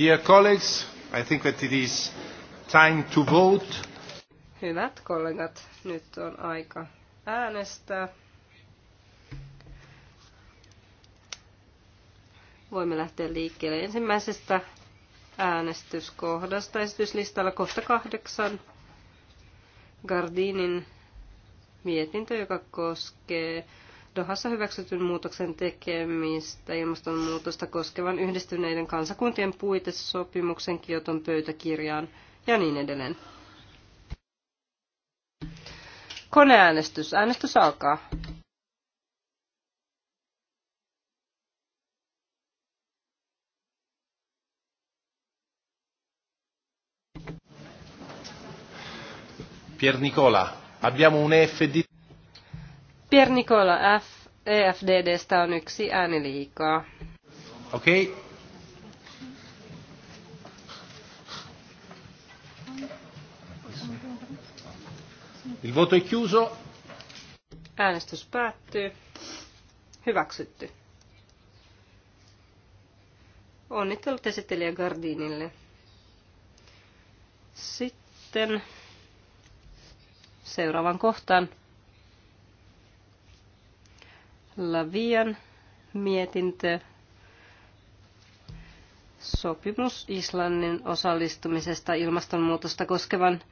Dear colleagues, I think that it is time to vote. Hyvät kollegat, nyt on aika äänestää. Voimme lähteä liikkeelle ensimmäisestä äänestyskohdasta esityslistalla kohta kahdeksan. Gardinin mietintö, joka koskee Dohassa hyväksytyn muutoksen tekemistä ilmastonmuutosta koskevan yhdistyneiden kansakuntien puitesopimuksen Kioton pöytäkirjaan ja niin edelleen. Koneäänestys. Äänestys alkaa. Pier Nicola, abbiamo un FD. Pier Nicola F. EFDDstä on yksi ääni liikaa. Okei. Okay. Il voto è chiuso. Äänestys päättyy. Hyväksytty. Onnittelut esittelijä Gardinille. Sitten seuraavan kohtaan. Lavian mietintö sopimus Islannin osallistumisesta ilmastonmuutosta koskevan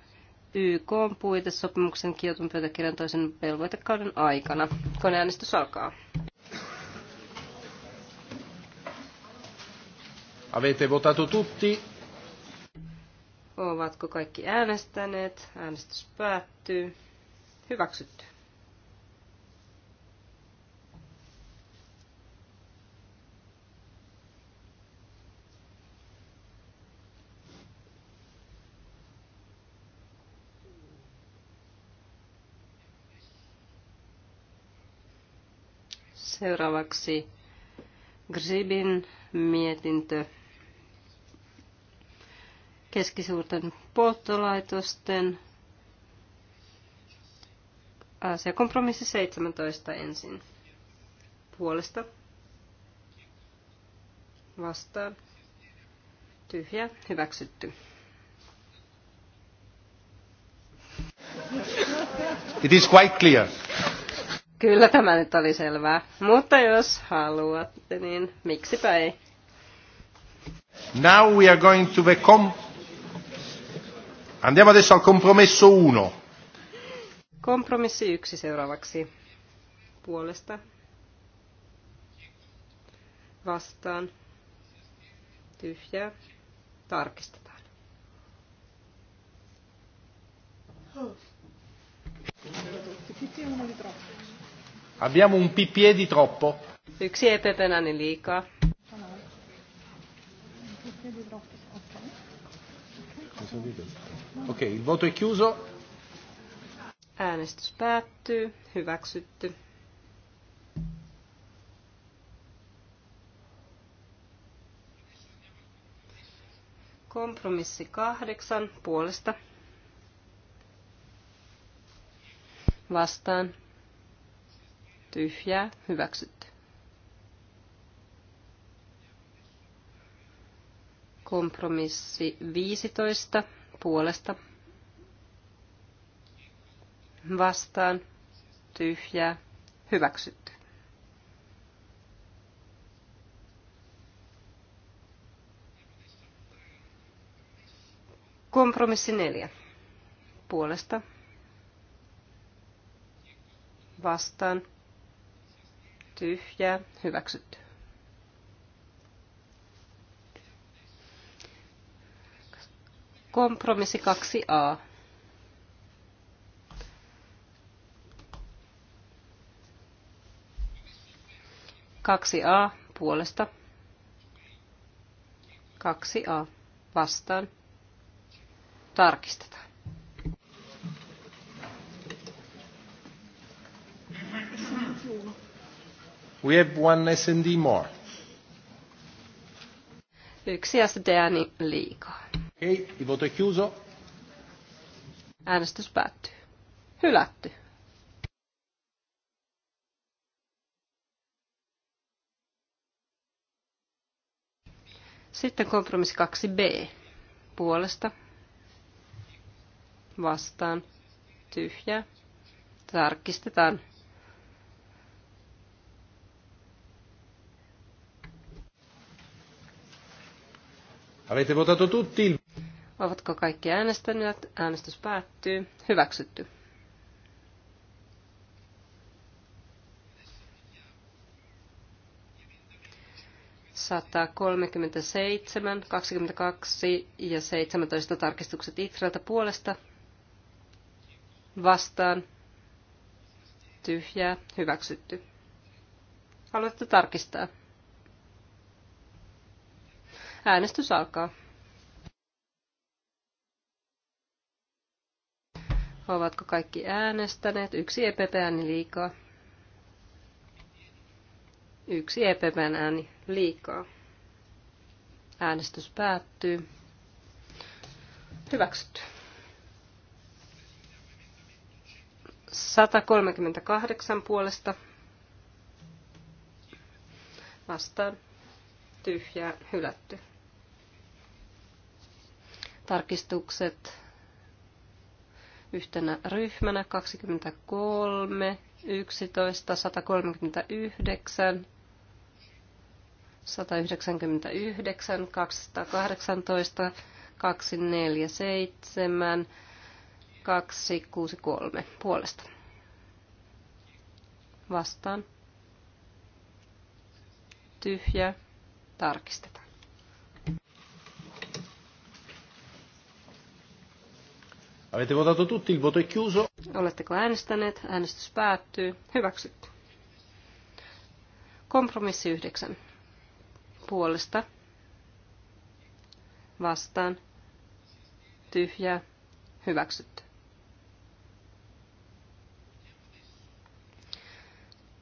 YK puitesopimuksen Kioton pöytäkirjan toisen velvoitekauden aikana. Koneäänestys alkaa. Avete votato tutti? Ovatko kaikki äänestäneet? Äänestys päättyy. Hyväksytty. Seuraavaksi Gribin mietintö keskisuurten polttolaitosten asia. Kompromissi 17 ensin. Puolesta. Vastaan. Tyhjä. Hyväksytty. It is quite clear. Kyllä tämä nyt oli selvää. Mutta jos haluatte, niin miksipä ei. Now we are going to the com... Andiamo adesso al compromesso 1. Kompromissi yksi seuraavaksi. Puolesta. Vastaan. Tyhjää. Tarkistetaan. Oh. Abbiamo un PPE di troppo. Yksi EPPn niin liikaa. Okei, okay, il voto è chiuso. Äänestys päättyy. Hyväksytty. Kompromissi kahdeksan puolesta. Vastaan tyhjää, hyväksytty. Kompromissi 15 puolesta vastaan tyhjää, hyväksytty. Kompromissi neljä. Puolesta. Vastaan tyhjää, hyväksytty. kompromissi 2a. Kaksi A puolesta. Kaksi A vastaan. Tarkistetaan. Thank you. We have one SND more. Yksi SDN liikaa. Okei, okay, voto chiuso. Äänestys päättyy. Hylätty. Sitten kompromissi 2b. Puolesta. Vastaan. Tyhjä. Tarkistetaan. Avete votato tutti? Ovatko kaikki äänestäneet? Äänestys päättyy. Hyväksytty. Saattaa 37, 22 ja 17 tarkistukset Itralta puolesta. Vastaan. Tyhjää. Hyväksytty. Haluatte tarkistaa? Äänestys alkaa. Ovatko kaikki äänestäneet? Yksi EPP-ääni liikaa. Yksi EPPn ääni liikaa. Äänestys päättyy. Hyväksytty. 138 puolesta vastaan tyhjää hylätty. Tarkistukset yhtenä ryhmänä 23, 11, 139, 199, 218, 247, 263 puolesta. Vastaan. Tyhjä. Tarkistetaan. Avete votato tutti, il voto è chiuso. Oletteko äänestäneet? Äänestys päättyy. Hyväksytty. Kompromissi 9. Puolesta. Vastaan. Tyhjää. Hyväksytty.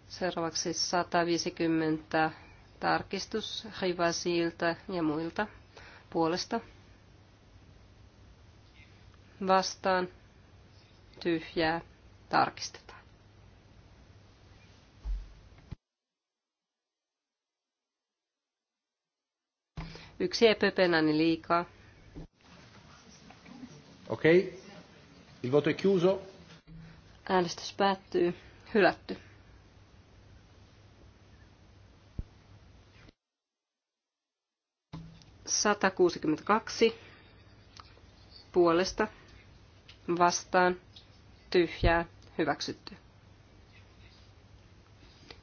Seuraavaksi 150 tarkistus Rivasilta ja muilta puolesta vastaan tyhjää tarkistetaan. Yksi epäpenäni liikaa. Okei. Okay. Il voto è chiuso. Äänestys päättyy. Hylätty. Satakuusikymmentäkaksi puolesta vastaan, tyhjää, hyväksytty.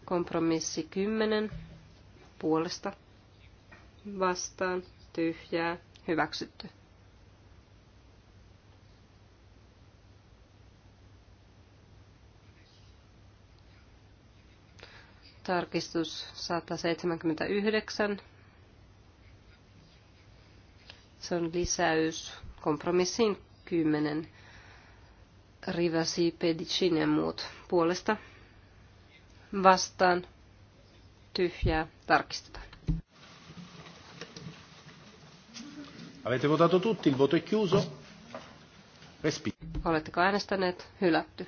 Kompromissi 10, puolesta, vastaan, tyhjää, hyväksytty. Tarkistus 179. Se on lisäys kompromissiin 10 Rivasi, pedicine muut puolesta vastaan tyhjää tarkistetaan. Avete votato tutti, il voto è chiuso. Respi. Oletteko äänestäneet? Hylätty.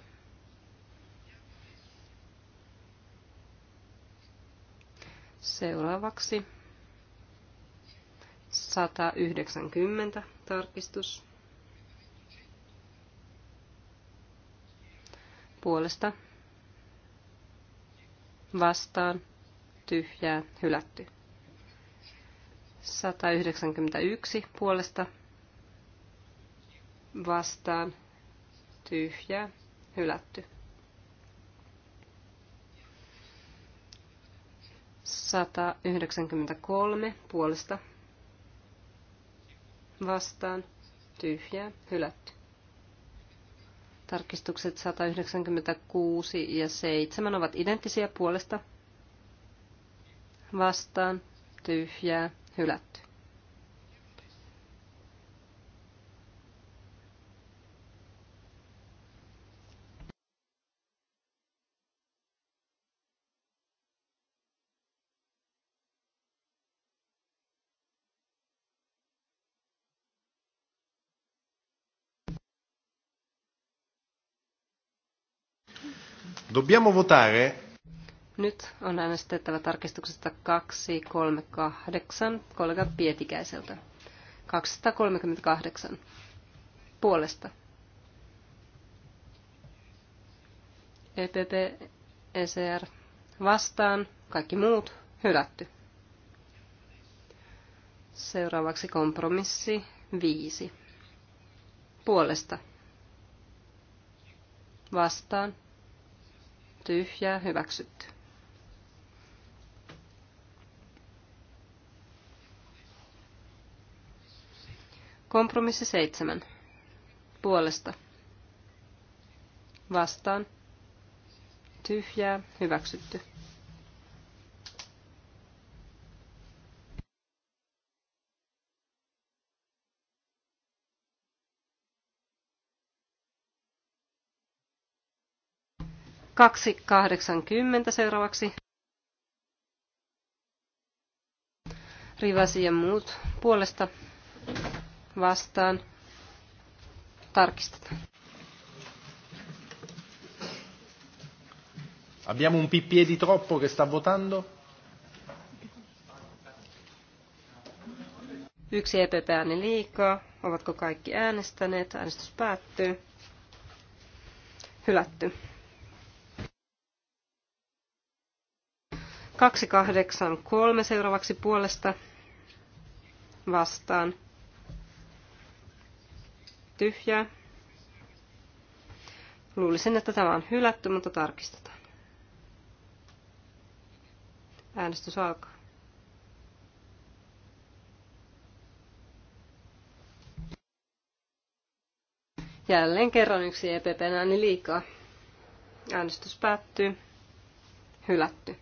Seuraavaksi 190 tarkistus. puolesta vastaan tyhjää hylätty. 191 puolesta vastaan tyhjää hylätty. 193 puolesta vastaan tyhjää hylätty. Tarkistukset 196 ja 7 ovat identtisiä puolesta vastaan, tyhjää, hylätty. Dobbiamo votare. Nyt on äänestettävä tarkistuksesta 238 kollega Pietikäiseltä. 238 puolesta. EPP, ECR vastaan, kaikki muut hylätty. Seuraavaksi kompromissi 5. Puolesta. Vastaan tyhjää, hyväksytty. Kompromissi seitsemän. Puolesta. Vastaan. Tyhjää, hyväksytty. 280 seuraavaksi. Rivasi ja muut puolesta vastaan. Tarkistetaan. Abbiamo un PPE di troppo che sta votando? Yksi EPP-ääni liikaa. Ovatko kaikki äänestäneet? Äänestys päättyy. Hylätty. 283 seuraavaksi puolesta vastaan. Tyhjää. Luulisin, että tämä on hylätty, mutta tarkistetaan. Äänestys alkaa. Jälleen kerran yksi EPP ääni liikaa. Äänestys päättyy. Hylätty.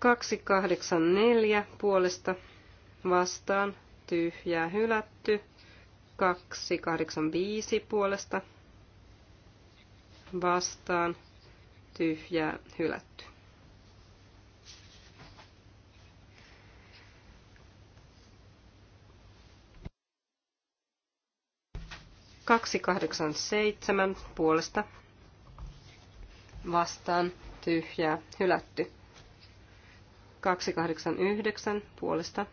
284 puolesta vastaan tyhjää hylätty. 285 puolesta vastaan tyhjää hylätty. Kaksi kahdeksan seitsemän puolesta vastaan tyhjää hylätty. 289 puolesta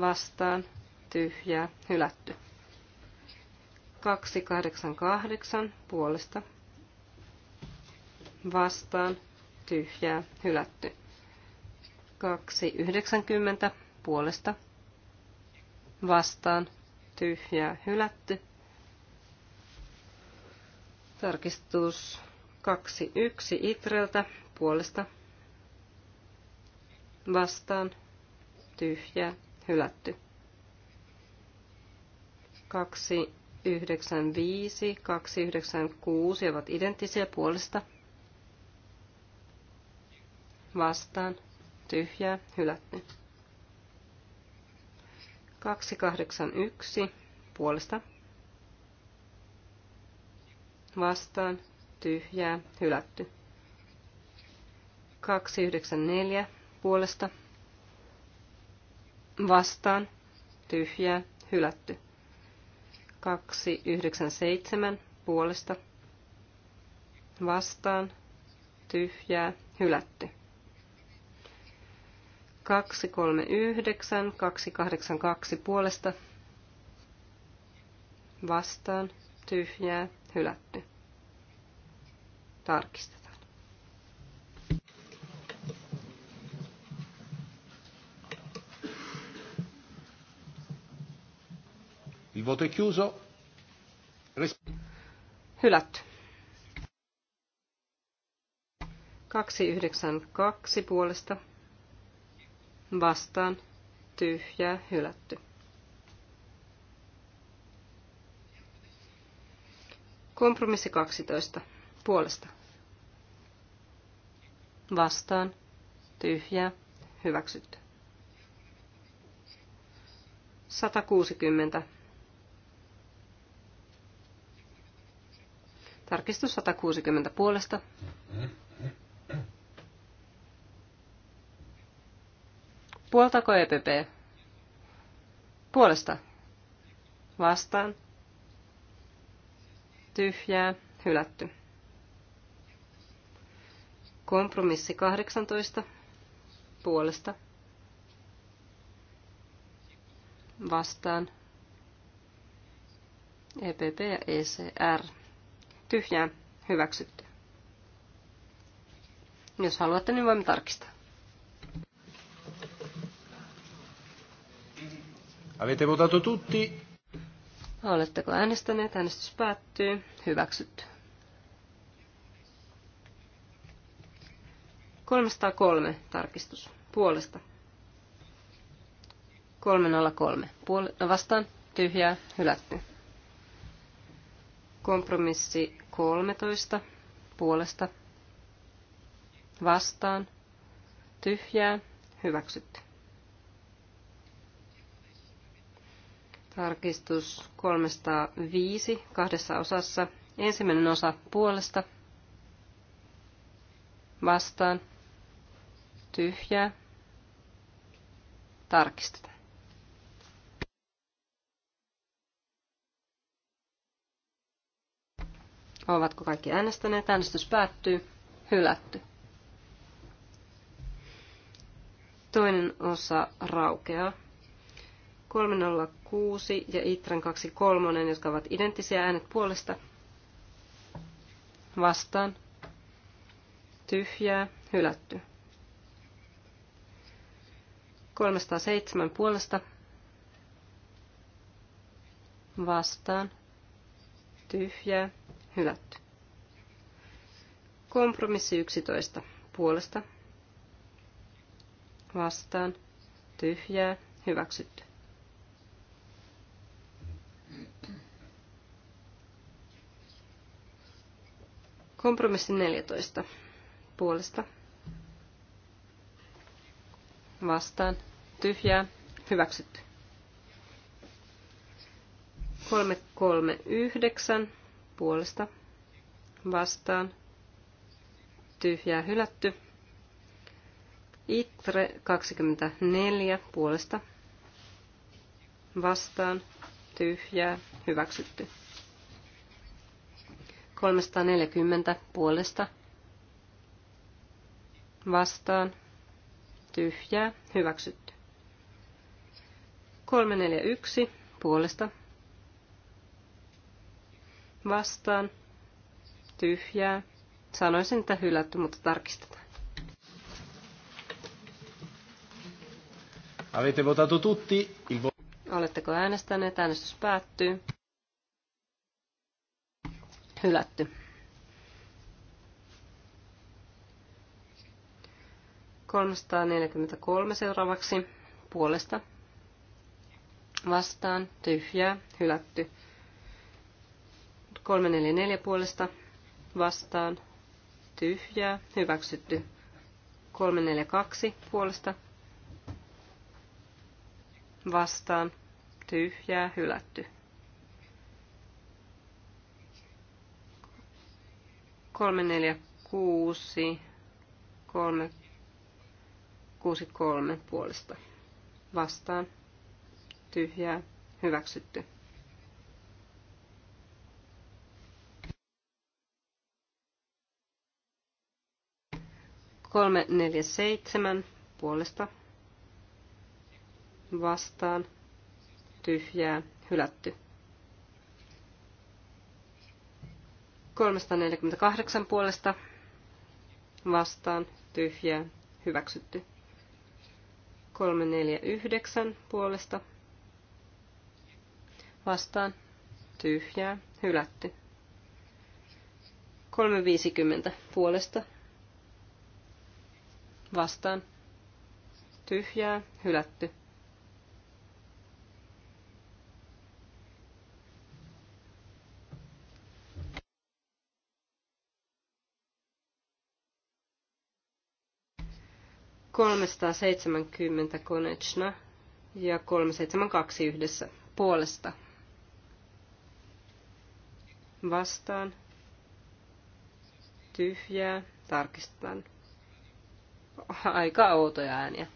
vastaan tyhjää hylätty. 288 puolesta vastaan tyhjää hylätty. 290 puolesta vastaan tyhjää hylätty. Tarkistus 21 Itreltä puolesta vastaan, tyhjä, hylätty. 295, 296 ovat identtisiä puolesta, vastaan, tyhjä, hylätty. 281 puolesta, vastaan, tyhjää, hylätty. 294 puolesta vastaan tyhjää hylätty. 297 puolesta vastaan tyhjää hylätty. 239, 282 puolesta vastaan tyhjää hylätty. tarkista Il voto è chiuso. Hylätty. 292 puolesta vastaan tyhjää hylätty. Kompromissi 12 puolesta vastaan tyhjää hyväksytty. 160 Tarkistus 160 puolesta. Puoltako EPP? Puolesta. Vastaan. Tyhjää. Hylätty. Kompromissi 18. Puolesta. Vastaan. EPP ja ECR tyhjään hyväksytty. Jos haluatte, niin voimme tarkistaa. Avete votato tutti? Oletteko äänestäneet? Äänestys päättyy. Hyväksytty. 303 tarkistus puolesta. 303 Puol- no vastaan tyhjää hylätty. Kompromissi 13 puolesta vastaan tyhjää hyväksytty. Tarkistus 305 kahdessa osassa. Ensimmäinen osa puolesta vastaan tyhjää tarkistetaan. Ovatko kaikki äänestäneet? Äänestys päättyy. Hylätty. Toinen osa raukeaa. 306 ja Itran 23, jotka ovat identtisiä äänet puolesta. Vastaan. Tyhjää. Hylätty. 307 puolesta. Vastaan. Tyhjää hylätty. Kompromissi 11 puolesta vastaan tyhjää hyväksytty. Kompromissi 14 puolesta vastaan tyhjää hyväksytty. 339 puolesta vastaan tyhjää hylätty. Itre 24 puolesta vastaan tyhjää hyväksytty. 340 puolesta vastaan tyhjää hyväksytty. 341 puolesta vastaan, tyhjää. Sanoisin, että hylätty, mutta tarkistetaan. Avete votato tutti il Oletteko äänestäneet? Äänestys päättyy. Hylätty. kolme seuraavaksi puolesta vastaan tyhjää hylätty. 344 puolesta vastaan tyhjää, hyväksytty 342 puolesta vastaan tyhjää, hylätty. 346 3 363 puolesta vastaan tyhjää, hyväksytty. 347 puolesta vastaan tyhjää hylätty. 348 puolesta vastaan tyhjää hyväksytty. 349 puolesta vastaan tyhjää hylätty. 350 puolesta vastaan tyhjää, hylätty. Kolmesta seitsemänkymmentä konechna ja kolme seitsemän kaksi yhdessä puolesta. Vastaan. Tyhjää. Tarkistetaan aika outoja ääniä.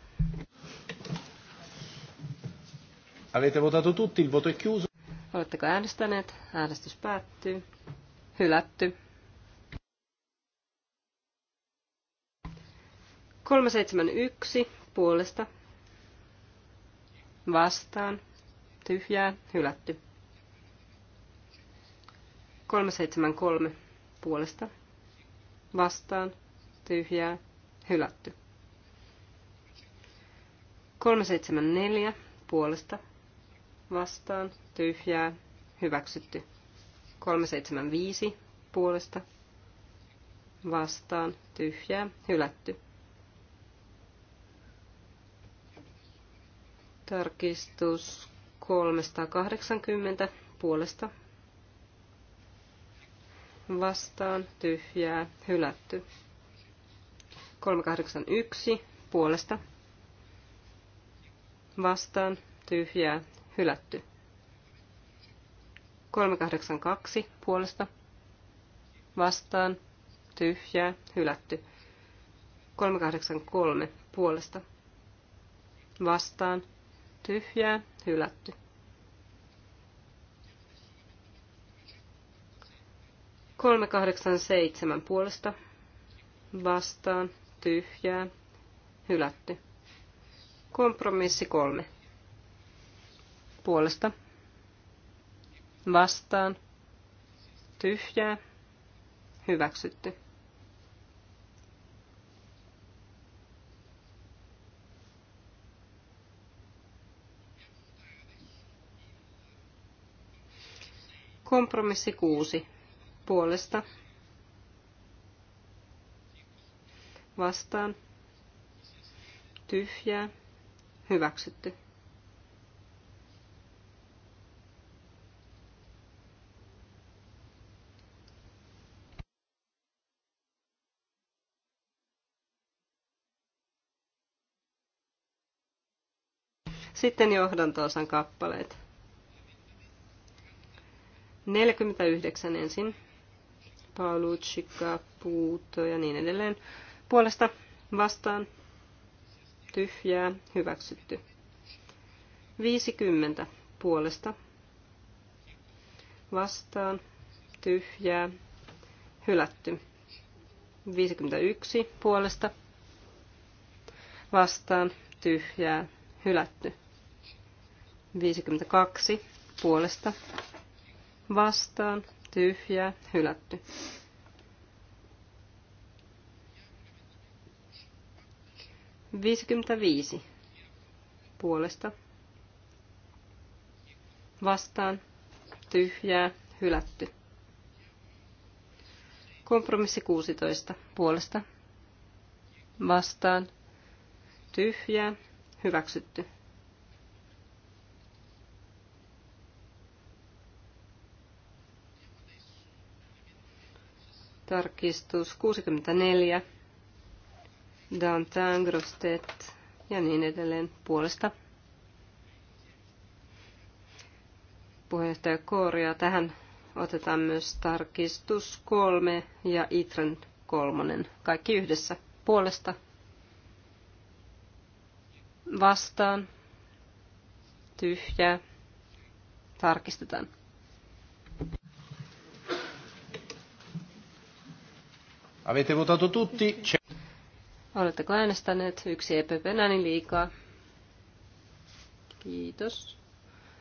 Avete votato tutti, il voto è chiuso. Oletteko äänestäneet? Äänestys päättyy. Hylätty. 371 puolesta vastaan tyhjää hylätty. 373 puolesta vastaan tyhjää Hylätty. 374 puolesta vastaan tyhjää hyväksytty. 375 puolesta vastaan tyhjää hylätty. Tarkistus 380 puolesta vastaan tyhjää hylätty. 381 puolesta vastaan tyhjää hylätty. 382 puolesta vastaan tyhjää hylätty. 383 puolesta vastaan tyhjää hylätty. Kolme kahdeksan seitsemän puolesta vastaan tyhjää, hylätty. Kompromissi kolme. Puolesta. Vastaan. Tyhjää. Hyväksytty. Kompromissi kuusi. Puolesta vastaan, tyhjää, hyväksytty. Sitten johdantoosan kappaleet. 49 ensin. Paulucci, Caputo ja niin edelleen puolesta vastaan tyhjää hyväksytty. 50 puolesta vastaan tyhjää hylätty. 51 puolesta vastaan tyhjää hylätty. 52 puolesta vastaan tyhjää hylätty. 55 puolesta vastaan tyhjää hylätty. Kompromissi 16 puolesta vastaan tyhjää hyväksytty. Tarkistus 64 Dantan, Grostet ja niin edelleen puolesta. Puheenjohtaja Kooria. Tähän otetaan myös tarkistus kolme ja Itren kolmonen. Kaikki yhdessä puolesta. Vastaan. Tyhjää. Tarkistetaan. Avete votato tutti? Oletteko äänestäneet? Yksi EPP ääni niin liikaa. Kiitos.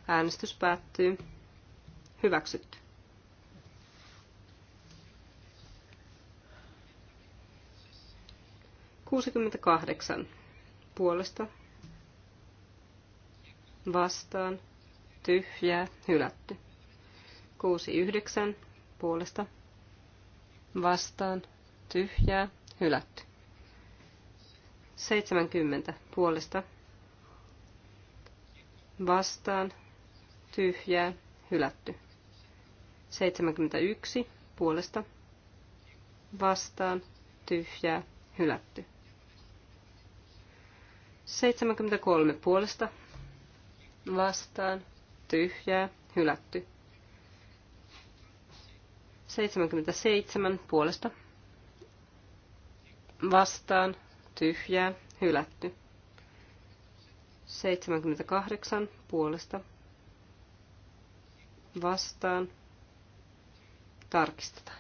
Äänestys päättyy. Hyväksytty. Kuusikymmentäkahdeksan puolesta vastaan tyhjää hylätty. yhdeksän puolesta vastaan tyhjää hylätty. 70 puolesta vastaan tyhjää hylätty. 71 puolesta vastaan tyhjää hylätty. 73 puolesta vastaan tyhjää hylätty. 77 puolesta vastaan tyhjää, hylätty. 78 puolesta vastaan tarkistetaan.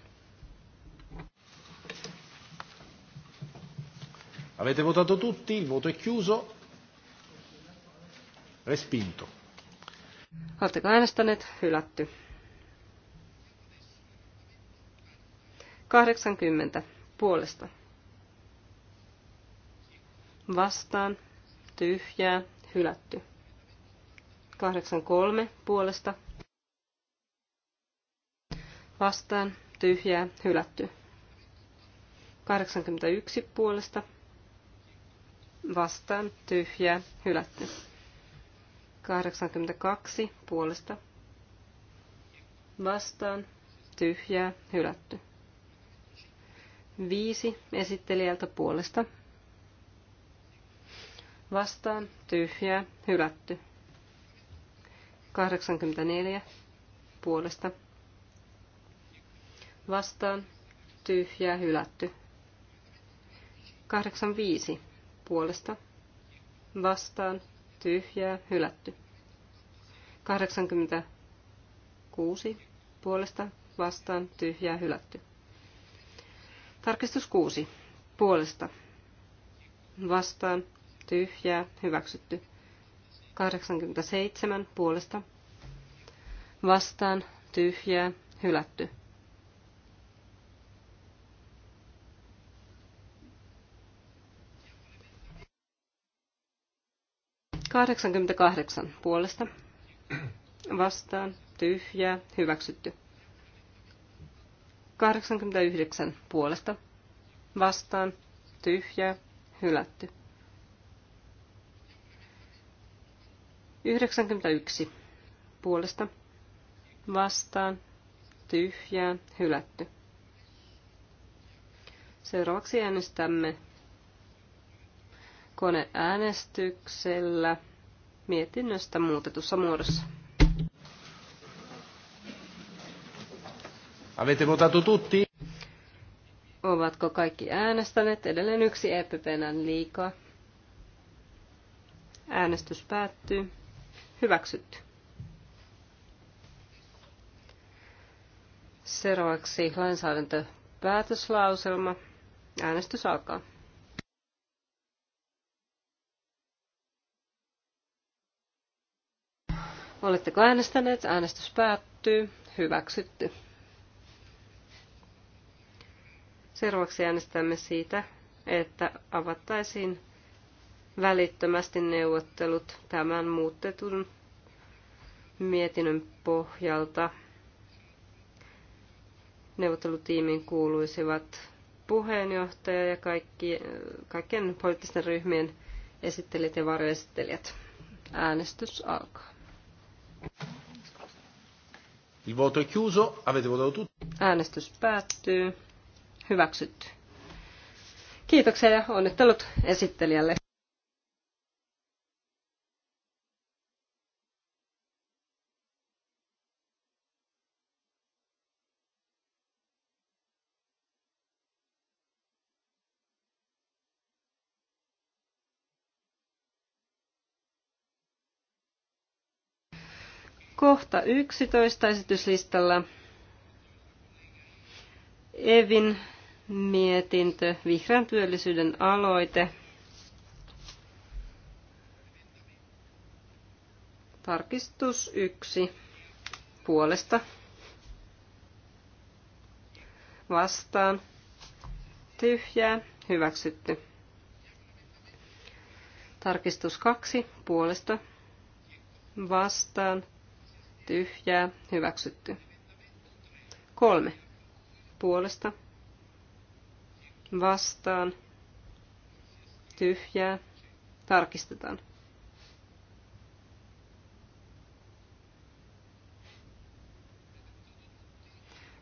Avete votato tutti, il voto è chiuso. Respinto. Oletteko äänestäneet? Hylätty. 80 puolesta vastaan, tyhjää, hylätty. 83 puolesta vastaan, tyhjää, hylätty. 81 puolesta vastaan, tyhjää, hylätty. 82 puolesta vastaan, tyhjää, hylätty. 5 esittelijältä puolesta vastaan, tyhjää, hylätty. 84 puolesta vastaan, tyhjää, hylätty. 85 puolesta vastaan, tyhjää, hylätty. 86 puolesta vastaan, tyhjää, hylätty. Tarkistus 6 puolesta vastaan, tyhjää, hyväksytty. 87 puolesta, vastaan, tyhjää, hylätty. Kahdeksankymmentäkahdeksan puolesta. Vastaan. Tyhjää. Hyväksytty. 89 puolesta. Vastaan. Tyhjää. Hylätty. 91 puolesta vastaan tyhjää hylätty. Seuraavaksi äänestämme koneäänestyksellä mietinnöstä muutetussa muodossa. Avete votato tutti? Ovatko kaikki äänestäneet? Edelleen yksi EPPn liikaa. Äänestys päättyy. Hyväksytty. Seuraavaksi lainsäädäntöpäätöslauselma. Äänestys alkaa. Oletteko äänestäneet? Äänestys päättyy. Hyväksytty. Seuraavaksi äänestämme siitä, että avattaisiin välittömästi neuvottelut tämän muutetun mietinnön pohjalta. Neuvottelutiimiin kuuluisivat puheenjohtaja ja kaikki, kaikkien poliittisten ryhmien esittelijät ja varjoesittelijät. Äänestys alkaa. Il voto è chiuso, avete votato tutti. Äänestys päättyy. Hyväksytty. Kiitoksia ja onnittelut esittelijälle. Kohta 11 esityslistalla Evin mietintö, vihreän työllisyyden aloite. Tarkistus 1 puolesta vastaan tyhjää hyväksytty. Tarkistus 2 puolesta vastaan tyhjää, hyväksytty. Kolme. Puolesta, vastaan, tyhjää, tarkistetaan.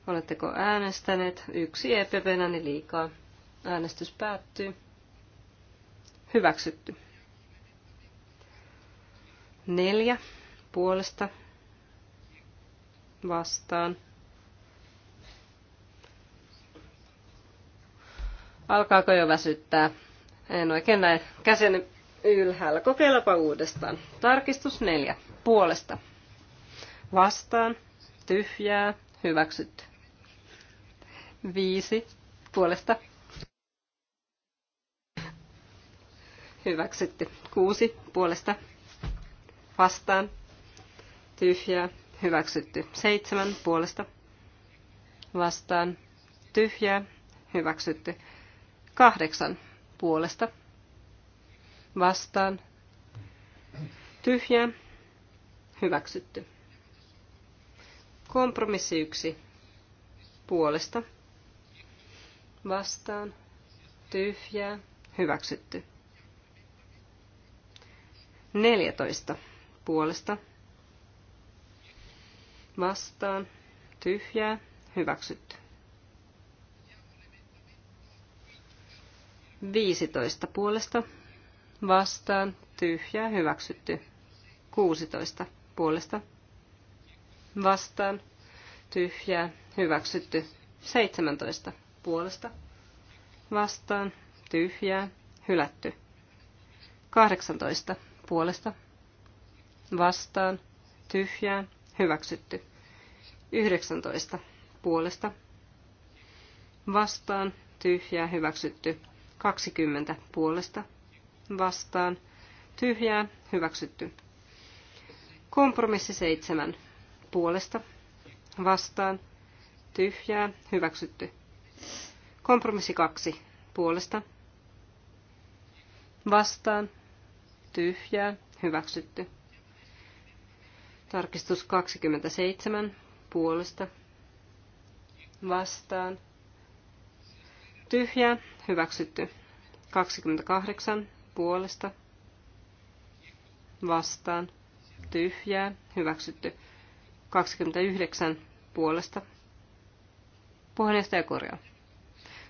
Oletteko äänestäneet? Yksi epävenäni liikaa. Äänestys päättyy. Hyväksytty. Neljä puolesta vastaan. Alkaako jo väsyttää? En oikein näe käsen ylhäällä. Kokeillapa uudestaan. Tarkistus neljä. Puolesta. Vastaan. Tyhjää. Hyväksytty. Viisi. Puolesta. Hyväksytty. Kuusi. Puolesta. Vastaan. Tyhjää hyväksytty. Seitsemän puolesta vastaan tyhjää, hyväksytty. Kahdeksan puolesta vastaan tyhjää, hyväksytty. Kompromissi yksi puolesta vastaan tyhjää, hyväksytty. Neljätoista puolesta vastaan vastaan, tyhjää, hyväksytty. 15 puolesta, vastaan, tyhjää, hyväksytty. 16 puolesta, vastaan, tyhjää, hyväksytty. 17 puolesta, vastaan, tyhjää, hylätty. 18 puolesta, vastaan, tyhjää, hyväksytty. 19 puolesta vastaan tyhjää hyväksytty. 20 puolesta vastaan tyhjää hyväksytty. Kompromissi 7 puolesta vastaan tyhjää hyväksytty. Kompromissi 2 puolesta vastaan tyhjää hyväksytty. Tarkistus 27 puolesta vastaan. tyhjä hyväksytty. 28 puolesta vastaan. Tyhjää hyväksytty. 29 puolesta. Puheenjohtaja korjaa.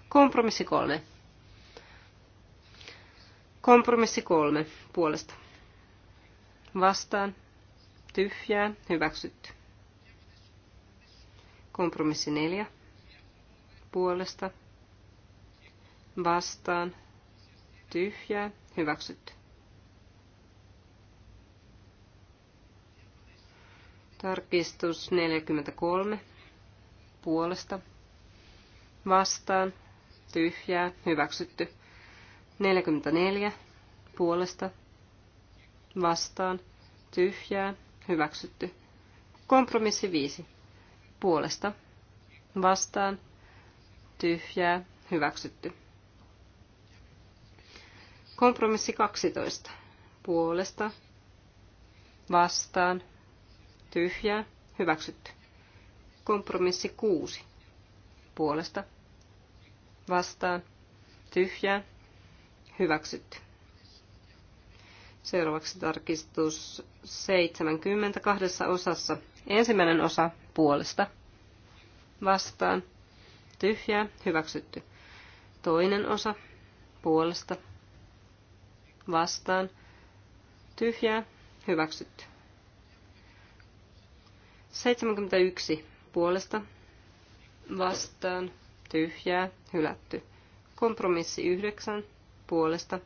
Kompromissi 3. Kompromissi 3 puolesta. Vastaan tyhjää, hyväksytty. Kompromissi neljä, puolesta, vastaan, tyhjää, hyväksytty. Tarkistus 43, puolesta, vastaan, tyhjää, hyväksytty. 44, puolesta, vastaan, tyhjää, hyväksytty. Kompromissi 5. Puolesta, vastaan, tyhjää, hyväksytty. Kompromissi 12. Puolesta, vastaan, tyhjää, hyväksytty. Kompromissi 6. Puolesta, vastaan, tyhjää, hyväksytty. Seuraavaksi tarkistus 70 kahdessa osassa. Ensimmäinen osa puolesta. Vastaan. Tyhjää. Hyväksytty. Toinen osa puolesta. Vastaan. Tyhjää. Hyväksytty. 71 puolesta. Vastaan. Tyhjää. Hylätty. Kompromissi 9 puolesta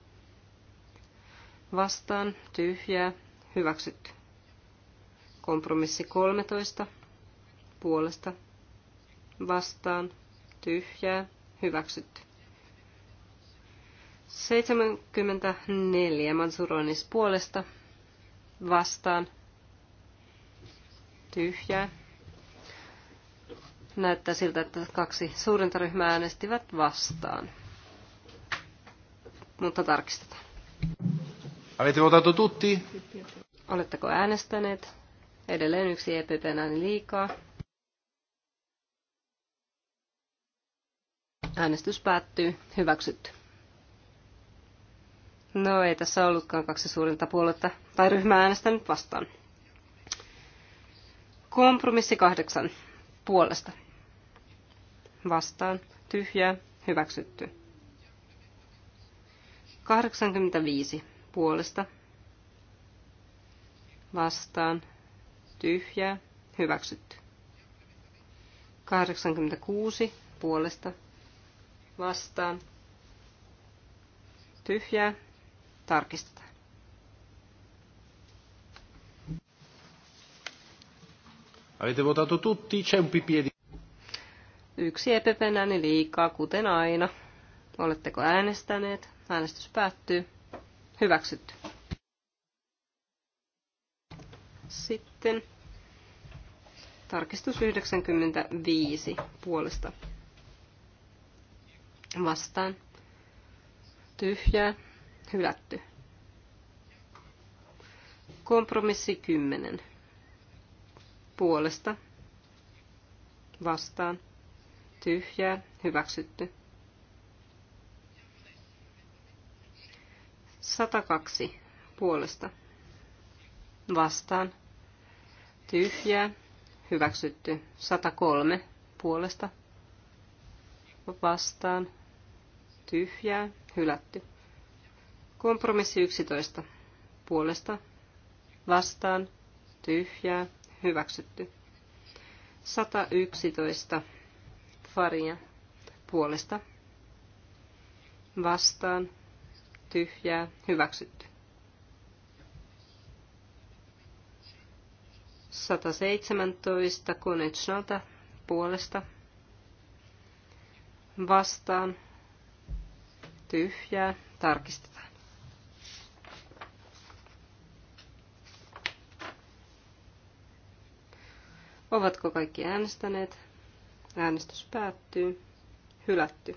vastaan, tyhjää, hyväksytty. Kompromissi 13, puolesta, vastaan, tyhjää, hyväksytty. 74 Mansuronis puolesta, vastaan, tyhjää. Näyttää siltä, että kaksi suurinta ryhmää äänestivät vastaan. Mutta tarkistetaan. Avete votato tutti? Oletteko äänestäneet? Edelleen yksi EPPn liikaa. Äänestys päättyy. Hyväksytty. No ei tässä ollutkaan kaksi suurinta puoletta tai ryhmää äänestänyt vastaan. Kompromissi kahdeksan. Puolesta. Vastaan. Tyhjää. Hyväksytty. 85 puolesta vastaan tyhjää hyväksytty. 86 puolesta vastaan tyhjää tarkistetaan. Avete votato tutti, c'è un PPE di... Yksi EPPn liikaa, kuten aina. Oletteko äänestäneet? Äänestys päättyy. Hyväksytty. Sitten tarkistus 95 puolesta. Vastaan. Tyhjää. Hylätty. Kompromissi 10. Puolesta. Vastaan. Tyhjää. Hyväksytty. 102 puolesta. Vastaan. Tyhjää. Hyväksytty. 103 puolesta. Vastaan. Tyhjää. Hylätty. Kompromissi 11 puolesta. Vastaan. Tyhjää. Hyväksytty. 111 faria puolesta. Vastaan tyhjää, hyväksytty. 117 Konechnalta puolesta vastaan tyhjää tarkistetaan. Ovatko kaikki äänestäneet? Äänestys päättyy. Hylätty.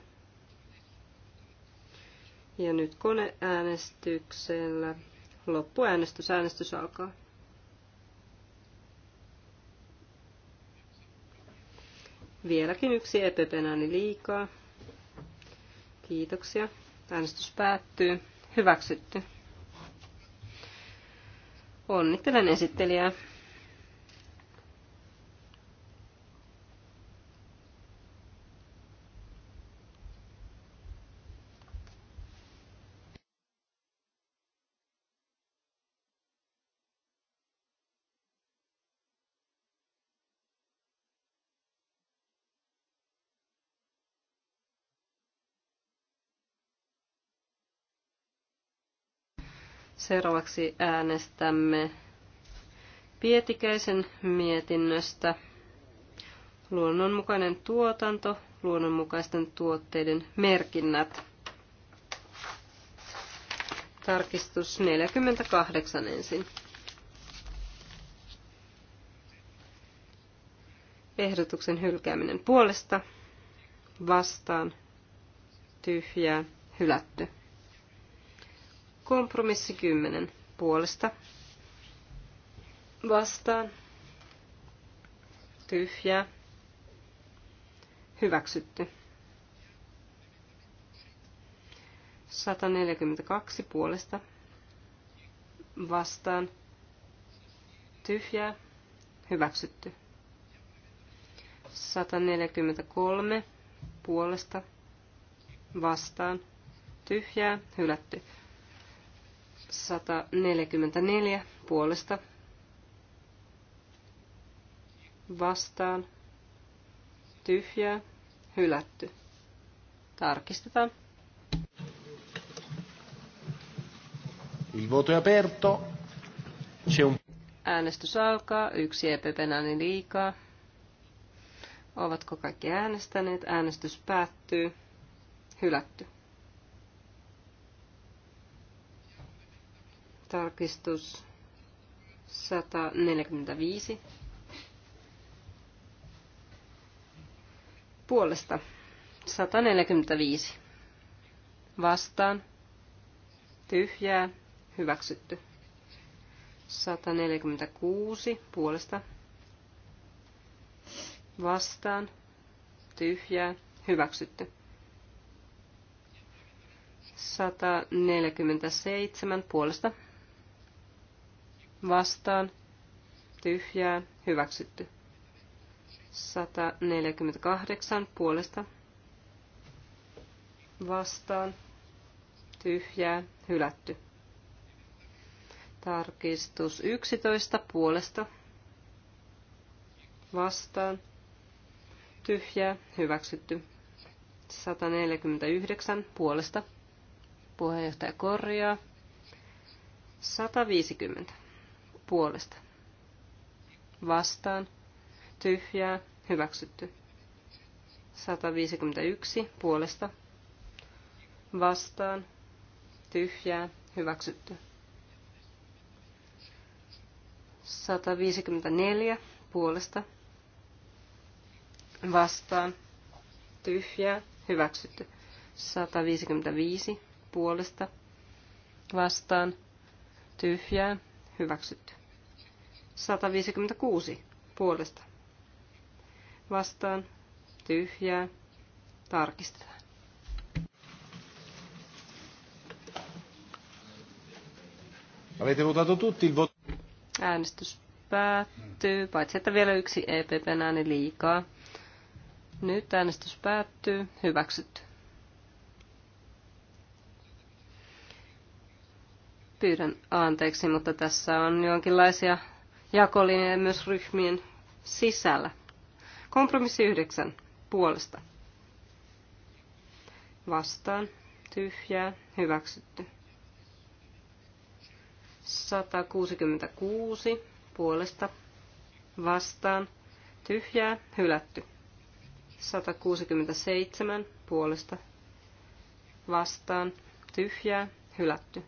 Ja nyt koneäänestyksellä loppuäänestys. Äänestys alkaa. Vieläkin yksi EPPn liikaa. Kiitoksia. Äänestys päättyy. Hyväksytty. Onnittelen esittelijää. Seuraavaksi äänestämme Pietikäisen mietinnöstä. Luonnonmukainen tuotanto, luonnonmukaisten tuotteiden merkinnät. Tarkistus 48 ensin. Ehdotuksen hylkääminen puolesta, vastaan, tyhjää, hylätty. Kompromissi 10 puolesta vastaan tyhjää hyväksytty. 142 puolesta vastaan tyhjää hyväksytty. 143 puolesta vastaan tyhjää hylätty. 144 puolesta vastaan tyhjää hylätty. Tarkistetaan. Il voto è aperto. C'è un... Äänestys alkaa. Yksi EPPn ääni liikaa. Ovatko kaikki äänestäneet? Äänestys päättyy. Hylätty. Tarkistus 145. Puolesta 145. Vastaan. Tyhjää. Hyväksytty. 146 puolesta. Vastaan. Tyhjää. Hyväksytty. 147 puolesta vastaan, tyhjää, hyväksytty. 148 puolesta vastaan, tyhjää, hylätty. Tarkistus 11 puolesta vastaan, tyhjää, hyväksytty. 149 puolesta, puheenjohtaja korjaa, 150 puolesta. Vastaan. Tyhjää. Hyväksytty. 151 puolesta. Vastaan. Tyhjää. Hyväksytty. 154 puolesta. Vastaan. Tyhjää. Hyväksytty. 155 puolesta. Vastaan. Tyhjää hyväksytty. 156 puolesta. Vastaan tyhjää tarkistetaan. Avete votato tutti il voto. Äänestys päättyy, paitsi että vielä yksi EPP ääni liikaa. Nyt äänestys päättyy, hyväksytty. Pyydän anteeksi, mutta tässä on jonkinlaisia jakolinjoja myös ryhmien sisällä. Kompromissi yhdeksän puolesta. Vastaan. Tyhjää. Hyväksytty. 166 puolesta. Vastaan. Tyhjää. Hylätty. 167 puolesta. Vastaan. Tyhjää. Hylätty.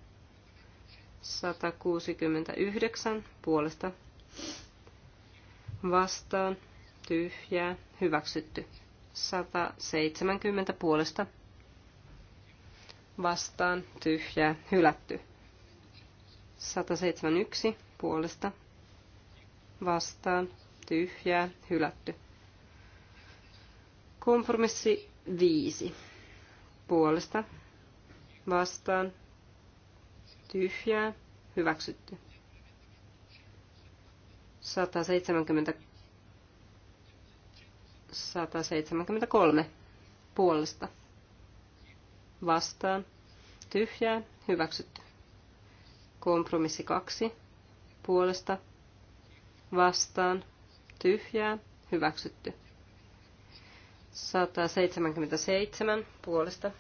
169 puolesta vastaan tyhjää hyväksytty. 170 puolesta vastaan tyhjää hylätty. 171 puolesta vastaan tyhjää hylätty. Kompromissi 5 puolesta vastaan tyhjää, hyväksytty. 170, 173 puolesta vastaan, tyhjää, hyväksytty. Kompromissi 2 puolesta vastaan, tyhjää, hyväksytty. 177 puolesta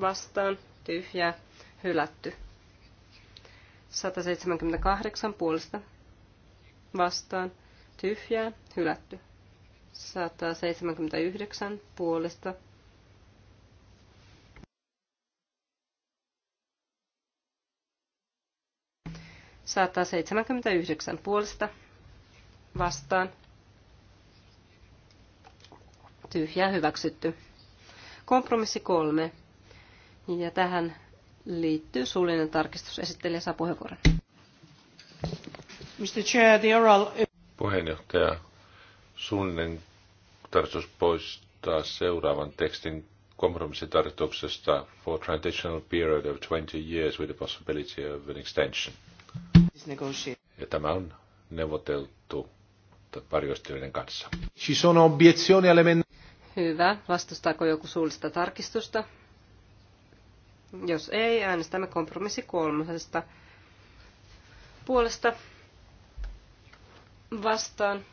vastaan, tyhjää, hylätty. 178 puolesta vastaan tyhjää hylätty. 179 puolesta Saattaa 79 puolesta vastaan. Tyhjää hyväksytty. Kompromissi kolme. Ja tähän liittyy suullinen tarkistus. Esittelijä saa puheenvuoron. Mr. Chair, the oral... Puheenjohtaja, suullinen tarkistus poistaa seuraavan tekstin kompromissitarkoituksesta for transitional period of 20 years with the possibility of an extension. Ja tämä on neuvoteltu varjoistelijoiden kanssa. Ci sono obiezioni alle Hyvä. Vastustaako joku suullista tarkistusta? Jos ei, äänestämme kompromissi kolmosesta puolesta vastaan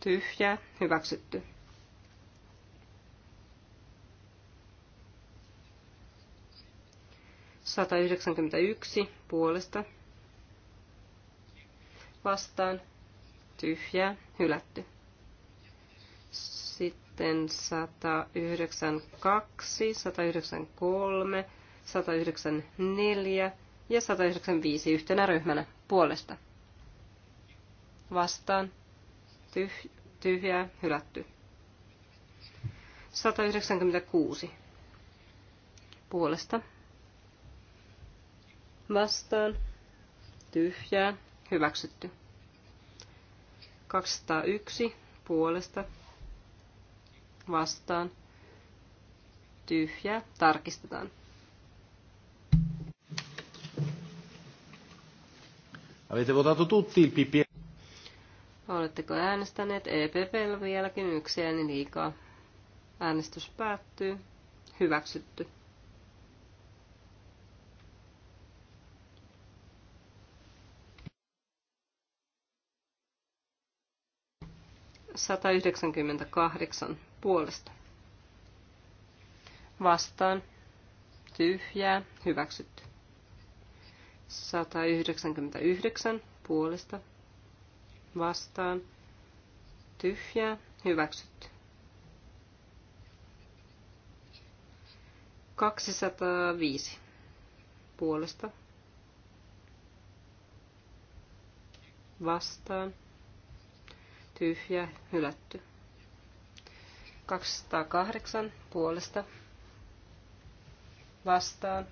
tyhjä hyväksytty. Sata yhdeksänkymmentäyksi puolesta vastaan tyhjä hylätty. Sitten sata sata yhdeksän kolme 194 ja 195 yhtenä ryhmänä puolesta. Vastaan. Tyh, tyhjää, hylätty. 196 puolesta. Vastaan. Tyhjää, hyväksytty. 201 puolesta. Vastaan. Tyhjää, tarkistetaan. Avete votato tutti il PPE? Oletteko äänestäneet? EPPllä vieläkin yksi ääni liikaa. Äänestys päättyy. Hyväksytty. Satayhdeksänkymmentäkahdeksan puolesta. Vastaan. Tyhjää. Hyväksytty. 199 puolesta vastaan tyhjää hyväksytty. 205 puolesta vastaan tyhjä hylätty. 208 puolesta vastaan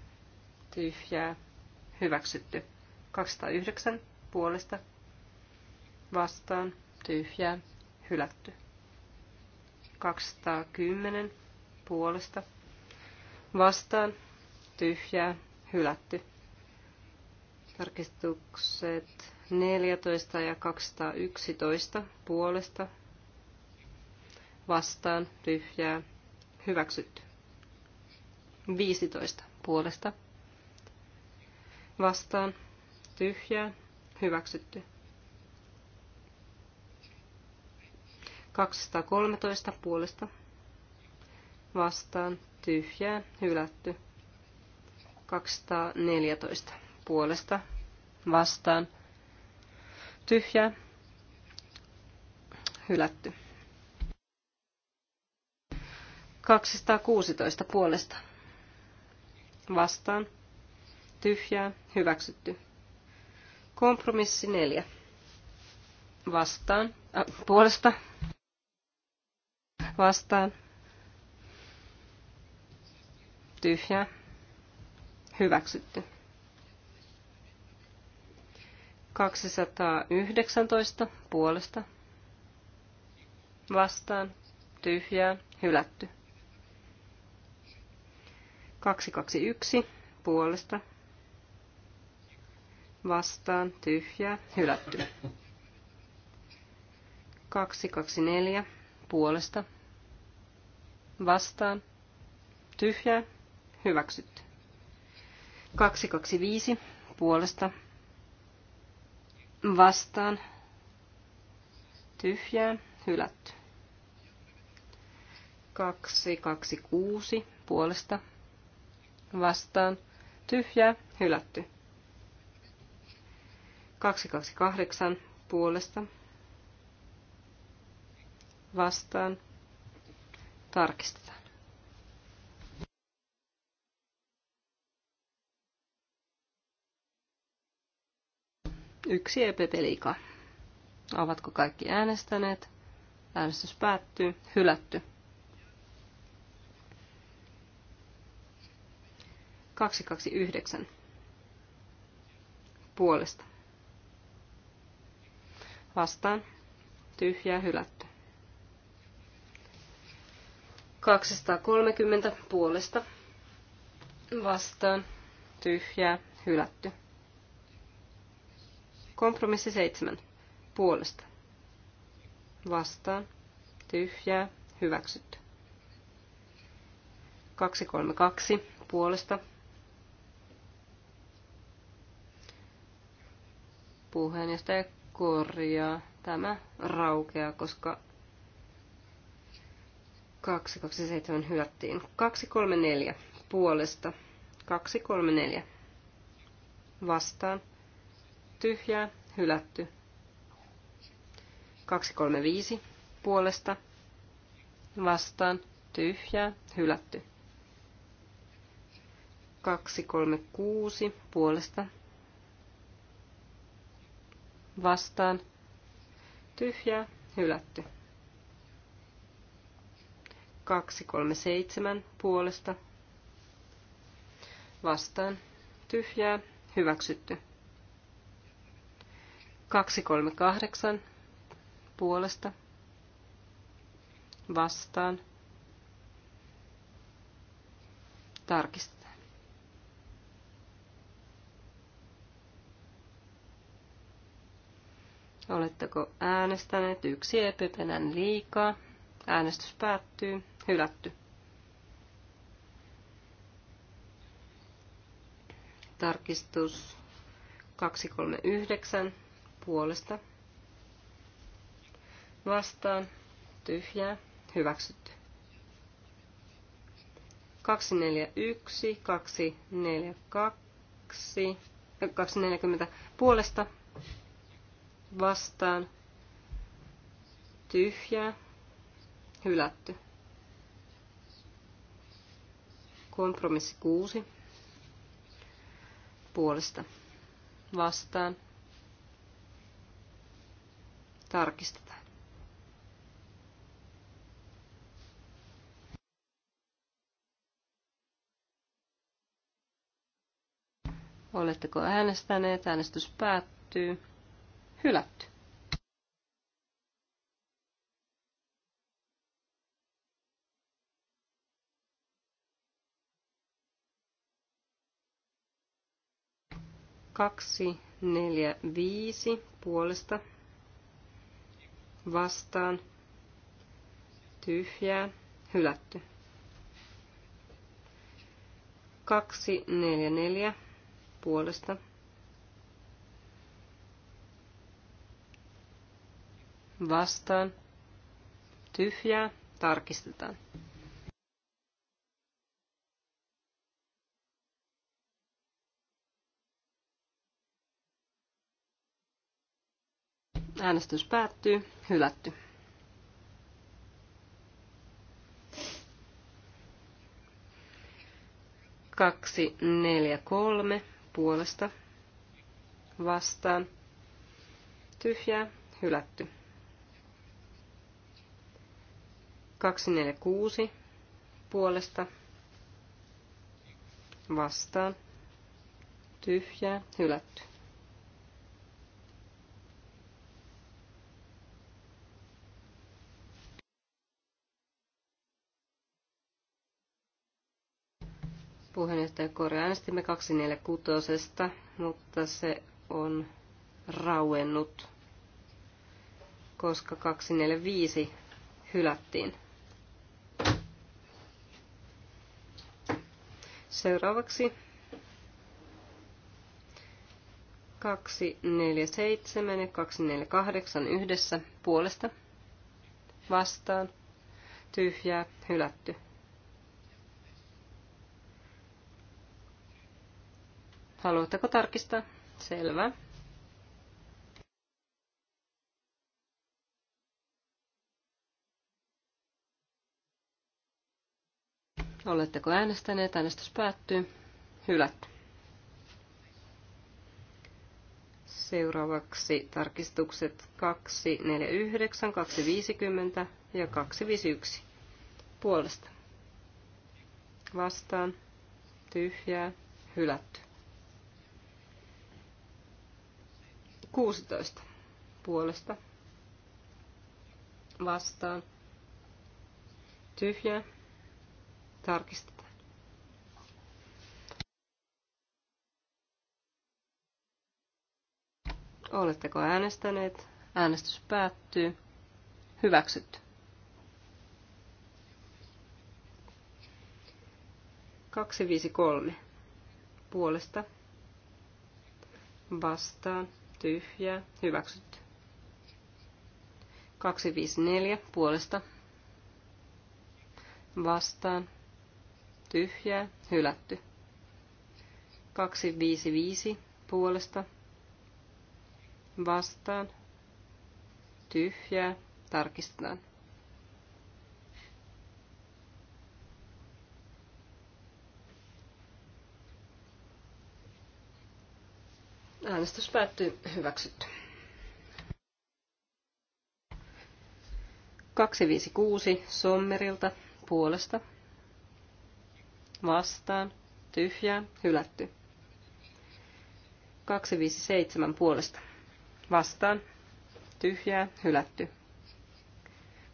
tyhjää hyväksytty. 209 puolesta vastaan tyhjää hylätty. 210 puolesta vastaan tyhjää hylätty. Tarkistukset 14 ja 211 puolesta vastaan tyhjää hyväksytty. 15 puolesta vastaan tyhjää hyväksytty. 213 puolesta vastaan tyhjää hylätty. 214 puolesta vastaan tyhjää hylätty. 216 puolesta vastaan tyhjää, hyväksytty. Kompromissi neljä. Vastaan. Äh, puolesta. Vastaan. Tyhjää. Hyväksytty. 219 puolesta. Vastaan. Tyhjää. Hylätty. 221 puolesta vastaan, tyhjää, hylätty. 224 puolesta, vastaan, tyhjää, hyväksytty. 225 puolesta, vastaan, tyhjää, hylätty. 226 puolesta, vastaan, tyhjää, hylätty. 228 puolesta vastaan tarkistetaan. Yksi EPP liikaa. Ovatko kaikki äänestäneet? Äänestys päättyy. Hylätty. 229 puolesta vastaan tyhjää hylätty. 230 puolesta vastaan tyhjää hylätty. Kompromissi 7 puolesta vastaan tyhjää hyväksytty. 232 puolesta puheenjohtaja korjaa. Tämä raukeaa, koska 227 hylättiin. 234 puolesta. 234 vastaan. Tyhjää, hylätty. 235 puolesta. Vastaan, tyhjää, hylätty. 236 puolesta vastaan, tyhjä, hylätty. 237 puolesta, vastaan, tyhjää, hyväksytty. 238 puolesta, vastaan, tarkistetaan. Oletteko äänestäneet? Yksi epipenän liikaa. Äänestys päättyy. Hylätty. Tarkistus 239 puolesta. Vastaan. Tyhjää. Hyväksytty. 241, 242, 240 puolesta vastaan tyhjää hylätty. Kompromissi 6 puolesta vastaan tarkistetaan. Oletteko äänestäneet? Äänestys päättyy. Hylätty. Kaksi, neljä, viisi puolesta vastaan tyhjää hylätty. Kaksi, neljä, neljä, puolesta vastaan, tyhjää, tarkistetaan. Äänestys päättyy, hylätty. Kaksi, neljä, kolme puolesta vastaan. Tyhjää, hylätty. 246 puolesta vastaan tyhjää hylätty. Puheenjohtaja Kori äänestimme 246, mutta se on rauennut, koska 245 hylättiin. Seuraavaksi 247 ja 248 yhdessä puolesta vastaan tyhjää hylätty. Haluatteko tarkistaa? Selvä. Oletteko äänestäneet? Äänestys päättyy. Hylätty. Seuraavaksi tarkistukset 249, 250 ja 251 puolesta. Vastaan. Tyhjää. Hylätty. 16 puolesta. Vastaan. Tyhjää tarkistetaan. Oletteko äänestäneet? Äänestys päättyy. Hyväksytty. 253. Puolesta. Vastaan. Tyhjää. Hyväksytty. 254. Puolesta. Vastaan tyhjää, hylätty. 255 puolesta vastaan, tyhjää, tarkistetaan. Äänestys päättyy hyväksytty. 256 Sommerilta puolesta vastaan, tyhjää, hylätty. 257 puolesta, vastaan, tyhjää, hylätty.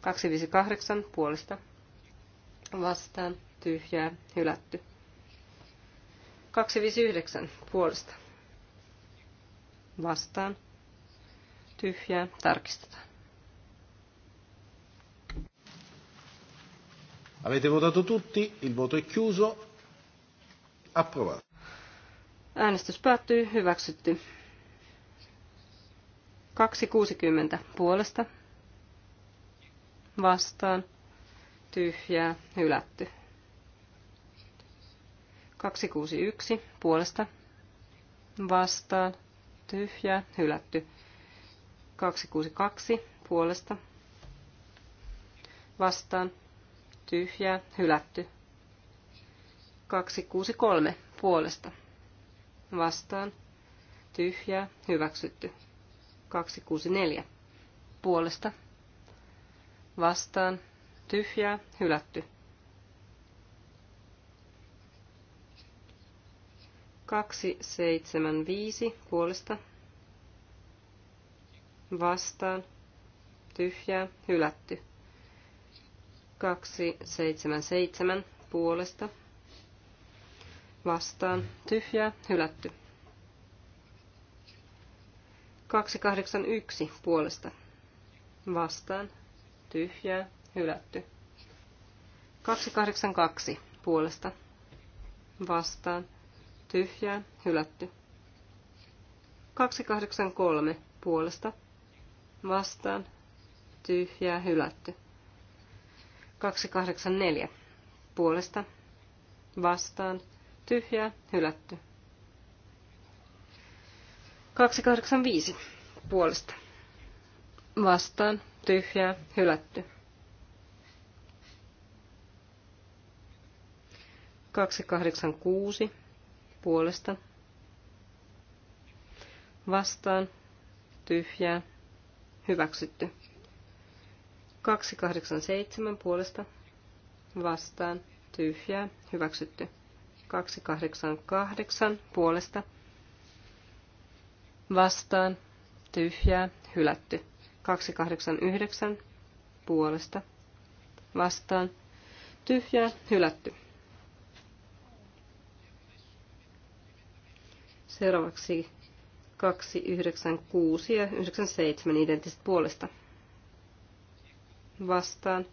258 puolesta, vastaan, tyhjää, hylätty. 259 puolesta, vastaan, tyhjää, tarkistetaan. Avete votato tutti? Il voto è chiuso. Approvato. Äänestys päättyy. Hyväksytty. 260 puolesta. Vastaan. Tyhjää. Hylätty. 261 puolesta. Vastaan. Tyhjää. Hylätty. 262 puolesta. Vastaan tyhjää, hylätty. 263 puolesta vastaan, tyhjää, hyväksytty. 264 puolesta vastaan, tyhjää, hylätty. 275 puolesta vastaan, tyhjää, hylätty. 277 puolesta vastaan tyhjää hylätty. 281 puolesta vastaan tyhjää hylätty. 282 puolesta vastaan tyhjää hylätty. 283 puolesta vastaan tyhjää hylätty. 284 puolesta vastaan tyhjää hylätty. 285 puolesta vastaan tyhjää hylätty. 286 puolesta vastaan tyhjää hyväksytty. 287 puolesta vastaan tyhjää hyväksytty. 288 puolesta vastaan tyhjää hylätty. 289 puolesta vastaan tyhjää hylätty. Seuraavaksi 296 ja 97 identtiset puolesta vastaan,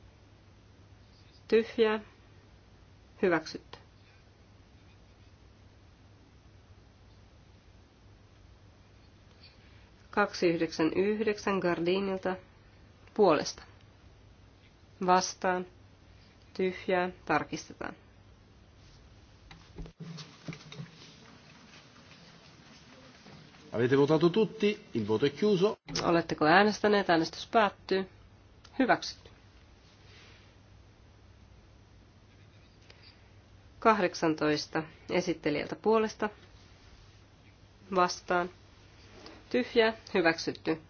tyhjää, hyväksytty. Kaksi yhdeksän yhdeksän Gardinilta puolesta. Vastaan. Tyhjää. Tarkistetaan. Avete votato tutti, il voto è chiuso. Oletteko äänestäneet? Äänestys päättyy. Hyväksytty. 18 esittelijältä puolesta vastaan. Tyhjä, hyväksytty.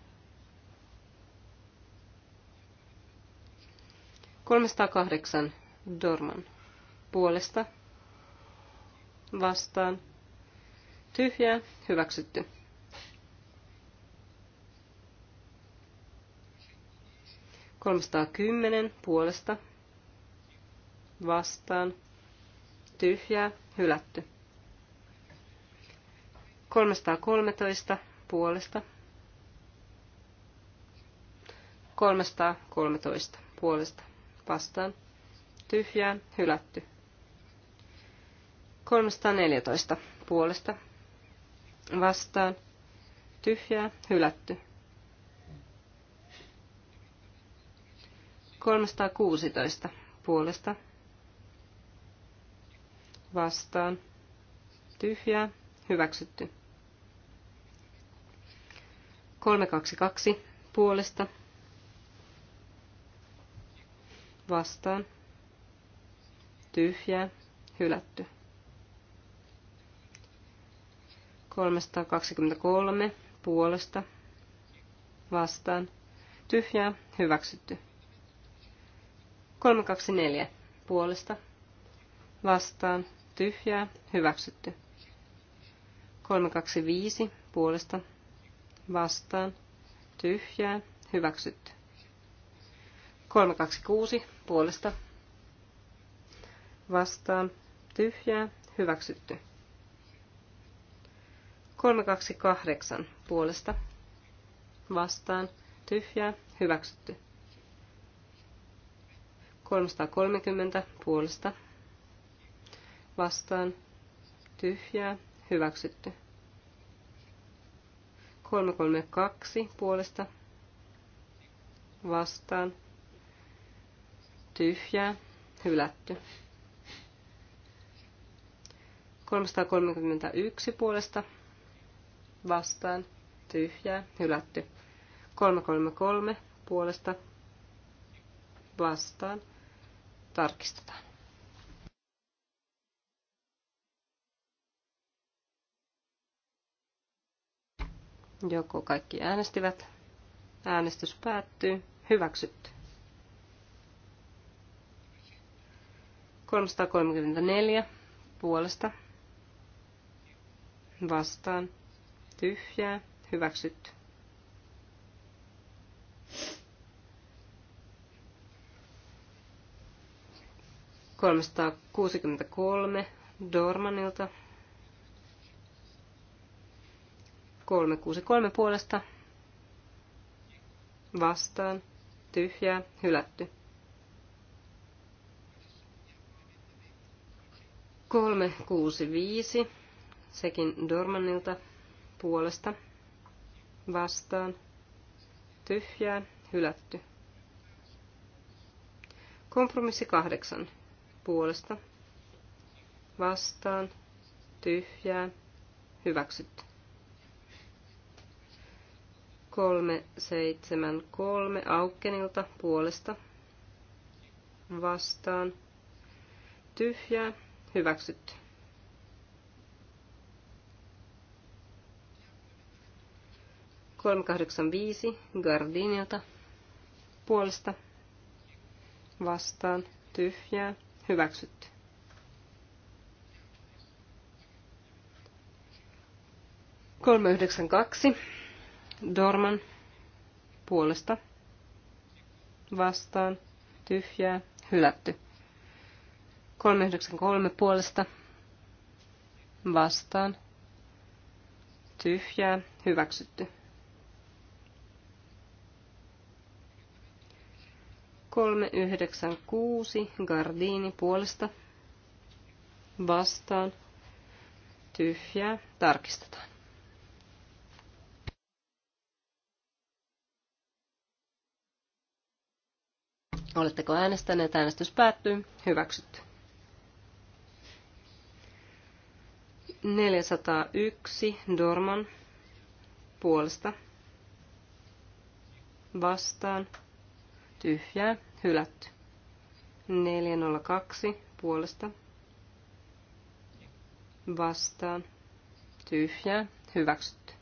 308 Dorman puolesta vastaan. Tyhjä, hyväksytty. 310 puolesta vastaan tyhjää hylätty. 313 puolesta 313 puolesta vastaan tyhjää hylätty. 314 puolesta vastaan tyhjää hylätty. 316 puolesta vastaan tyhjää hyväksytty. 322 puolesta vastaan tyhjää hylätty. 323 puolesta vastaan tyhjää hyväksytty. 324 puolesta vastaan tyhjää hyväksytty. 325 puolesta vastaan tyhjää hyväksytty. 326 puolesta vastaan tyhjää hyväksytty. 328 puolesta vastaan tyhjää hyväksytty. 330 puolesta vastaan tyhjää hyväksytty. 332 puolesta vastaan tyhjää hylätty. 331 puolesta vastaan tyhjää hylätty. 333 puolesta vastaan tarkistetaan. Joko kaikki äänestivät? Äänestys päättyy. Hyväksytty. 334 puolesta vastaan tyhjää hyväksytty. 363 Dormanilta. 363 puolesta vastaan, tyhjää, hylätty. 365, sekin Dormanilta puolesta, vastaan, tyhjää, hylätty. Kompromissi kahdeksan puolesta vastaan tyhjään hyväksytty. 373 aukkenilta puolesta vastaan tyhjään hyväksytty. 385 Gardinilta viisi puolesta vastaan tyhjää Hyväksytty. Kolme yhdeksän kaksi. Dorman puolesta vastaan tyhjää hylätty. 393 puolesta vastaan tyhjää hyväksytty. 396 Gardini puolesta vastaan tyhjää tarkistetaan. Oletteko äänestäneet? Äänestys päättyy. Hyväksytty. 401 Dorman puolesta vastaan tyhjää, hylätty. 402 puolesta vastaan, tyhjää, hyväksytty.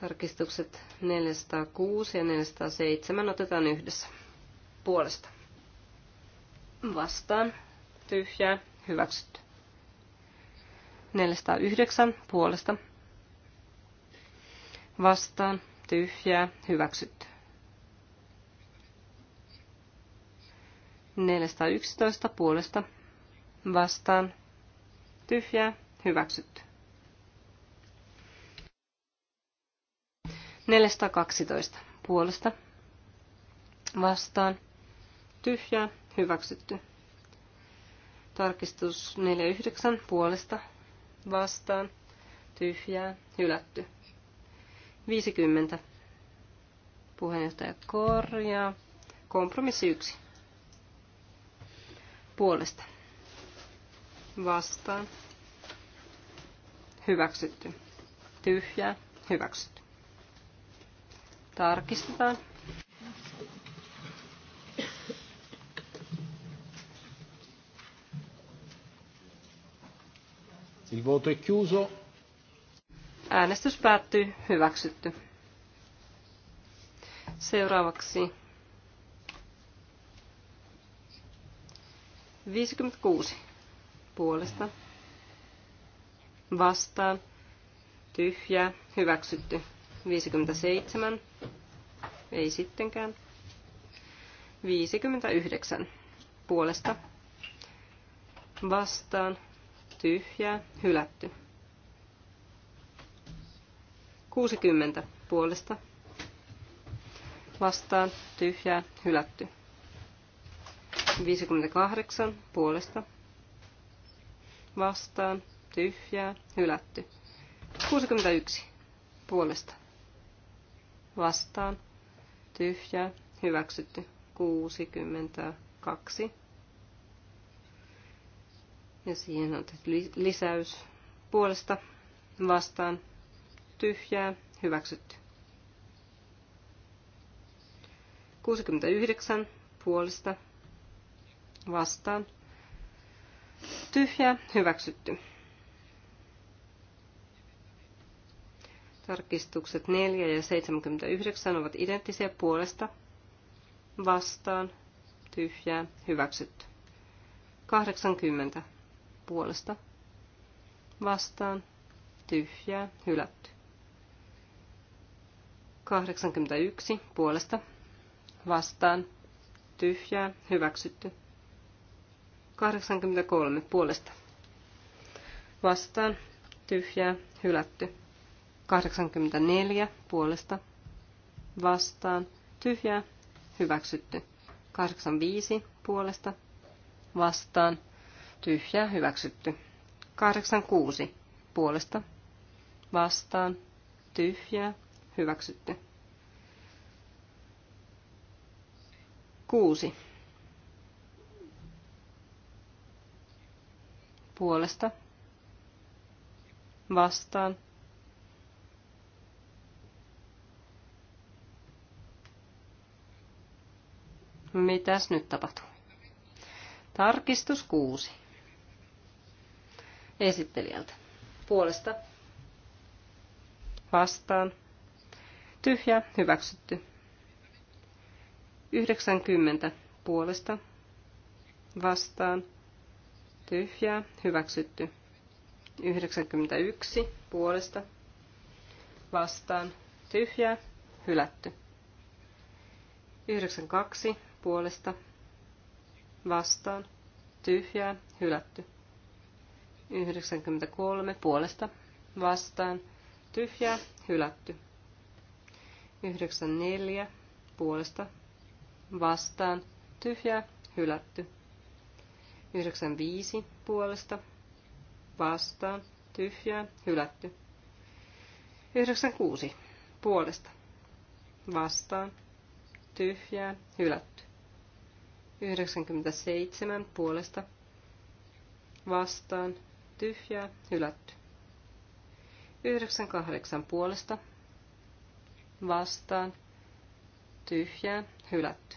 Tarkistukset 406 ja 407 otetaan yhdessä puolesta. Vastaan, tyhjää, hyväksytty. 409 puolesta. Vastaan, tyhjää, hyväksytty. 411 puolesta vastaan tyhjää, hyväksytty. 412 puolesta vastaan tyhjää, hyväksytty. Tarkistus 49 puolesta vastaan tyhjää, hylätty. 50. Puheenjohtaja korjaa. Kompromissi 1. Puolesta. Vastaan. Hyväksytty. Tyhjää. Hyväksytty. Tarkistetaan. Il voto è chiuso. Äänestys päättyy. Hyväksytty. Seuraavaksi 56 puolesta vastaan tyhjää hyväksytty 57 ei sittenkään 59 puolesta vastaan tyhjää hylätty 60 puolesta vastaan tyhjää hylätty. 58 puolesta vastaan tyhjää hylätty. 61 puolesta vastaan tyhjää hyväksytty. 62 ja siihen on tehty lisäys puolesta vastaan tyhjää, hyväksytty. 69 puolesta vastaan, tyhjää, hyväksytty. Tarkistukset 4 ja 79 ovat identtisiä puolesta, vastaan, tyhjää, hyväksytty. 80 puolesta, vastaan, tyhjää, hylätty. 81 puolesta vastaan tyhjää hyväksytty. 83 puolesta vastaan tyhjää hylätty. 84 puolesta vastaan tyhjää hyväksytty. 85 puolesta vastaan tyhjää hyväksytty. 86 puolesta vastaan tyhjää Hyväksytty. Kuusi. Puolesta. Vastaan. Mitäs nyt tapahtuu? Tarkistus kuusi. Esittelijältä. Puolesta. Vastaan tyhjää, hyväksytty. 90 puolesta, vastaan, tyhjää, hyväksytty. 91 puolesta, vastaan, tyhjää, hylätty. 92 puolesta, vastaan, tyhjää, hylätty. 93 puolesta, vastaan, tyhjää, hylätty. 94 puolesta vastaan tyhjää hylätty. 95 puolesta vastaan tyhjää hylätty. 96 puolesta vastaan tyhjää hylätty. 97 puolesta vastaan tyhjää hylätty. 98 puolesta vastaan, tyhjää, hylätty.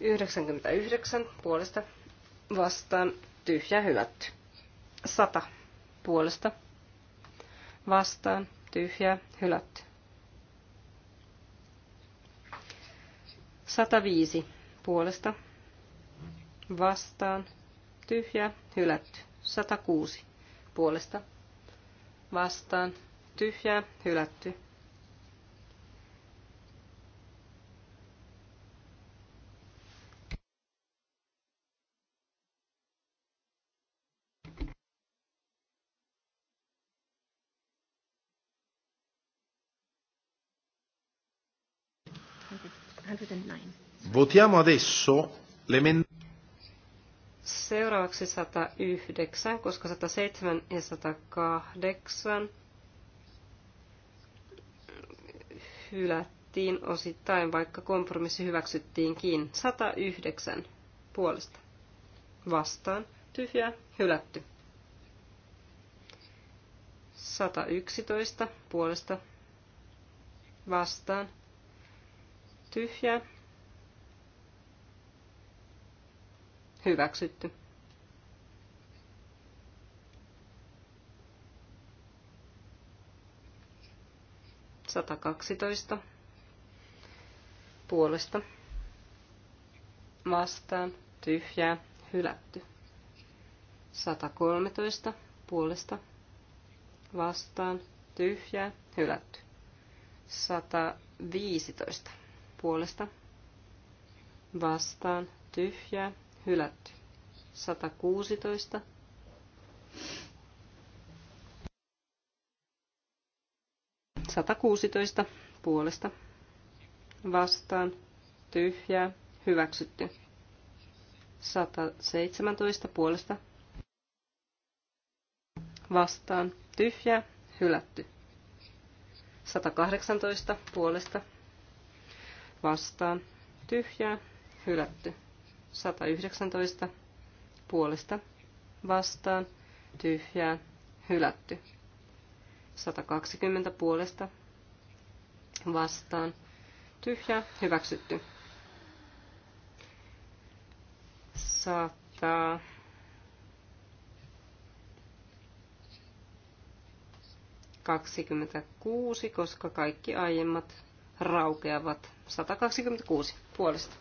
99 puolesta vastaan, tyhjää, hylätty. 100 puolesta vastaan, tyhjää, hylätty. 105 puolesta vastaan, tyhjää, hylätty. 106 puolesta vastaan, tyhjää, hylätty. Votiamo adesso l'emendamento. Seuraavaksi 109, koska 107 ja 108 hylättiin osittain, vaikka kompromissi hyväksyttiinkin. 109 puolesta. Vastaan. Tyhjää. Hylätty. 111 puolesta. Vastaan. Tyhjää. Hyväksytty. 112 puolesta vastaan tyhjää hylätty. 113 puolesta vastaan tyhjää hylätty. 115 puolesta vastaan tyhjää hylätty. 116 116 puolesta vastaan tyhjää hyväksytty. 117 puolesta vastaan tyhjää hylätty. 118 puolesta vastaan tyhjää hylätty. 119 puolesta vastaan tyhjää hylätty. 120 puolesta vastaan. Tyhjä, hyväksytty. 100. Kaksikymmentäkuusi, koska kaikki aiemmat raukeavat. 126 puolesta.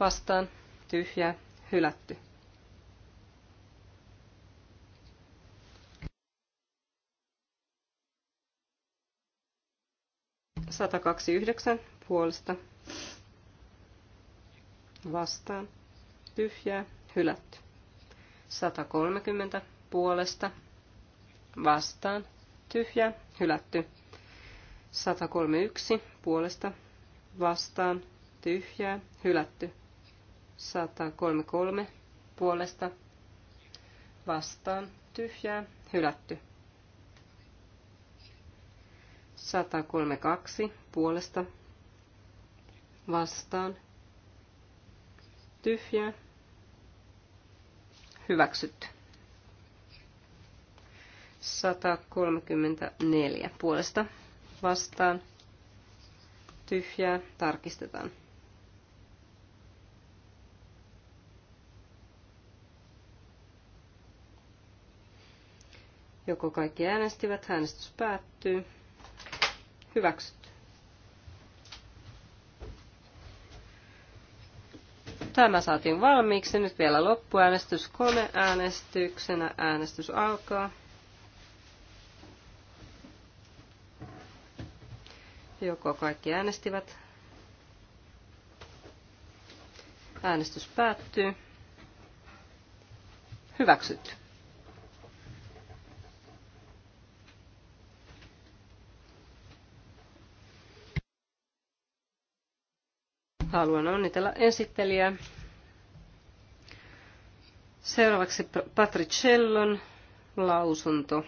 Vastaan tyhjä, hylätty. 129 puolesta vastaan tyhjää hylätty. 130 puolesta vastaan tyhjää hylätty. 131 puolesta vastaan tyhjää hylätty. 133 puolesta vastaan tyhjää hylätty. 132 puolesta vastaan. tyhjä Hyväksytty. 134 puolesta vastaan. Tyhjää. Tarkistetaan. Joko kaikki äänestivät, äänestys päättyy. Hyväksytty. Tämä saatiin valmiiksi. Nyt vielä loppuäänestys koneäänestyksenä. Äänestys alkaa. Joko kaikki äänestivät? Äänestys päättyy. Hyväksytty. Haluan onnitella esittelijää. Seuraavaksi Patricellon lausunto.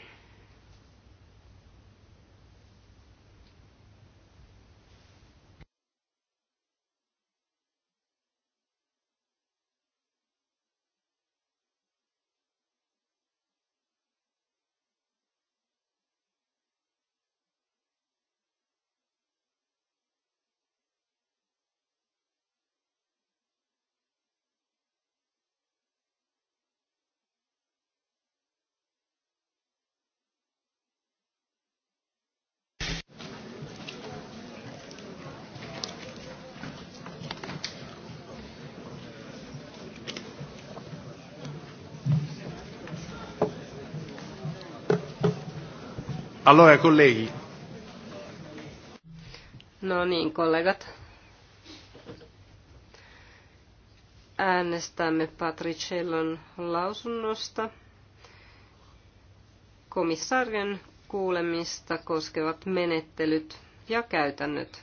Allora, colleghi. No niin, kollegat. Äänestämme Patricellon lausunnosta komissaarien kuulemista koskevat menettelyt ja käytännöt.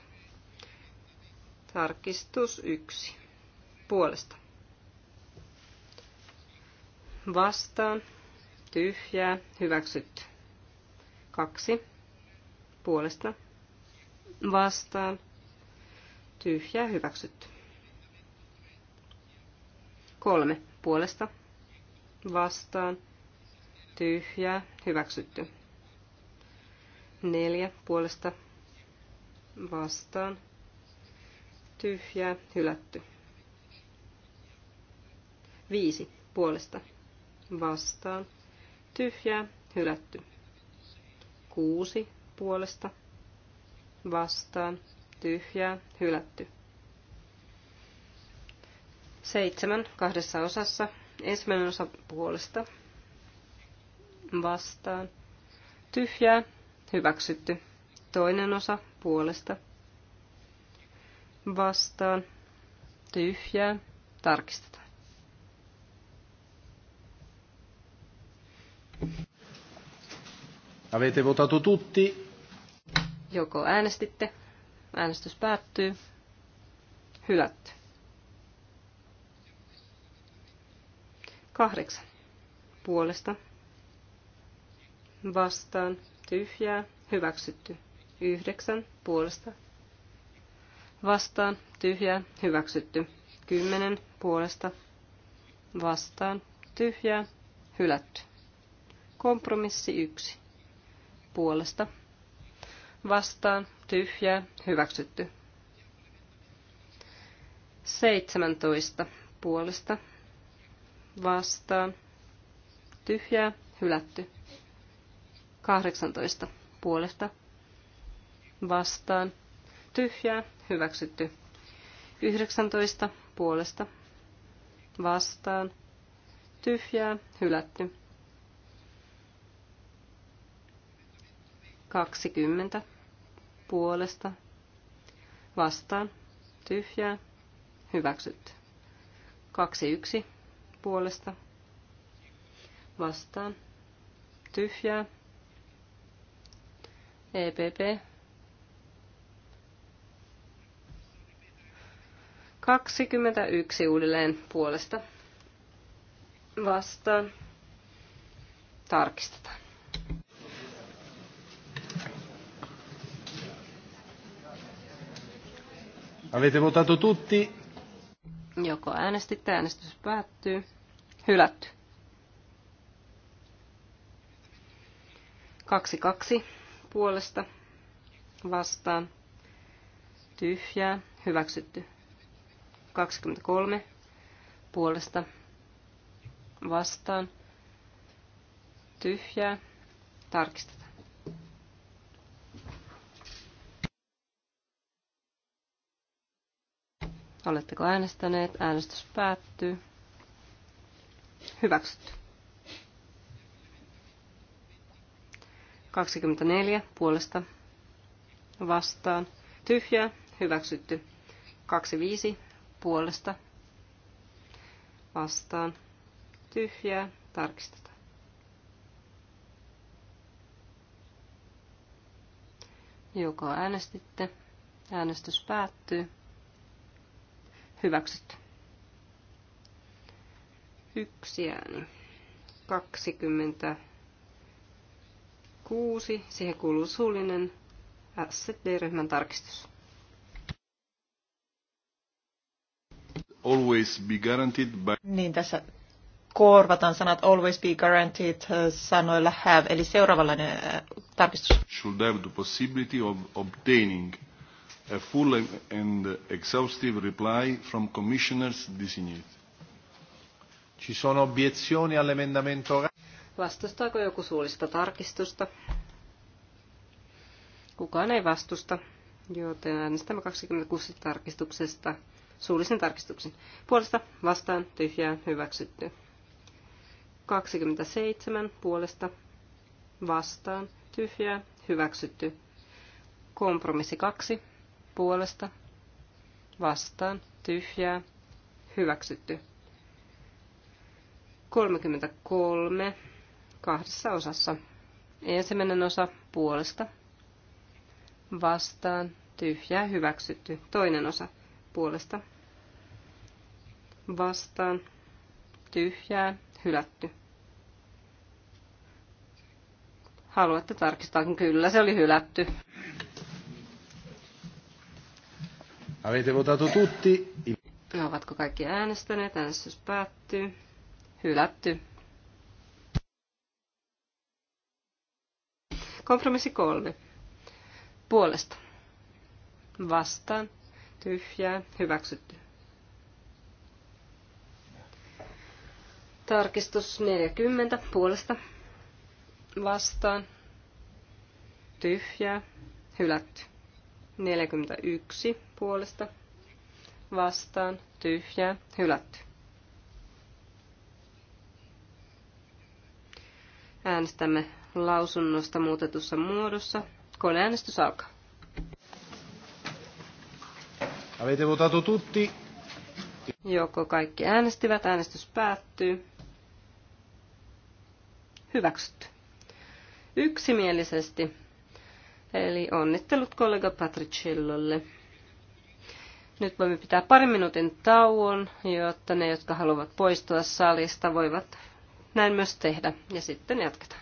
Tarkistus yksi Puolesta. Vastaan. Tyhjää. Hyväksytty. Kaksi. Puolesta. Vastaan. tyhjä hyväksytty. Kolme. Puolesta. Vastaan. tyhjä hyväksytty. Neljä. Puolesta. Vastaan. tyhjä hylätty. Viisi. Puolesta. Vastaan. tyhjä hylätty kuusi puolesta vastaan tyhjää hylätty. Seitsemän kahdessa osassa ensimmäinen osa puolesta vastaan tyhjää hyväksytty. Toinen osa puolesta vastaan tyhjää tarkistetaan. Avete votato tutti? Joko äänestitte? Äänestys päättyy. Hylätty. Kahdeksan. Puolesta. Vastaan. Tyhjää. Hyväksytty. Yhdeksän. Puolesta. Vastaan. Tyhjää. Hyväksytty. Kymmenen. Puolesta. Vastaan. Tyhjää. Hylätty. Kompromissi yksi puolesta vastaan tyhjää hyväksytty. 17 puolesta vastaan tyhjää hylätty. 18 puolesta vastaan tyhjää hyväksytty. 19 puolesta vastaan tyhjää hylätty. 20 puolesta vastaan tyhjää hyväksytty. 21 puolesta vastaan tyhjää EPP 21 uudelleen puolesta vastaan tarkistetaan. Avete votato tutti? Joko äänestitte, äänestys päättyy. Hylätty. Kaksi kaksi puolesta vastaan. Tyhjää. Hyväksytty. 23 puolesta vastaan. Tyhjää. Tarkistetaan. Oletteko äänestäneet? Äänestys päättyy. Hyväksytty. 24 puolesta vastaan. Tyhjää. Hyväksytty. 25 puolesta vastaan. Tyhjää. Tarkistetaan. Joko äänestitte. Äänestys päättyy. Hyväksytty. Yksi ääni. 26. Siihen kuuluu suullinen SD-ryhmän tarkistus. Always be guaranteed by... Niin tässä korvataan sanat always be guaranteed äh, sanoilla have, eli seuraavallainen äh, tarkistus. Should have the possibility of obtaining a full and exhaustive reply from commissioners designated. Ci sono obiezioni all'emendamento? Vastustaako joku suullista tarkistusta? Kukaan ei vastusta, joten äänestämme 26 tarkistuksesta suullisen tarkistuksen. Puolesta vastaan tyhjää hyväksytty. 27 puolesta vastaan tyhjää hyväksytty. Kompromissi 2 puolesta vastaan tyhjää hyväksytty. 33 kahdessa osassa. Ensimmäinen osa puolesta vastaan tyhjää hyväksytty. Toinen osa puolesta vastaan tyhjää hylätty. Haluatte tarkistaa, kyllä se oli hylätty. Avete votato tutti? Ovatko kaikki äänestäneet? Äänestys päättyy. Hylätty. Kompromissi kolme. Puolesta. Vastaan. Tyhjää. Hyväksytty. Tarkistus 40. Puolesta. Vastaan. Tyhjää. Hylätty. 41 puolesta vastaan tyhjää hylätty. Äänestämme lausunnosta muutetussa muodossa. Koneäänestys alkaa. Avete votato tutti? Joko kaikki äänestivät, äänestys päättyy. Hyväksytty. Yksimielisesti Eli onnittelut kollega Patricellolle. Nyt voimme pitää parin minuutin tauon, jotta ne, jotka haluavat poistua salista, voivat näin myös tehdä. Ja sitten jatketaan.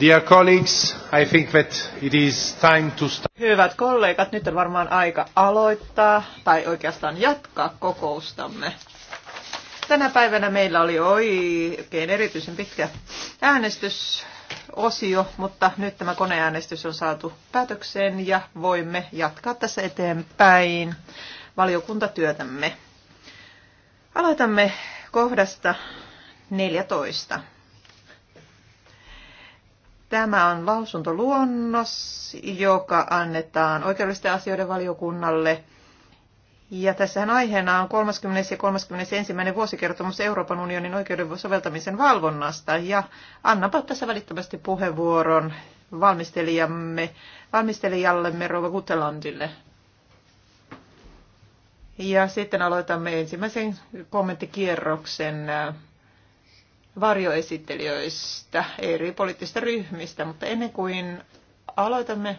Dear colleagues, I think that it is time to start. Hyvät kollegat, nyt on varmaan aika aloittaa tai oikeastaan jatkaa kokoustamme. Tänä päivänä meillä oli oikein erityisen pitkä äänestysosio, mutta nyt tämä koneäänestys on saatu päätökseen ja voimme jatkaa tässä eteenpäin valiokuntatyötämme. Aloitamme kohdasta 14. Tämä on lausuntoluonnos, joka annetaan oikeudellisten asioiden valiokunnalle. Ja tässähän aiheena on 30. ja 31. vuosikertomus Euroopan unionin oikeuden soveltamisen valvonnasta. Ja annanpa tässä välittömästi puheenvuoron valmistelijamme, valmistelijallemme Rova Gutelandille. Ja sitten aloitamme ensimmäisen kommenttikierroksen varjoesittelijöistä eri poliittisista ryhmistä, mutta ennen kuin aloitamme,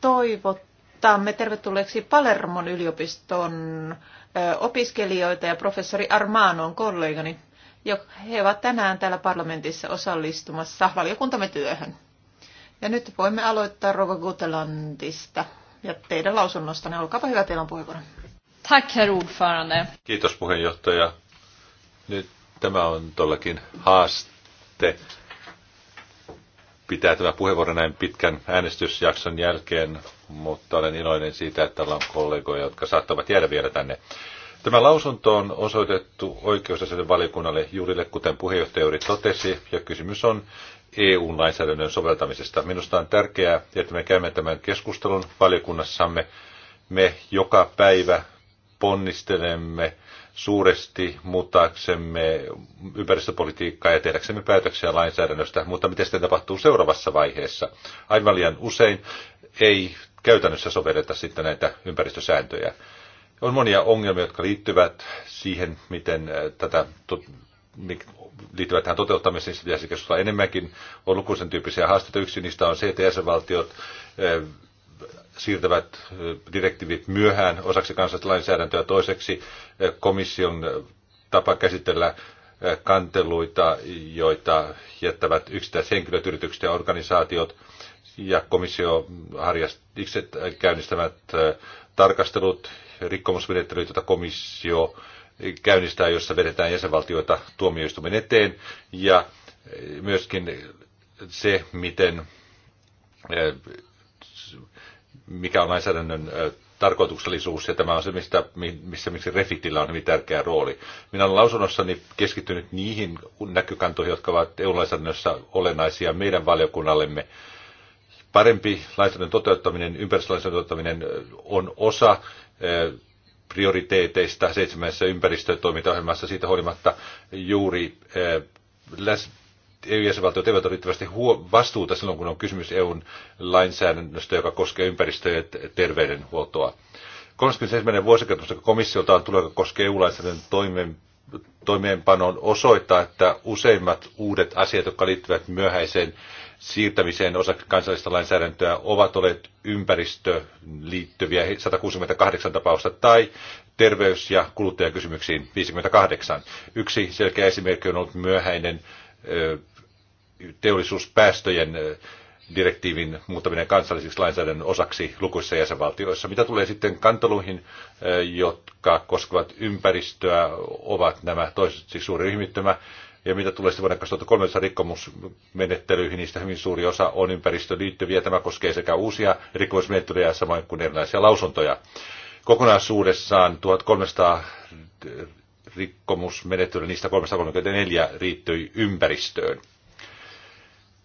toivottamme tervetulleeksi Palermon yliopiston opiskelijoita ja professori Armanon kollegani, he ovat tänään täällä parlamentissa osallistumassa valiokuntamme työhön. Ja nyt voimme aloittaa Rova Gutelandista ja teidän lausunnostanne. Olkaapa hyvä, teillä on puheenvuoro. Tack, herr ordförande. Kiitos puheenjohtaja. Nyt tämä on tollakin haaste pitää tämä puheenvuoro näin pitkän äänestysjakson jälkeen, mutta olen iloinen siitä, että täällä on kollegoja, jotka saattavat jäädä vielä tänne. Tämä lausunto on osoitettu oikeusasioiden valiokunnalle juurille, kuten puheenjohtaja juuri totesi, ja kysymys on EU-lainsäädännön soveltamisesta. Minusta on tärkeää, että me käymme tämän keskustelun valiokunnassamme. Me joka päivä ponnistelemme suuresti muuttaaksemme ympäristöpolitiikkaa ja tehdäksemme päätöksiä lainsäädännöstä, mutta miten sitten tapahtuu seuraavassa vaiheessa? Aivan liian usein ei käytännössä sovelleta sitten näitä ympäristösääntöjä. On monia ongelmia, jotka liittyvät siihen, miten äh, tätä liittyvät tähän toteuttamiseen, niistä pitäisi keskustella enemmänkin. On lukuisen tyyppisiä haasteita. Yksi niistä on se, että jäsenvaltiot äh, siirtävät direktiivit myöhään osaksi kansallista lainsäädäntöä. Toiseksi komission tapa käsitellä kanteluita, joita jättävät yksittäiset henkilöt, yritykset ja organisaatiot. Ja komissio itse käynnistämät tarkastelut, rikkomusmenettelyt, joita komissio käynnistää, jossa vedetään jäsenvaltioita tuomioistuimen eteen. Ja myöskin se, miten mikä on lainsäädännön tarkoituksellisuus, ja tämä on se, mistä, missä miksi Refitillä on hyvin tärkeä rooli. Minä olen lausunnossani keskittynyt niihin näkökantoihin, jotka ovat EU-lainsäädännössä olennaisia meidän valiokunnallemme. Parempi lainsäädännön toteuttaminen, ympäristölainsäädännön toteuttaminen on osa prioriteeteista seitsemässä ympäristötoimintaohjelmassa siitä huolimatta juuri EU-jäsenvaltiot eivät ole riittävästi vastuuta silloin, kun on kysymys EUn lainsäädännöstä, joka koskee ympäristöä ja terveydenhuoltoa. 31. vuosikertomus, joka komissiolta on tullut, joka koskee EU-lainsäädännön toimeen, toimeenpanon osoittaa, että useimmat uudet asiat, jotka liittyvät myöhäiseen siirtämiseen osaksi kansallista lainsäädäntöä, ovat olleet ympäristöön liittyviä 168 tapausta tai terveys- ja kuluttajakysymyksiin 58. Yksi selkeä esimerkki on ollut myöhäinen teollisuuspäästöjen direktiivin muuttaminen kansallisiksi lainsäädännön osaksi lukuissa jäsenvaltioissa. Mitä tulee sitten kanteluihin, jotka koskevat ympäristöä, ovat nämä toiseksi suuri ryhmittymä. Ja mitä tulee sitten vuonna 2013 rikkomusmenettelyihin, niistä hyvin suuri osa on ympäristöön liittyviä. Tämä koskee sekä uusia rikkomusmenettelyjä samoin kuin erilaisia lausuntoja. Kokonaisuudessaan 1300 rikkomusmenettely, niistä 334 riittyi ympäristöön.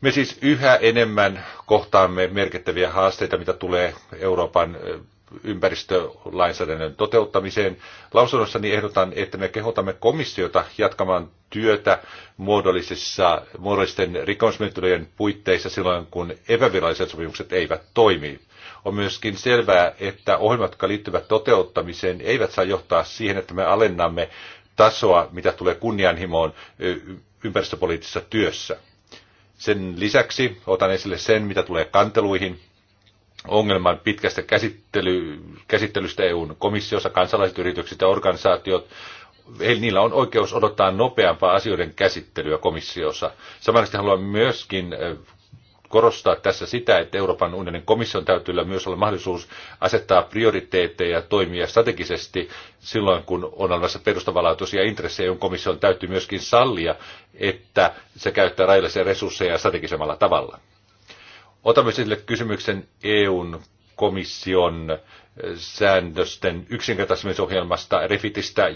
Me siis yhä enemmän kohtaamme merkittäviä haasteita, mitä tulee Euroopan ympäristölainsäädännön toteuttamiseen. Lausunnossani ehdotan, että me kehotamme komissiota jatkamaan työtä muodollisissa, muodollisten rikkomusmenettelyjen puitteissa silloin, kun epäviralliset sopimukset eivät toimi. On myöskin selvää, että ohjelmat, jotka liittyvät toteuttamiseen, eivät saa johtaa siihen, että me alennamme tasoa, mitä tulee kunnianhimoon ympäristöpoliittisessa työssä. Sen lisäksi otan esille sen, mitä tulee kanteluihin, ongelman pitkästä käsittely, käsittelystä EUn komissiossa, kansalaiset yritykset ja organisaatiot, Eli niillä on oikeus odottaa nopeampaa asioiden käsittelyä komissiossa. Samanaikaisesti haluan myöskin korostaa tässä sitä, että Euroopan unionin komission täytyy myös olla mahdollisuus asettaa prioriteetteja ja toimia strategisesti silloin, kun on olemassa perustavanlaatuisia intressejä, joiden komission täytyy myöskin sallia, että se käyttää rajallisia resursseja strategisemmalla tavalla. Otamme sille kysymyksen EUn komission säännösten yksinkertaistamisohjelmasta, refitistä,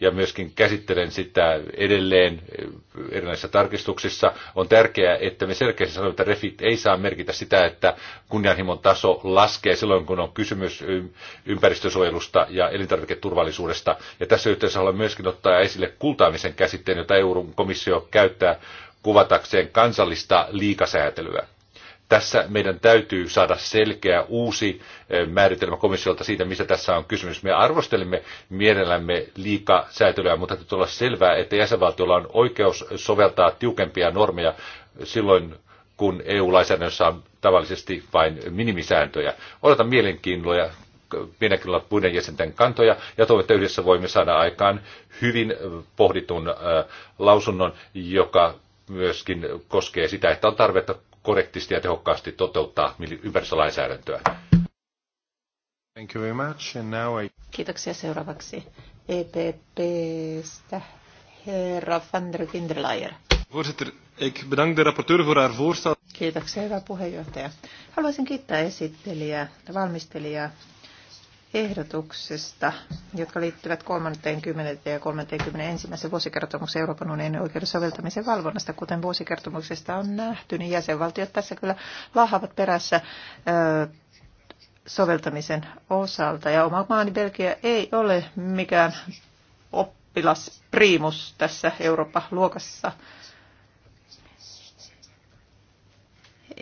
ja myöskin käsittelen sitä edelleen erilaisissa tarkistuksissa. On tärkeää, että me selkeästi sanomme, että refit ei saa merkitä sitä, että kunnianhimon taso laskee silloin, kun on kysymys ympäristösuojelusta ja elintarviketurvallisuudesta. Ja tässä yhteydessä haluan myöskin ottaa esille kultaamisen käsitteen, jota EU-komissio käyttää kuvatakseen kansallista liikasäätelyä. Tässä meidän täytyy saada selkeä uusi eh, määritelmä komissiolta siitä, mistä tässä on kysymys. Me arvostelemme mielellämme liikaa säätelyä, mutta täytyy olla selvää, että jäsenvaltiolla on oikeus soveltaa tiukempia normeja silloin, kun EU-lainsäädännössä on tavallisesti vain minimisääntöjä. Odotan mielenkiinnolla ja mielenkiinnolla muiden jäsenten kantoja ja toivon, että yhdessä voimme saada aikaan hyvin pohditun eh, lausunnon, joka myöskin koskee sitä, että on tarvetta korrektisti ja tehokkaasti toteuttaa ympäristölainsäädäntöä. Thank you very much. And now I... Kiitoksia seuraavaksi EPPstä herra van der Kinderleier. Voorzitter, ik bedank de rapporteur voor haar voorstel. Kiitoksia, hyvä puheenjohtaja. Haluaisin kiittää esittelijää, valmistelijaa ehdotuksista, jotka liittyvät 30. ja 31. vuosikertomuksen Euroopan unionin oikeuden soveltamisen valvonnasta. Kuten vuosikertomuksesta on nähty, niin jäsenvaltiot tässä kyllä lahavat perässä soveltamisen osalta. Ja oma maani Belgia ei ole mikään oppilas primus tässä Eurooppa-luokassa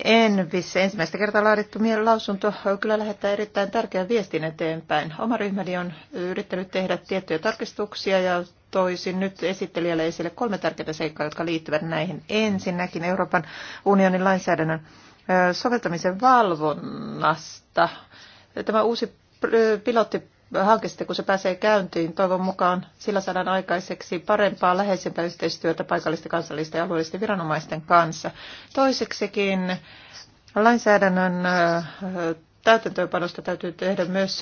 Envis, ensimmäistä kertaa laadittu lausunto, kyllä lähettää erittäin tärkeän viestin eteenpäin. Oma ryhmäni on yrittänyt tehdä tiettyjä tarkistuksia ja toisin nyt esittelijälle esille kolme tärkeää seikkaa, jotka liittyvät näihin. Ensinnäkin Euroopan unionin lainsäädännön soveltamisen valvonnasta. Tämä uusi pilotti hanke sitten, kun se pääsee käyntiin, toivon mukaan sillä saadaan aikaiseksi parempaa, läheisempää yhteistyötä paikallisten, kansallisten ja alueellisten viranomaisten kanssa. Toiseksikin lainsäädännön täytäntöönpanosta täytyy tehdä myös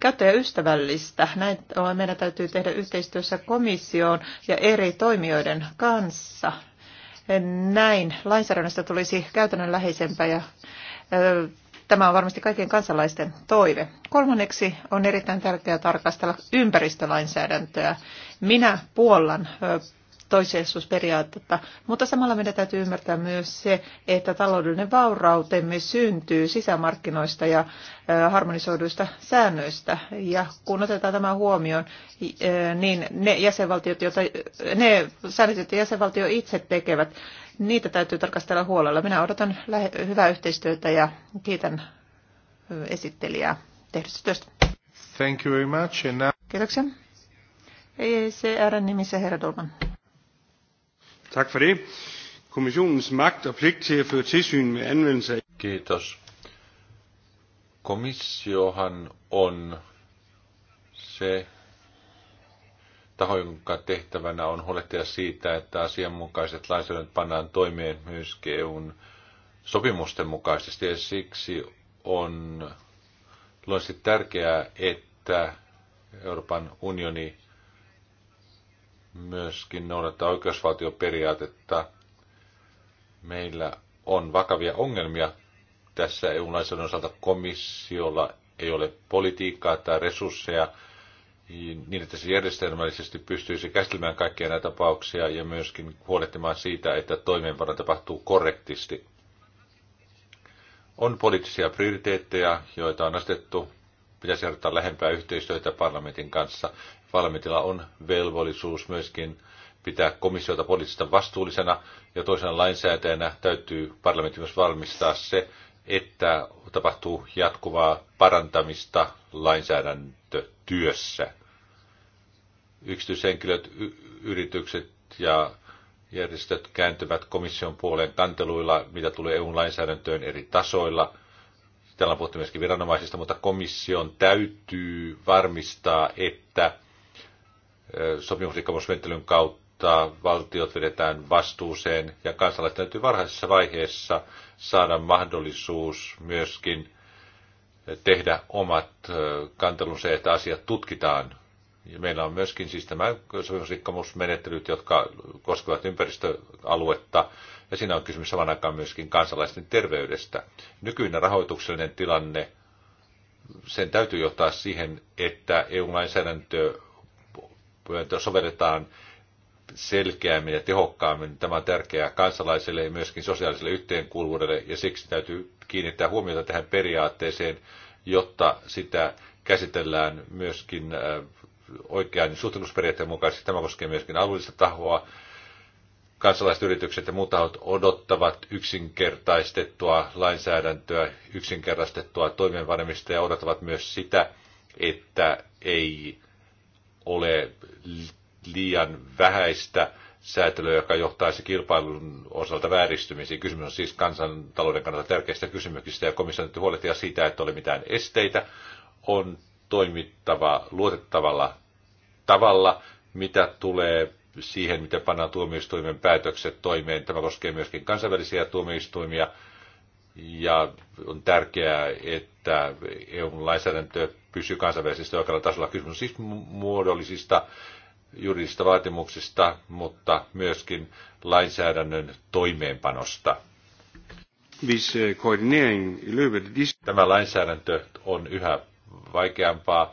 käyttäjäystävällistä. Näin meidän täytyy tehdä yhteistyössä komission ja eri toimijoiden kanssa. Näin lainsäädännöstä tulisi käytännönläheisempää ja Tämä on varmasti kaikkien kansalaisten toive. Kolmanneksi on erittäin tärkeää tarkastella ympäristölainsäädäntöä. Minä puollan toiseisuusperiaatetta, mutta samalla meidän täytyy ymmärtää myös se, että taloudellinen vaurautemme syntyy sisämarkkinoista ja harmonisoiduista säännöistä. Ja kun otetaan tämä huomioon, niin ne, jäsenvaltiot, joita, ne säännöt, joita jäsenvaltio itse tekevät, niitä täytyy tarkastella huolella. Minä odotan hyvää yhteistyötä ja kiitän esittelijää tehdystä työstä. Thank you very much. And now... Kiitoksia. ECR-nimissä herra Dolman. Tak for det. Kommissionens magt og pligt til at føre tilsyn med anvendelse af... Kiitos. Komissiohan on se taho, jonka tehtävänä on huolehtia siitä, että asianmukaiset lainsäädännöt pannaan toimeen myös EUn sopimusten mukaisesti. Ja siksi on luonnollisesti tärkeää, että Euroopan unioni myöskin noudattaa oikeusvaltioperiaatetta. Meillä on vakavia ongelmia tässä EU-lainsäädännön osalta. Komissiolla ei ole politiikkaa tai resursseja niin, että se järjestelmällisesti pystyisi käsittelemään kaikkia näitä tapauksia ja myöskin huolehtimaan siitä, että toimeenpano tapahtuu korrektisti. On poliittisia prioriteetteja, joita on asetettu. Pitäisi harjoittaa lähempää yhteistyötä parlamentin kanssa valmitilla on velvollisuus myöskin pitää komissiota poliittisesta vastuullisena ja toisena lainsäätäjänä täytyy parlamentti myös varmistaa se, että tapahtuu jatkuvaa parantamista lainsäädäntötyössä. Yksityishenkilöt, yritykset ja järjestöt kääntyvät komission puoleen kanteluilla, mitä tulee EU-lainsäädäntöön eri tasoilla. Täällä on puhuttu myöskin viranomaisista, mutta komission täytyy varmistaa, että sopimusrikkomusmenettelyn kautta valtiot vedetään vastuuseen ja kansalaiset täytyy varhaisessa vaiheessa saada mahdollisuus myöskin tehdä omat kantelunsa, että asiat tutkitaan. Ja meillä on myöskin siis tämä sopimusrikkomusmenettelyt, jotka koskevat ympäristöaluetta, ja siinä on kysymys saman aikaan myöskin kansalaisten terveydestä. Nykyinen rahoituksellinen tilanne, sen täytyy johtaa siihen, että EU-lainsäädäntö sovelletaan selkeämmin ja tehokkaammin. Tämä on tärkeää kansalaisille ja myöskin sosiaaliselle yhteenkuuluvuudelle, ja siksi täytyy kiinnittää huomiota tähän periaatteeseen, jotta sitä käsitellään myöskin äh, oikean suhteellisuusperiaatteen mukaisesti. Tämä koskee myöskin alueellista tahoa. Kansalaiset yritykset ja muut tahot odottavat yksinkertaistettua lainsäädäntöä, yksinkertaistettua toimeenpanemista ja odottavat myös sitä, että ei ole liian vähäistä säätelyä, joka johtaisi kilpailun osalta vääristymisiin. Kysymys on siis kansantalouden kannalta tärkeistä kysymyksistä ja komissio nyt huolehtia siitä, että ole mitään esteitä. On toimittava luotettavalla tavalla, mitä tulee siihen, miten pannaan tuomioistuimen päätökset toimeen. Tämä koskee myöskin kansainvälisiä tuomioistuimia. Ja on tärkeää, että eu lainsäädäntö pysyy kansainvälisesti oikealla tasolla. Kysymys on siis muodollisista juridisista vaatimuksista, mutta myöskin lainsäädännön toimeenpanosta. Eh, Tämä lainsäädäntö on yhä vaikeampaa,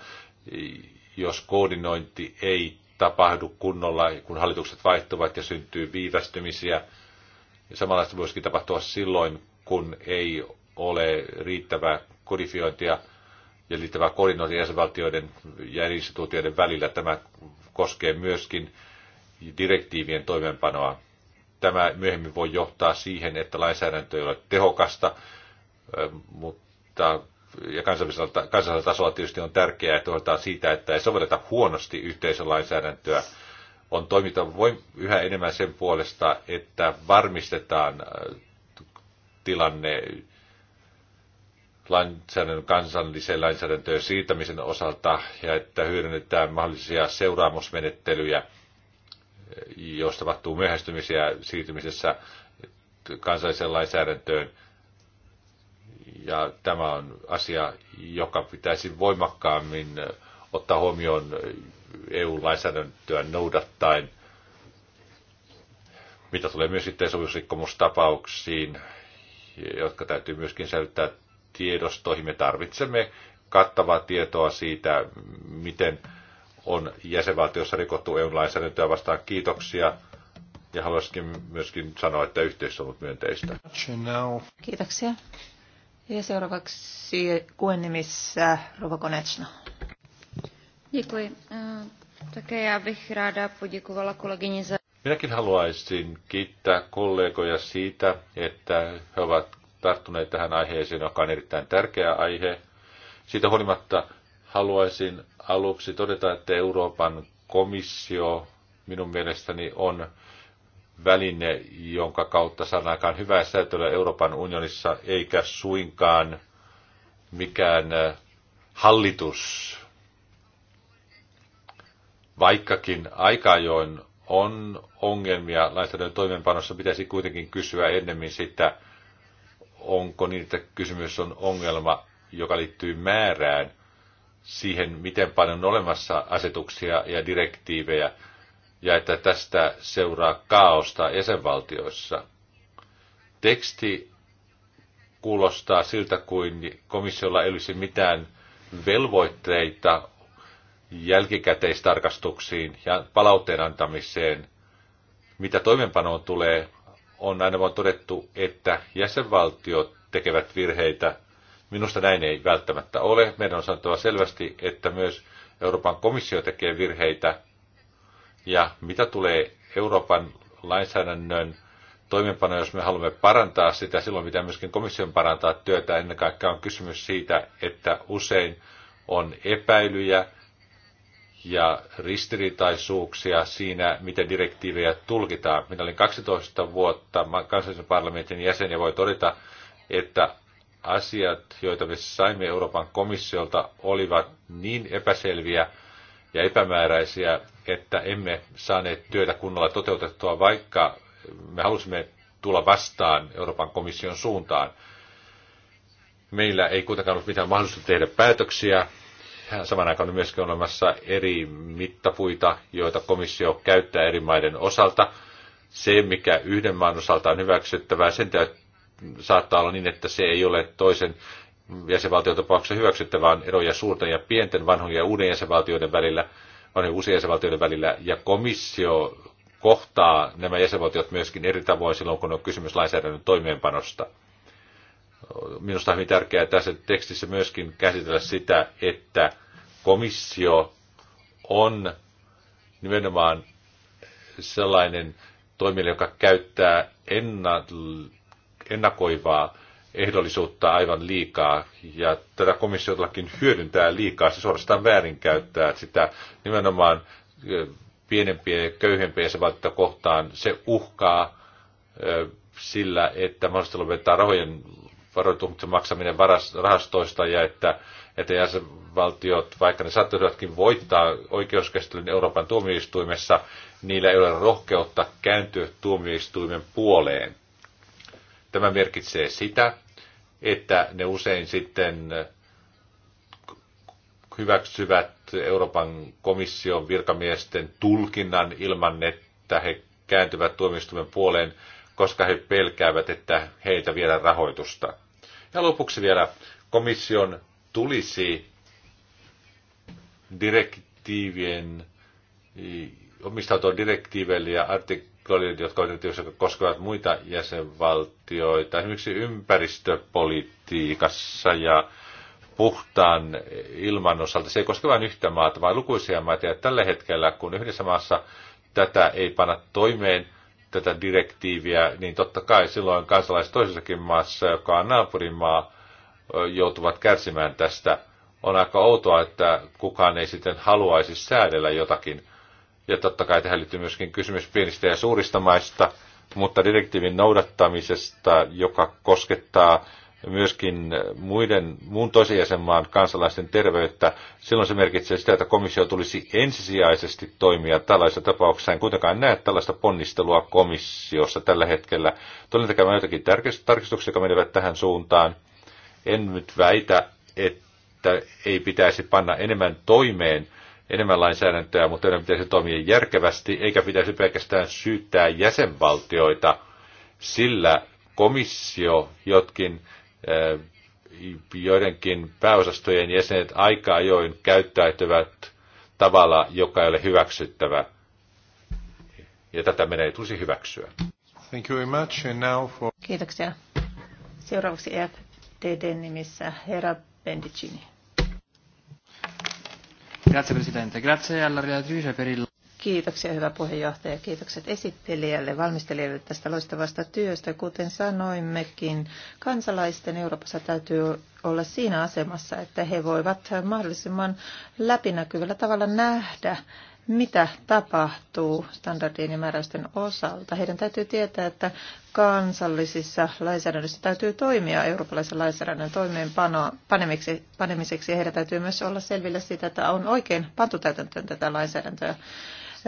jos koordinointi ei tapahdu kunnolla, kun hallitukset vaihtuvat ja syntyy viivästymisiä. Samanlaista myöskin tapahtua silloin, kun ei ole riittävää kodifiointia ja riittävää koordinointia jäsenvaltioiden ja eri instituutioiden välillä. Tämä koskee myöskin direktiivien toimeenpanoa. Tämä myöhemmin voi johtaa siihen, että lainsäädäntö ei ole tehokasta, mutta ja kansallisella, kansallisella tasolla tietysti on tärkeää, että huolehditaan siitä, että ei sovelleta huonosti yhteisölainsäädäntöä. On toimittava yhä enemmän sen puolesta, että varmistetaan tilanne lainsäädännön kansalliseen lainsäädäntöön siirtämisen osalta ja että hyödynnetään mahdollisia seuraamusmenettelyjä, jos tapahtuu myöhästymisiä siirtymisessä kansalliseen lainsäädäntöön. Ja tämä on asia, joka pitäisi voimakkaammin ottaa huomioon EU-lainsäädäntöä noudattaen, mitä tulee myös sitten sopimusrikkomustapauksiin, jotka täytyy myöskin säilyttää tiedostoihin. Me tarvitsemme kattavaa tietoa siitä, miten on jäsenvaltiossa rikottu EU-lainsäädäntöä vastaan. Kiitoksia. Ja haluaisin myöskin sanoa, että yhteys on ollut myönteistä. Kiitoksia. Ja seuraavaksi kuen nimissä Rova Konechna. Eh, Minäkin haluaisin kiittää kollegoja siitä, että he ovat tarttuneet tähän aiheeseen, joka on erittäin tärkeä aihe. Siitä huolimatta haluaisin aluksi todeta, että Euroopan komissio minun mielestäni on väline, jonka kautta saadaan aikaan hyvää säätöä Euroopan unionissa, eikä suinkaan mikään äh, hallitus. Vaikkakin aika ajoin on ongelmia lainsäädännön toimeenpanossa, pitäisi kuitenkin kysyä ennemmin sitä, onko niin, että kysymys on ongelma, joka liittyy määrään, siihen, miten paljon on olemassa asetuksia ja direktiivejä, ja että tästä seuraa kaaosta jäsenvaltioissa. Teksti kuulostaa siltä, kuin komissiolla ei olisi mitään velvoitteita jälkikäteistarkastuksiin ja palautteen antamiseen, mitä toimenpanoon tulee, on aina vaan todettu, että jäsenvaltiot tekevät virheitä. Minusta näin ei välttämättä ole. Meidän on sanottava selvästi, että myös Euroopan komissio tekee virheitä. Ja mitä tulee Euroopan lainsäädännön toimenpano, jos me haluamme parantaa sitä, silloin pitää myöskin komission parantaa työtä. Ennen kaikkea on kysymys siitä, että usein on epäilyjä ja ristiriitaisuuksia siinä, miten direktiivejä tulkitaan. Minä olin 12 vuotta kansallisen parlamentin jäsen ja voi todeta, että asiat, joita me saimme Euroopan komissiolta, olivat niin epäselviä ja epämääräisiä, että emme saaneet työtä kunnolla toteutettua, vaikka me halusimme tulla vastaan Euroopan komission suuntaan. Meillä ei kuitenkaan ollut mitään mahdollisuutta tehdä päätöksiä, Samaan aikaan on myöskin olemassa eri mittapuita, joita komissio käyttää eri maiden osalta. Se, mikä yhden maan osalta on hyväksyttävää, sen saattaa olla niin, että se ei ole toisen tapauksessa hyväksyttävää, vaan eroja suurten ja pienten vanhojen ja uuden jäsenvaltioiden välillä, vanhojen uusien jäsenvaltioiden välillä, ja komissio kohtaa nämä jäsenvaltiot myöskin eri tavoin silloin, kun on kysymys lainsäädännön toimeenpanosta. Minusta on hyvin tärkeää tässä tekstissä myöskin käsitellä sitä, että komissio on nimenomaan sellainen toimija, joka käyttää ennakoivaa ehdollisuutta aivan liikaa, ja tätä komissiotakin hyödyntää liikaa, se suorastaan väärinkäyttää sitä nimenomaan pienempiä ja köyhempiä jäsenvaltioita kohtaan, se uhkaa sillä, että mahdollisesti lopettaa rahojen varoituksen maksaminen rahastoista ja että, että jäsenvaltiot, vaikka ne saattaisivatkin voittaa oikeuskäsittelyn Euroopan tuomioistuimessa, niillä ei ole rohkeutta kääntyä tuomioistuimen puoleen. Tämä merkitsee sitä, että ne usein sitten hyväksyvät Euroopan komission virkamiesten tulkinnan ilman, että he kääntyvät tuomioistuimen puoleen, koska he pelkäävät, että heitä viedään rahoitusta. Ja lopuksi vielä komission tulisi direktiivien, omistautua direktiiveille ja artikloille, jotka, koskevat muita jäsenvaltioita, esimerkiksi ympäristöpolitiikassa ja puhtaan ilman osalta. Se ei koske vain yhtä maata, vaan lukuisia maita. Ja tällä hetkellä, kun yhdessä maassa tätä ei panna toimeen, tätä direktiiviä, niin totta kai silloin kansalaiset toisessakin maassa, joka on naapurimaa, joutuvat kärsimään tästä. On aika outoa, että kukaan ei sitten haluaisi säädellä jotakin. Ja totta kai tähän liittyy myöskin kysymys pienistä ja suurista maista, mutta direktiivin noudattamisesta, joka koskettaa myöskin muiden, muun tosiasianmaan kansalaisten terveyttä, silloin se merkitsee sitä, että komissio tulisi ensisijaisesti toimia tällaisessa tapauksessa. En kuitenkaan näe tällaista ponnistelua komissiossa tällä hetkellä. Tulin tekemään jotakin tarkistuksia, jotka menevät tähän suuntaan. En nyt väitä, että ei pitäisi panna enemmän toimeen enemmän lainsäädäntöä, mutta enemmän pitäisi toimia järkevästi, eikä pitäisi pelkästään syyttää jäsenvaltioita, sillä komissio jotkin joidenkin pääosastojen jäsenet aika ajoin käyttäytyvät tavalla, joka ei ole hyväksyttävä. Ja tätä meidän ei tulisi hyväksyä. Thank you very much. And now for... Kiitoksia. Seuraavaksi FTD nimissä herra Bendicini. Grazie Presidente, grazie alla relatrice per il... Kiitoksia hyvä puheenjohtaja. Kiitokset esittelijälle, valmistelijalle tästä loistavasta työstä. Kuten sanoimmekin, kansalaisten Euroopassa täytyy olla siinä asemassa, että he voivat mahdollisimman läpinäkyvällä tavalla nähdä, mitä tapahtuu standardien ja määräysten osalta. Heidän täytyy tietää, että kansallisissa lainsäädännöissä täytyy toimia eurooppalaisen lainsäädännön toimeenpanemiseksi. panemiseksi. heidän täytyy myös olla selvillä siitä, että on oikein pantu täytäntöön tätä lainsäädäntöä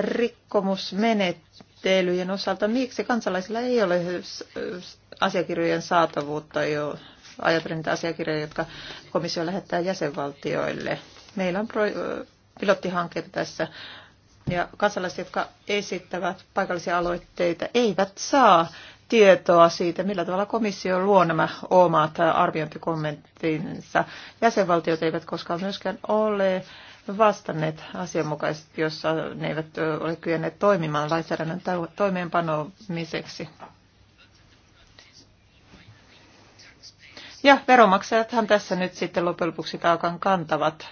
rikkomusmenettelyjen osalta, miksi kansalaisilla ei ole asiakirjojen saatavuutta jo ajatellen niitä asiakirjoja, jotka komissio lähettää jäsenvaltioille. Meillä on pilottihankkeita tässä ja kansalaiset, jotka esittävät paikallisia aloitteita, eivät saa tietoa siitä, millä tavalla komissio luo nämä omat arviointikommenttinsa. Jäsenvaltiot eivät koskaan myöskään ole vastanneet asianmukaisesti, jossa ne eivät ole kyenneet toimimaan lainsäädännön toimeenpanomiseksi. Ja veromaksajathan tässä nyt sitten loppujen lopuksi taakan kantavat.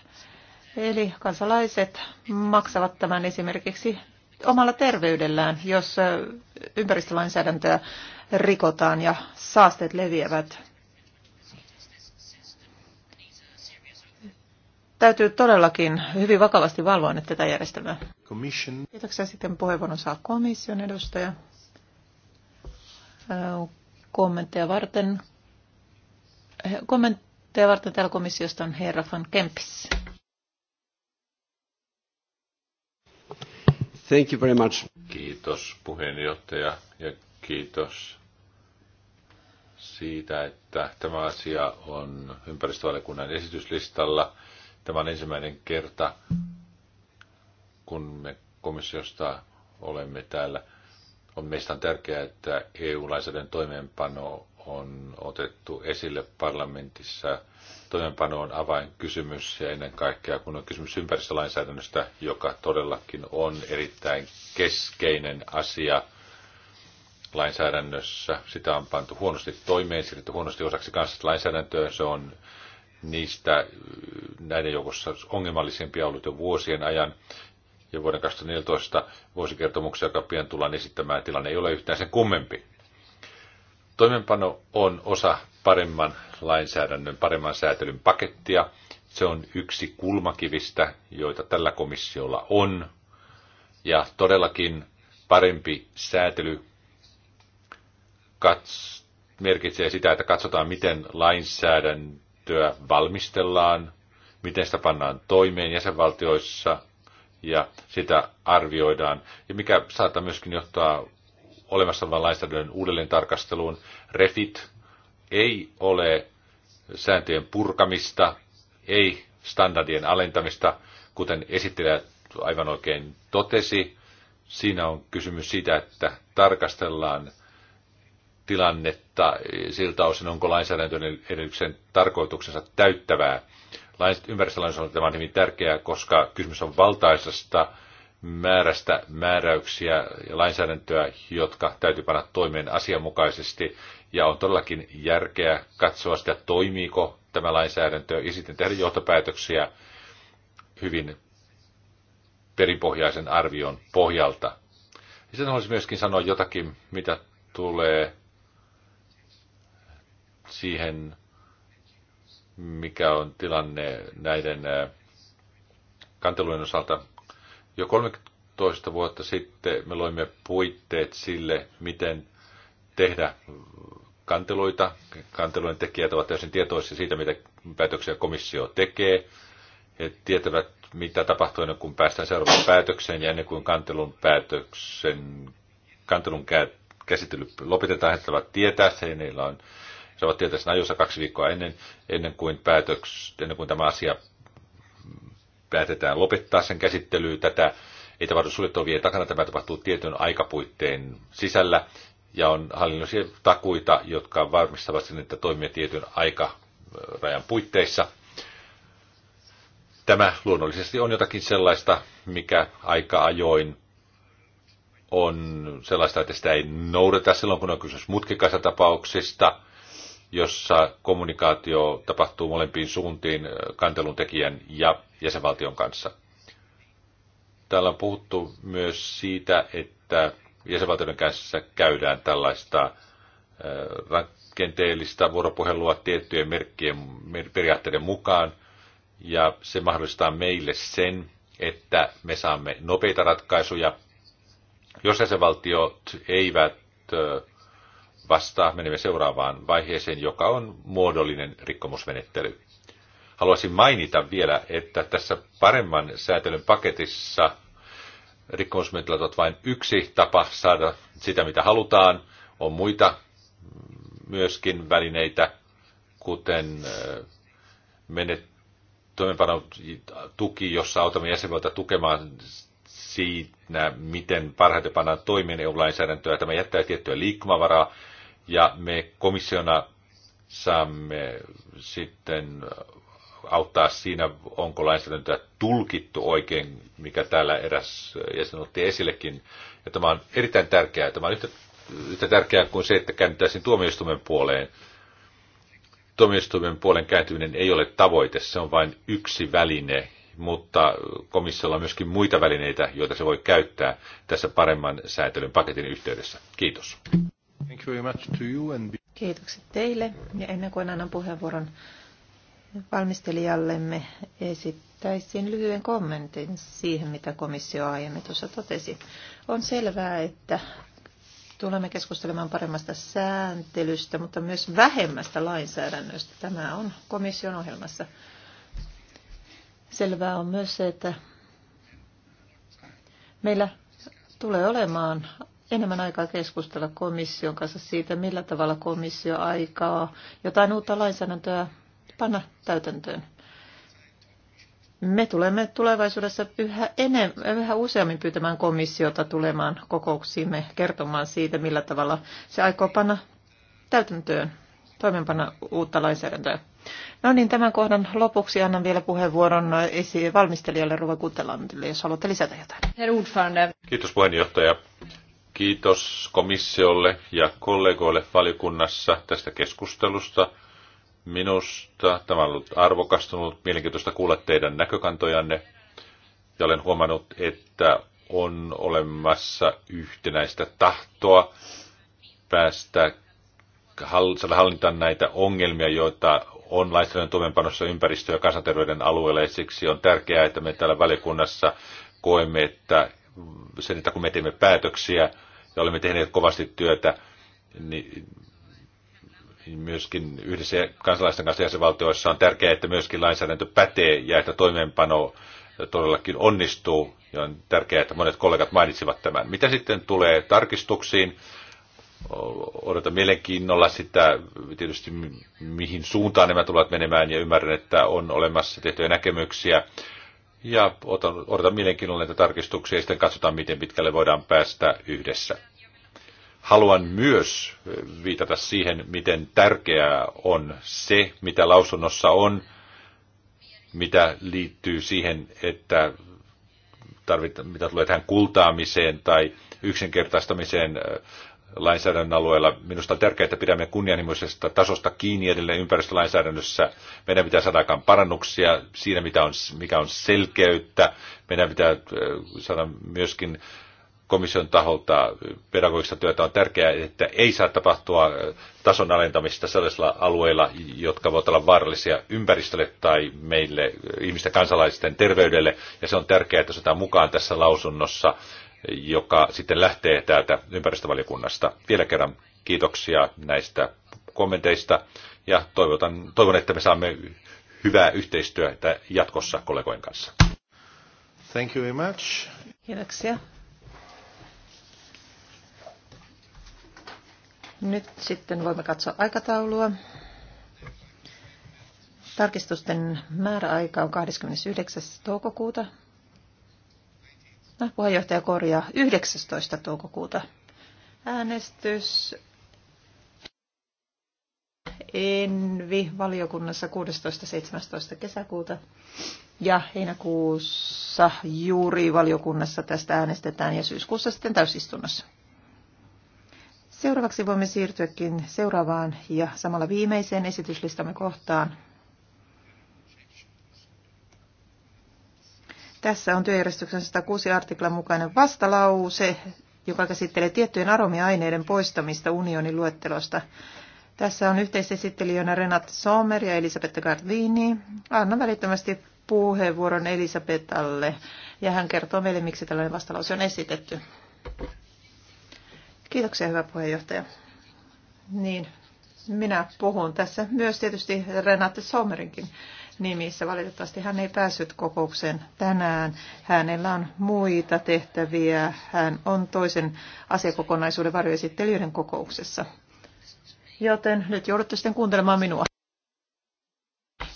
Eli kansalaiset maksavat tämän esimerkiksi omalla terveydellään, jos ympäristölainsäädäntöä rikotaan ja saasteet leviävät. täytyy todellakin hyvin vakavasti valvoa nyt tätä järjestelmää. Commission. Kiitoksia. Sitten puheenvuoron saa komission edustaja. Kommentteja varten, kommentteja varten täällä komissiosta on herra van Kempis. Thank you very much. Kiitos puheenjohtaja ja kiitos siitä, että tämä asia on ympäristövaliokunnan esityslistalla – Tämä on ensimmäinen kerta, kun me komissiosta olemme täällä. On meistä on tärkeää, että EU-lainsäädännön toimeenpano on otettu esille parlamentissa. Toimeenpano on avainkysymys ja ennen kaikkea kun on kysymys ympäristölainsäädännöstä, joka todellakin on erittäin keskeinen asia lainsäädännössä. Sitä on pantu huonosti toimeen, siirretty huonosti osaksi kansallista lainsäädäntöä. Se on niistä äh, näiden joukossa ongelmallisempia ollut jo vuosien ajan. Ja vuoden 2014 vuosikertomuksen, joka pian tullaan esittämään, tilanne ei ole yhtään sen kummempi. Toimenpano on osa paremman lainsäädännön, paremman säätelyn pakettia. Se on yksi kulmakivistä, joita tällä komissiolla on. Ja todellakin parempi säätely kats- merkitsee sitä, että katsotaan, miten lainsäädäntö lainsäädäntöä valmistellaan, miten sitä pannaan toimeen jäsenvaltioissa ja sitä arvioidaan, ja mikä saattaa myöskin johtaa olemassa olevan lainsäädännön uudelleen tarkasteluun. Refit ei ole sääntöjen purkamista, ei standardien alentamista, kuten esittelijä aivan oikein totesi. Siinä on kysymys siitä, että tarkastellaan tilannetta siltä osin, onko edellyksen tarkoituksensa täyttävää. Ympäristölainsäädäntö tämä on hyvin tärkeää, koska kysymys on valtaisesta määrästä määräyksiä ja lainsäädäntöä, jotka täytyy panna toimeen asianmukaisesti. Ja on todellakin järkeä katsoa sitä, toimiiko tämä lainsäädäntö, ja sitten tehdä johtopäätöksiä hyvin perinpohjaisen arvion pohjalta. Ja sitten haluaisin myöskin sanoa jotakin, mitä tulee siihen, mikä on tilanne näiden kantelujen osalta. Jo 13 vuotta sitten me loimme puitteet sille, miten tehdä kanteluita. Kantelujen tekijät ovat täysin tietoisia siitä, mitä päätöksiä komissio tekee. He tietävät, mitä tapahtuu ennen kuin päästään seuraavaan päätökseen ja ennen kuin kantelun päätöksen, kantelun käsittely lopetetaan, he tietää se, heillä on se ovat tietysti ajoissa kaksi viikkoa ennen, ennen kuin, päätöks, ennen kuin tämä asia päätetään lopettaa sen käsittely. Tätä ei tapahdu suljettavien takana, tämä tapahtuu tietyn aikapuitteen sisällä ja on hallinnollisia takuita, jotka varmistavat sen, että toimii tietyn aikarajan puitteissa. Tämä luonnollisesti on jotakin sellaista, mikä aika ajoin on sellaista, että sitä ei noudata silloin, kun on kysymys mutkikkaista tapauksista, jossa kommunikaatio tapahtuu molempiin suuntiin kantelun tekijän ja jäsenvaltion kanssa. Täällä on puhuttu myös siitä, että jäsenvaltioiden kanssa käydään tällaista rakenteellista vuoropuhelua tiettyjen merkkien periaatteiden mukaan, ja se mahdollistaa meille sen, että me saamme nopeita ratkaisuja. Jos jäsenvaltiot eivät vastaa, menemme seuraavaan vaiheeseen, joka on muodollinen rikkomusmenettely. Haluaisin mainita vielä, että tässä paremman säätelyn paketissa rikkomusmenettelyt ovat vain yksi tapa saada sitä, mitä halutaan. On muita myöskin välineitä, kuten äh, menet, tuki, jossa autamme jäsenvaltioita tukemaan siinä, miten parhaiten pannaan toimeen EU-lainsäädäntöä. Tämä jättää tiettyä liikkumavaraa ja me komissiona saamme sitten auttaa siinä, onko lainsäädäntöä tulkittu oikein, mikä täällä eräs jäsen otti esillekin. Ja tämä on erittäin tärkeää. Tämä on yhtä, yhtä tärkeää kuin se, että käännyttäisiin tuomioistuimen puoleen. Tuomioistuimen puolen kääntyminen ei ole tavoite, se on vain yksi väline, mutta komissiolla on myöskin muita välineitä, joita se voi käyttää tässä paremman säätelyn paketin yhteydessä. Kiitos. Thank you very much to you and... Kiitokset teille. Ja ennen kuin annan puheenvuoron valmistelijallemme, esittäisin lyhyen kommentin siihen, mitä komissio aiemmin tuossa totesi. On selvää, että tulemme keskustelemaan paremmasta sääntelystä, mutta myös vähemmästä lainsäädännöstä. Tämä on komission ohjelmassa. Selvää on myös se, että meillä tulee olemaan enemmän aikaa keskustella komission kanssa siitä, millä tavalla komissio aikaa jotain uutta lainsäädäntöä panna täytäntöön. Me tulemme tulevaisuudessa yhä, enemmän, yhä useammin pyytämään komissiota tulemaan kokouksiimme kertomaan siitä, millä tavalla se aikoo panna täytäntöön, toimeenpanna uutta lainsäädäntöä. No niin, tämän kohdan lopuksi annan vielä puheenvuoron valmistelijalle Ruva Kuttelandille, jos haluatte lisätä jotain. Kiitos puheenjohtaja. Kiitos komissiolle ja kollegoille valiokunnassa tästä keskustelusta. Minusta tämä on ollut arvokastunut, mielenkiintoista kuulla teidän näkökantojanne. Ja olen huomannut, että on olemassa yhtenäistä tahtoa päästä saada hallintaan näitä ongelmia, joita on lainsäädännön toimeenpanossa ympäristö- ja kansanterveyden alueella. Ja siksi on tärkeää, että me täällä valiokunnassa koemme, että sen, että kun me teemme päätöksiä, ja olemme tehneet kovasti työtä niin, niin myöskin yhdessä kansalaisten kanssa jäsenvaltioissa on tärkeää, että myöskin lainsäädäntö pätee ja että toimeenpano todellakin onnistuu. Ja on tärkeää, että monet kollegat mainitsivat tämän. Mitä sitten tulee tarkistuksiin? Odotan mielenkiinnolla sitä, tietysti mihin suuntaan nämä tulevat menemään ja ymmärrän, että on olemassa tehtyjä näkemyksiä ja otan, odotan mielenkiinnolla näitä tarkistuksia ja sitten katsotaan, miten pitkälle voidaan päästä yhdessä. Haluan myös viitata siihen, miten tärkeää on se, mitä lausunnossa on, mitä liittyy siihen, että tarvita, mitä tulee tähän kultaamiseen tai yksinkertaistamiseen lainsäädännön alueella. Minusta on tärkeää, että pidämme kunnianhimoisesta tasosta kiinni edelleen ympäristölainsäädännössä. Meidän pitää saada aikaan parannuksia siinä, mitä on, mikä on selkeyttä. Meidän pitää äh, saada myöskin komission taholta pedagogista työtä on tärkeää, että ei saa tapahtua äh, tason alentamista sellaisilla alueilla, jotka voivat olla vaarallisia ympäristölle tai meille äh, ihmisten kansalaisten terveydelle. Ja se on tärkeää, että se mukaan tässä lausunnossa joka sitten lähtee täältä ympäristövaliokunnasta. Vielä kerran kiitoksia näistä kommenteista ja toivotan, toivon, että me saamme hyvää yhteistyötä jatkossa kollegojen kanssa. Thank you very much. Kiitoksia. Nyt sitten voimme katsoa aikataulua. Tarkistusten määräaika on 29. toukokuuta No, puheenjohtaja korjaa 19. toukokuuta äänestys. Envi valiokunnassa 16-17 kesäkuuta ja heinäkuussa juuri valiokunnassa tästä äänestetään ja syyskuussa sitten täysistunnossa. Seuraavaksi voimme siirtyäkin seuraavaan ja samalla viimeiseen esityslistamme kohtaan. Tässä on työjärjestyksen 106 artiklan mukainen vastalause, joka käsittelee tiettyjen aromiaineiden poistamista unionin luettelosta. Tässä on yhteisesittelijöinä Renat Sommer ja Elisabetta Gardini. Anna välittömästi puheenvuoron Elisabetalle ja hän kertoo meille, miksi tällainen vastalause on esitetty. Kiitoksia, hyvä puheenjohtaja. Niin, minä puhun tässä myös tietysti Renate Sommerinkin nimissä. Valitettavasti hän ei päässyt kokoukseen tänään. Hänellä on muita tehtäviä. Hän on toisen asiakokonaisuuden varjoesittelijöiden kokouksessa. Joten nyt joudutte sitten kuuntelemaan minua.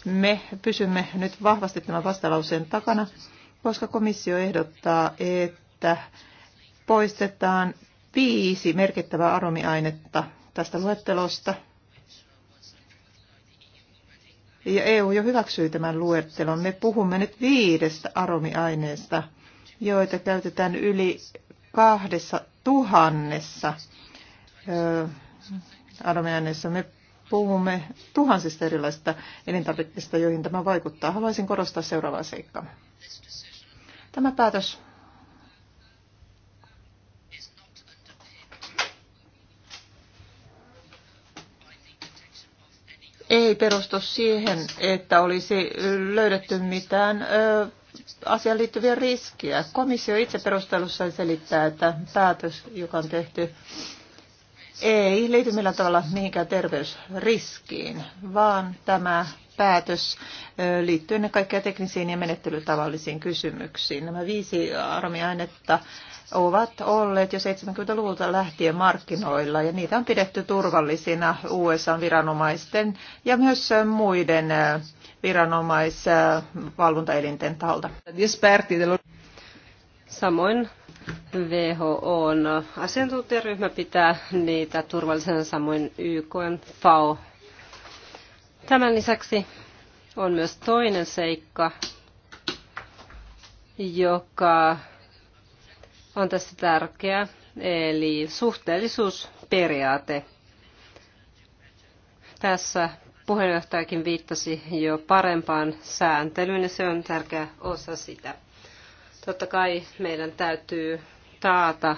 Me pysymme nyt vahvasti tämän vastalauseen takana, koska komissio ehdottaa, että poistetaan viisi merkittävää aromiainetta tästä luettelosta – ja EU jo hyväksyi tämän luettelon. Me puhumme nyt viidestä aromiaineesta, joita käytetään yli kahdessa tuhannessa aromiaineessa. Me puhumme tuhansista erilaisista elintarvikkeista, joihin tämä vaikuttaa. Haluaisin korostaa seuraavaa seikkaa. Tämä päätös ei perustu siihen, että olisi löydetty mitään asiaan liittyviä riskiä. Komissio itse perustelussa selittää, että päätös, joka on tehty, ei liity millään tavalla mihinkään terveysriskiin, vaan tämä päätös liittyy ennen kaikkea teknisiin ja menettelytavallisiin kysymyksiin. Nämä viisi armiainetta ovat olleet jo 70-luvulta lähtien markkinoilla ja niitä on pidetty turvallisina USA-viranomaisten ja myös muiden äh, viranomaisvalvontaelinten taholta. Samoin WHO on asiantuntijaryhmä pitää niitä turvallisena samoin YK FAO. Tämän lisäksi on myös toinen seikka, joka on tässä tärkeä, eli suhteellisuusperiaate. Tässä puheenjohtajakin viittasi jo parempaan sääntelyyn ja se on tärkeä osa sitä. Totta kai meidän täytyy taata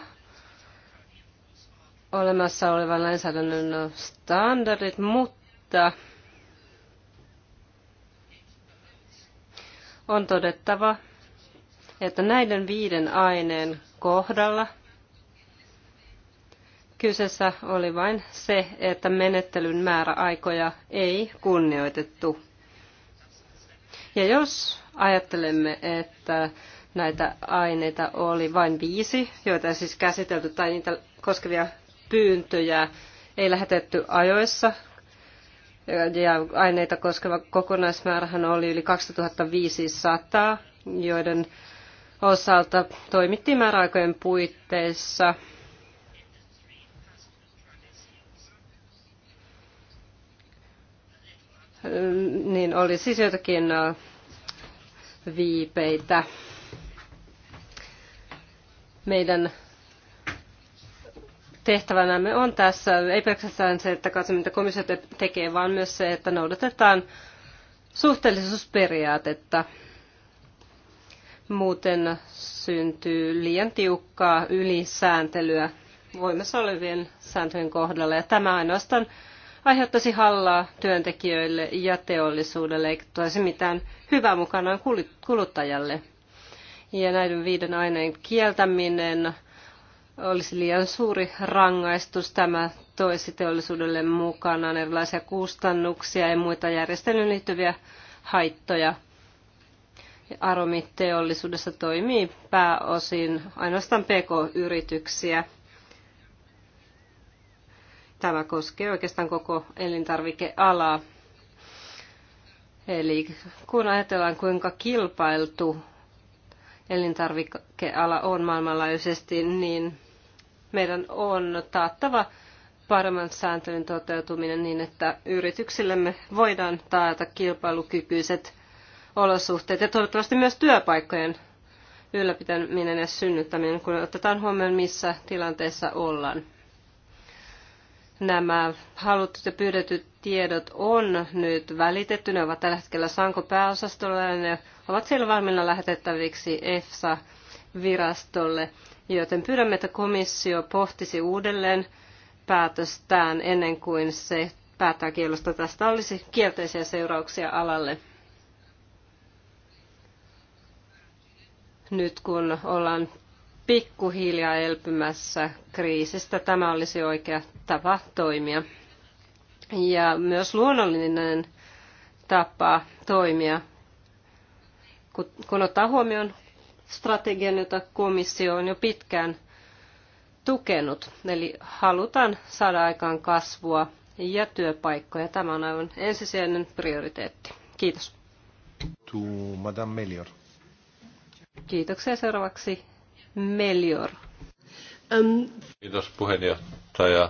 olemassa olevan lainsäädännön standardit, mutta on todettava, että näiden viiden aineen kohdalla. Kyseessä oli vain se, että menettelyn määräaikoja ei kunnioitettu. Ja jos ajattelemme, että näitä aineita oli vain viisi, joita ei siis käsitelty tai niitä koskevia pyyntöjä ei lähetetty ajoissa, ja aineita koskeva kokonaismäärähän oli yli 2500, joiden osalta toimittiin määräaikojen puitteissa. Niin oli siis jotakin äh, viipeitä. Meidän tehtävänämme on tässä ei pelkästään se, että katsomme, mitä komissio tekee, vaan myös se, että noudatetaan suhteellisuusperiaatetta. Muuten syntyy liian tiukkaa ylisääntelyä voimassa olevien sääntöjen kohdalla. Ja tämä ainoastaan aiheuttaisi hallaa työntekijöille ja teollisuudelle, eikä toisi mitään hyvää mukanaan kuluttajalle. Ja näiden viiden aineen kieltäminen olisi liian suuri rangaistus. Tämä toisi teollisuudelle mukanaan erilaisia kustannuksia ja muita järjestelyyn liittyviä haittoja aromiteollisuudessa toimii pääosin ainoastaan pk-yrityksiä. Tämä koskee oikeastaan koko elintarvikealaa. Eli kun ajatellaan, kuinka kilpailtu elintarvikeala on maailmanlaajuisesti, niin meidän on taattava paremman sääntelyn toteutuminen niin, että yrityksillemme voidaan taata kilpailukykyiset olosuhteet ja toivottavasti myös työpaikkojen ylläpitäminen ja synnyttäminen, kun otetaan huomioon, missä tilanteessa ollaan. Nämä halutut ja pyydetyt tiedot on nyt välitetty. Ne ovat tällä hetkellä Sanko pääosastolla ja ne ovat siellä valmiina lähetettäviksi EFSA-virastolle, joten pyydämme, että komissio pohtisi uudelleen päätöstään ennen kuin se päättää kielosta. Tästä olisi kielteisiä seurauksia alalle. nyt kun ollaan pikkuhiljaa elpymässä kriisistä, tämä olisi oikea tapa toimia. Ja myös luonnollinen tapa toimia, kun ottaa huomioon strategian, jota komissio on jo pitkään tukenut. Eli halutaan saada aikaan kasvua ja työpaikkoja. Tämä on aivan ensisijainen prioriteetti. Kiitos. To Madame Melior. Kiitoksia seuraavaksi Melior. Um. Kiitos puheenjohtaja.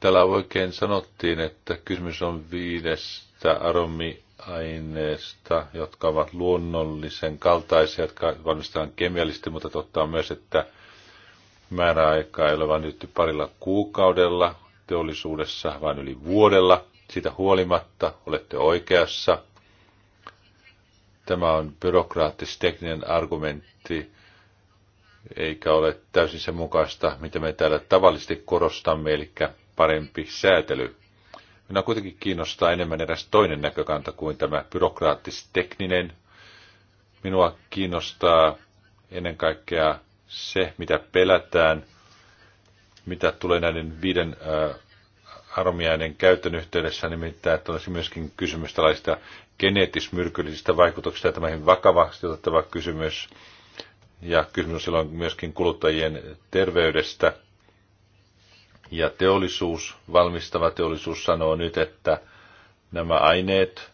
Täällä oikein sanottiin, että kysymys on viidestä aromiaineesta, jotka ovat luonnollisen kaltaisia, jotka valmistetaan kemiallisesti, mutta totta myös, että määräaika ei ole vain nyt parilla kuukaudella teollisuudessa, vaan yli vuodella. Siitä huolimatta olette oikeassa. Tämä on byrokraattis-tekninen argumentti, eikä ole täysin sen mukaista, mitä me täällä tavallisesti korostamme, eli parempi säätely. Minä kuitenkin kiinnostaa enemmän eräs toinen näkökanta kuin tämä byrokraattis-tekninen. Minua kiinnostaa ennen kaikkea se, mitä pelätään, mitä tulee näiden viiden äh, aromiainen käytön yhteydessä nimittäin, että olisi myöskin kysymys tällaista geneettismyrkyllisistä vaikutuksista. Tämä on vakavasti otettava kysymys. Ja kysymys on silloin myöskin kuluttajien terveydestä. Ja teollisuus, valmistava teollisuus sanoo nyt, että nämä aineet,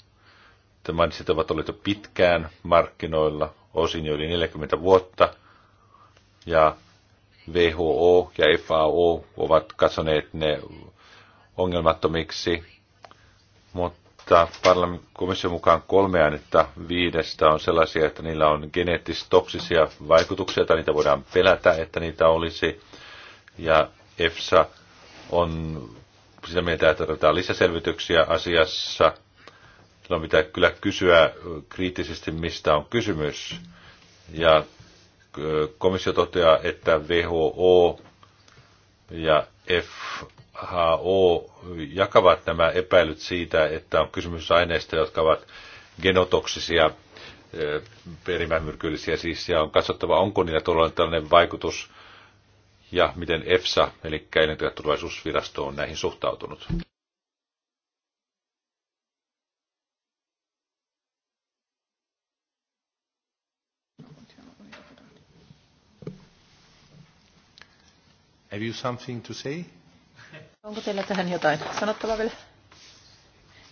te mainitsit, ovat olleet jo pitkään markkinoilla, osin jo yli 40 vuotta. Ja WHO ja FAO ovat katsoneet ne ongelmattomiksi, mutta komission mukaan kolme äänettä viidestä on sellaisia, että niillä on geneettistoksisia vaikutuksia, tai niitä voidaan pelätä, että niitä olisi. Ja EFSA on sitä mieltä, että tarvitaan lisäselvityksiä asiassa. Silloin pitää kyllä kysyä kriittisesti, mistä on kysymys. Ja komissio toteaa, että WHO ja WHO jakavat nämä epäilyt siitä, että on kysymys aineista, jotka ovat genotoksisia, eh, perimämyrkyllisiä siis, ja on katsottava, onko niillä todella tällainen vaikutus, ja miten EFSA, eli Elintarviketurvallisuusvirasto, on näihin suhtautunut. Have you something to say? Onko teillä tähän jotain sanottavaa vielä?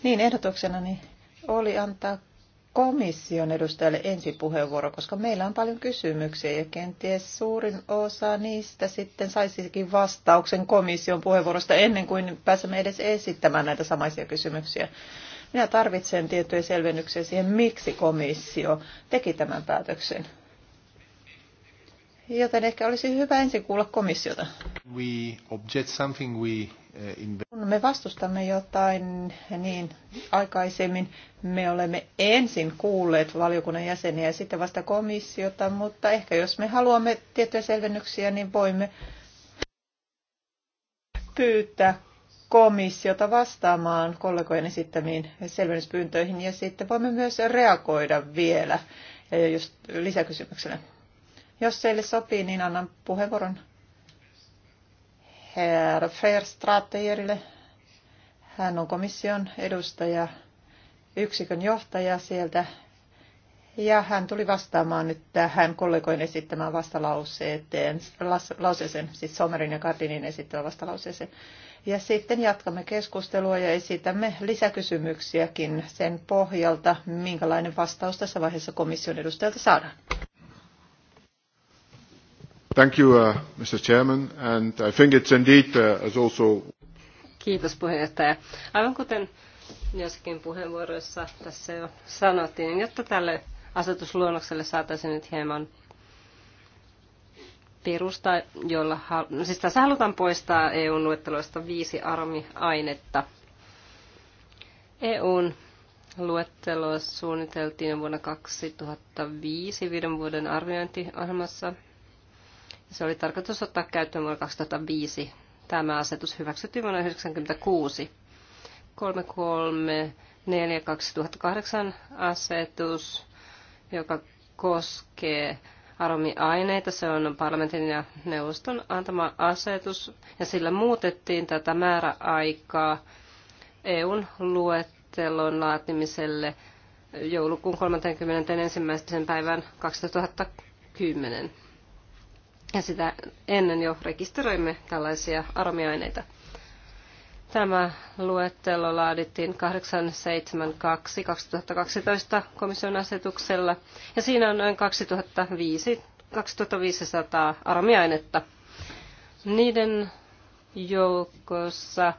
Niin, ehdotuksenani oli antaa komission edustajalle ensipuheenvuoro, koska meillä on paljon kysymyksiä ja kenties suurin osa niistä sitten saisikin vastauksen komission puheenvuorosta ennen kuin pääsemme edes esittämään näitä samaisia kysymyksiä. Minä tarvitsen tiettyjä selvennyksiä siihen, miksi komissio teki tämän päätöksen. Joten ehkä olisi hyvä ensin kuulla komissiota. We object something we Eh, Kun me vastustamme jotain, niin aikaisemmin me olemme ensin kuulleet valiokunnan jäseniä ja sitten vasta komissiota, mutta ehkä jos me haluamme tiettyjä selvennyksiä, niin voimme pyytää komissiota vastaamaan kollegojen esittämiin selvennyspyyntöihin ja sitten voimme myös reagoida vielä eh, jos lisäkysymyksellä. Jos teille sopii, niin annan puheenvuoron Herr Verstraterille. Hän on komission edustaja, yksikön johtaja sieltä. Ja hän tuli vastaamaan nyt tähän kollegojen esittämään vastalauseeseen, lauseeseen, siis Somerin ja Gardinin esittämään vastalauseeseen. Ja sitten jatkamme keskustelua ja esitämme lisäkysymyksiäkin sen pohjalta, minkälainen vastaus tässä vaiheessa komission edustajalta saadaan. Kiitos puheenjohtaja. Aivan kuten jossakin puheenvuoroissa tässä jo sanottiin, jotta tälle asetusluonnokselle saataisiin nyt hieman perusta, jolla no siis tässä halutaan poistaa EUn luetteloista viisi armiainetta. EUn luetteloa suunniteltiin vuonna 2005 viiden vuoden arviointiohjelmassa – se oli tarkoitus ottaa käyttöön vuonna 2005. Tämä asetus hyväksyttiin vuonna 1996. 334 2008 asetus, joka koskee aromiaineita. Se on parlamentin ja neuvoston antama asetus ja sillä muutettiin tätä määräaikaa EUn luettelon laatimiselle joulukuun 31. päivän 2010. Ja sitä ennen jo rekisteröimme tällaisia aromiaineita. Tämä luettelo laadittiin 872-2012 komission asetuksella ja siinä on noin 2005, 2500 aromiainetta. Niiden joukossa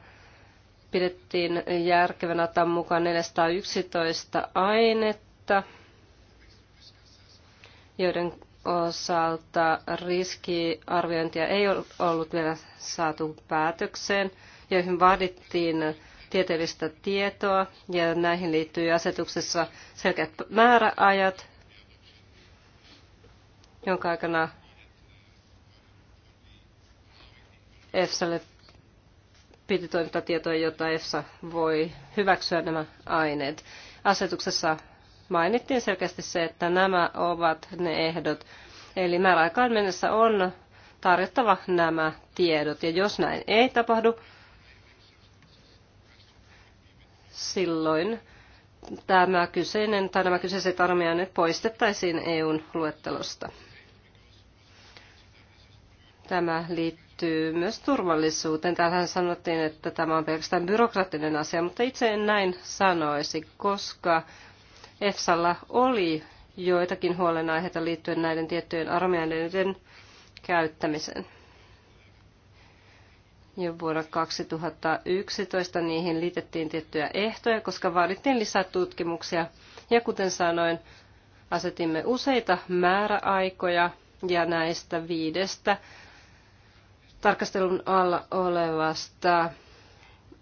pidettiin järkevänä ottaa mukaan 411 ainetta, joiden osalta riskiarviointia ei ollut vielä saatu päätökseen, joihin vaadittiin tieteellistä tietoa ja näihin liittyy asetuksessa selkeät määräajat, jonka aikana EFSAlle piti toimittaa tietoa, jota EFSA voi hyväksyä nämä aineet. Asetuksessa mainittiin selkeästi se, että nämä ovat ne ehdot. Eli määräaikaan mennessä on tarjottava nämä tiedot. Ja jos näin ei tapahdu, silloin tämä kyseinen tai nämä kyseiset armeijat poistettaisiin EUn luettelosta. Tämä liittyy myös turvallisuuteen. Täällähän sanottiin, että tämä on pelkästään byrokraattinen asia, mutta itse en näin sanoisi, koska EFSalla oli joitakin huolenaiheita liittyen näiden tiettyjen armeijoiden käyttämiseen. Jo vuonna 2011 niihin liitettiin tiettyjä ehtoja, koska vaadittiin lisää tutkimuksia. Ja kuten sanoin, asetimme useita määräaikoja ja näistä viidestä tarkastelun alla olevasta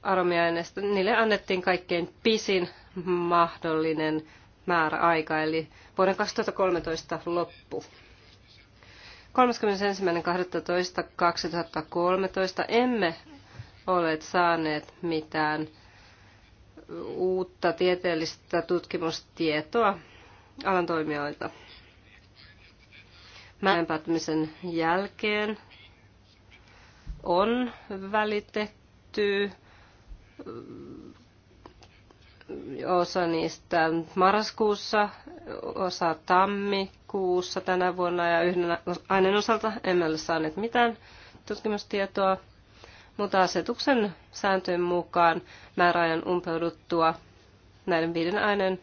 aromiaineesta, niille annettiin kaikkein pisin mahdollinen määräaika, eli vuoden 2013 loppu. 31.12.2013 emme ole saaneet mitään uutta tieteellistä tutkimustietoa alan toimijoilta. Määrän jälkeen on välitetty osa niistä marraskuussa, osa tammikuussa tänä vuonna ja yhden aineen osalta emme ole saaneet mitään tutkimustietoa, mutta asetuksen sääntöjen mukaan määräajan umpeuduttua näiden viiden aineen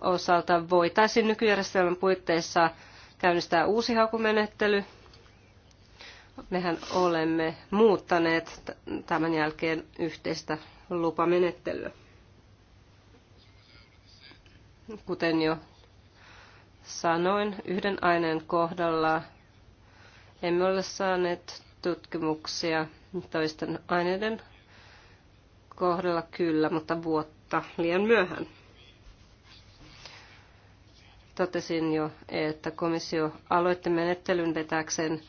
osalta voitaisiin nykyjärjestelmän puitteissa käynnistää uusi hakumenettely. Mehän olemme muuttaneet tämän jälkeen yhteistä lupamenettelyä. Kuten jo sanoin, yhden aineen kohdalla emme ole saaneet tutkimuksia toisten aineiden kohdalla kyllä, mutta vuotta liian myöhään. Totesin jo, että komissio aloitti menettelyn vetääkseen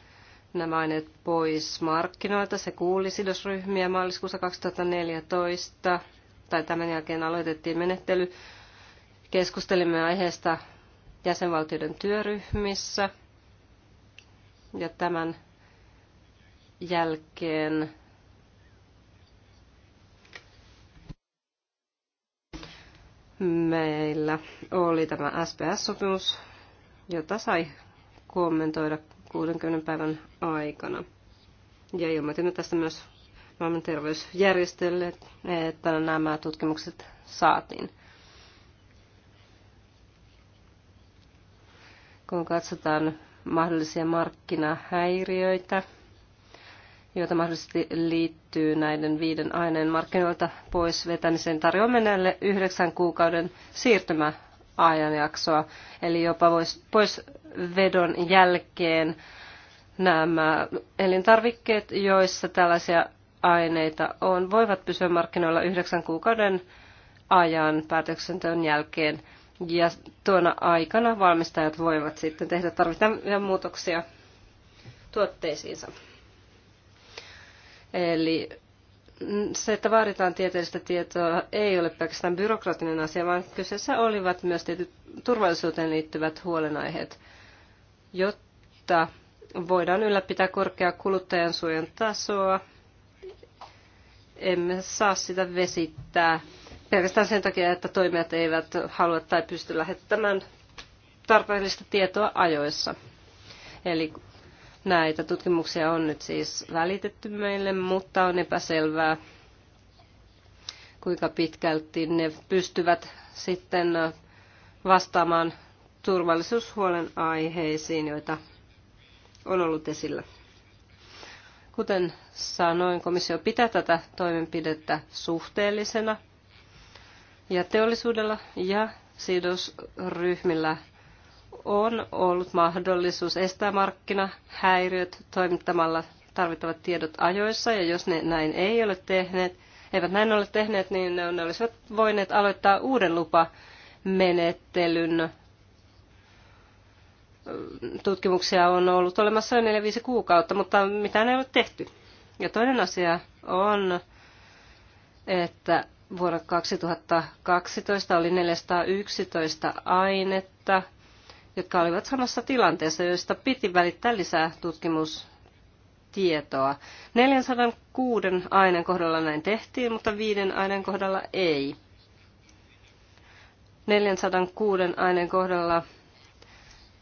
nämä aineet pois markkinoilta. Se kuuli sidosryhmiä maaliskuussa 2014, tai tämän jälkeen aloitettiin menettely, Keskustelimme aiheesta jäsenvaltioiden työryhmissä ja tämän jälkeen meillä oli tämä SPS-sopimus, jota sai kommentoida 60 päivän aikana. Ja ilmoitimme tästä myös maailman terveysjärjestölle, että nämä tutkimukset saatiin. kun katsotaan mahdollisia markkinahäiriöitä, joita mahdollisesti liittyy näiden viiden aineen markkinoilta pois vetämiseen, tarjoamme näille yhdeksän kuukauden siirtymäajanjaksoa. Eli jopa pois vedon jälkeen nämä elintarvikkeet, joissa tällaisia aineita on, voivat pysyä markkinoilla yhdeksän kuukauden ajan päätöksenteon jälkeen. Ja tuona aikana valmistajat voivat sitten tehdä tarvittavia muutoksia tuotteisiinsa. Eli se, että vaaditaan tieteellistä tietoa, ei ole pelkästään byrokraattinen asia, vaan kyseessä olivat myös tietyt turvallisuuteen liittyvät huolenaiheet, jotta voidaan ylläpitää korkeaa suojan tasoa. Emme saa sitä vesittää pelkästään sen takia, että toimijat eivät halua tai pysty lähettämään tarpeellista tietoa ajoissa. Eli näitä tutkimuksia on nyt siis välitetty meille, mutta on epäselvää, kuinka pitkälti ne pystyvät sitten vastaamaan turvallisuushuolen aiheisiin, joita on ollut esillä. Kuten sanoin, komissio pitää tätä toimenpidettä suhteellisena – ja teollisuudella ja sidosryhmillä on ollut mahdollisuus estää markkinahäiriöt toimittamalla tarvittavat tiedot ajoissa, ja jos ne näin ei ole tehneet, eivät näin ole tehneet, niin ne olisivat voineet aloittaa uuden lupamenettelyn. Tutkimuksia on ollut olemassa jo 4-5 kuukautta, mutta mitään ei ole tehty. Ja toinen asia on, että Vuonna 2012 oli 411 ainetta, jotka olivat samassa tilanteessa, joista piti välittää lisää tutkimustietoa. 406 aineen kohdalla näin tehtiin, mutta viiden aineen kohdalla ei. 406 aineen kohdalla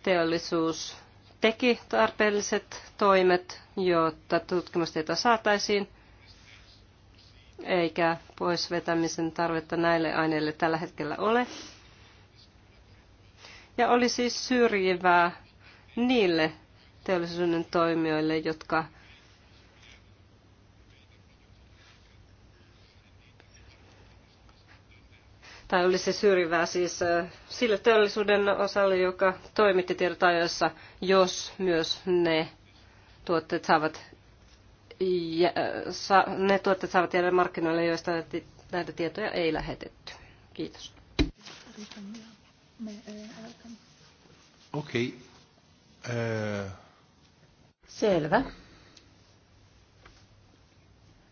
teollisuus teki tarpeelliset toimet, jotta tutkimustietoa saataisiin – eikä poisvetämisen tarvetta näille aineille tällä hetkellä ole. Ja oli siis syrjivää niille teollisuuden toimijoille, jotka tai olisi syrjivää siis sille teollisuuden osalle, joka toimitti tiedot jos myös ne tuotteet saavat ja, sa, ne tuotteet saavat jäädä markkinoille, joista näitä tietoja ei lähetetty. Kiitos. Okei. Okay. Uh... Selvä.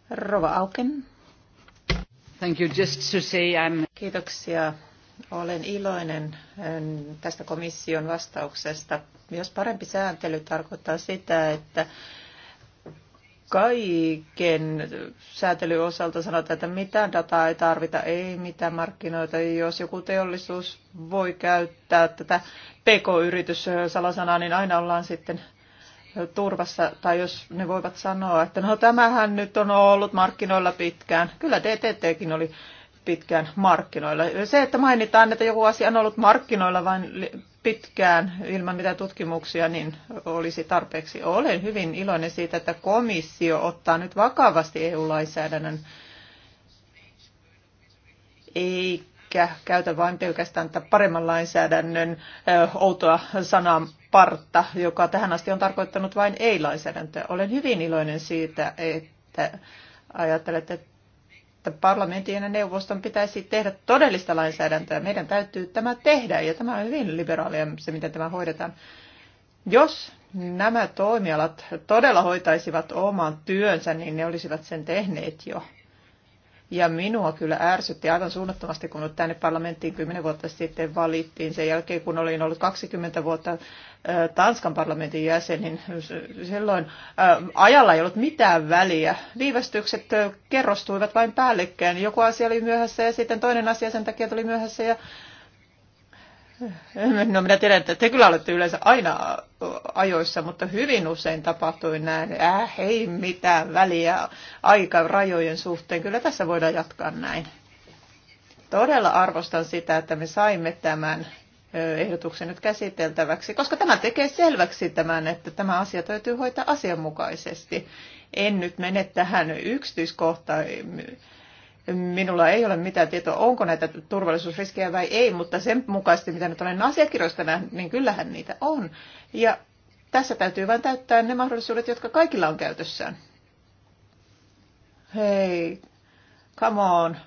Rova Auken. Thank you. Just to say I'm... Kiitoksia. Olen iloinen tästä komission vastauksesta. Jos parempi sääntely tarkoittaa sitä, että kaiken säätelyn osalta sanotaan, että mitään dataa ei tarvita, ei mitään markkinoita. Jos joku teollisuus voi käyttää tätä PK-yrityssalasanaa, niin aina ollaan sitten turvassa, tai jos ne voivat sanoa, että no tämähän nyt on ollut markkinoilla pitkään. Kyllä DTTkin oli pitkään markkinoilla. Se, että mainitaan, että joku asia on ollut markkinoilla vain pitkään ilman mitä tutkimuksia, niin olisi tarpeeksi. Olen hyvin iloinen siitä, että komissio ottaa nyt vakavasti EU-lainsäädännön eikä käytä vain pelkästään tätä paremman lainsäädännön outoa sanaa partta, joka tähän asti on tarkoittanut vain ei-lainsäädäntöä. Olen hyvin iloinen siitä, että ajattelette, että että parlamentin ja neuvoston pitäisi tehdä todellista lainsäädäntöä. Meidän täytyy tämä tehdä, ja tämä on hyvin liberaalia se, miten tämä hoidetaan. Jos nämä toimialat todella hoitaisivat oman työnsä, niin ne olisivat sen tehneet jo. Ja minua kyllä ärsytti aivan suunnattomasti, kun tänne parlamenttiin 10 vuotta sitten valittiin. Sen jälkeen, kun olin ollut 20 vuotta Tanskan parlamentin jäsen, niin silloin ajalla ei ollut mitään väliä. Viivästykset kerrostuivat vain päällekkäin. Joku asia oli myöhässä ja sitten toinen asia sen takia tuli myöhässä ja Eh, no minä tiedän, että te kyllä olette yleensä aina ajoissa, mutta hyvin usein tapahtui näin, äh, ei mitään väliä rajojen suhteen. Kyllä tässä voidaan jatkaa näin. Todella arvostan sitä, että me saimme tämän ehdotuksen nyt käsiteltäväksi, koska tämä tekee selväksi tämän, että tämä asia täytyy hoitaa asianmukaisesti. En nyt mene tähän yksityiskohtaan Minulla ei ole mitään tietoa, onko näitä turvallisuusriskejä vai ei, mutta sen mukaisesti, mitä nyt olen asiakirjoista nähnyt, niin kyllähän niitä on. Ja tässä täytyy vain täyttää ne mahdollisuudet, jotka kaikilla on käytössään. Hei, come on.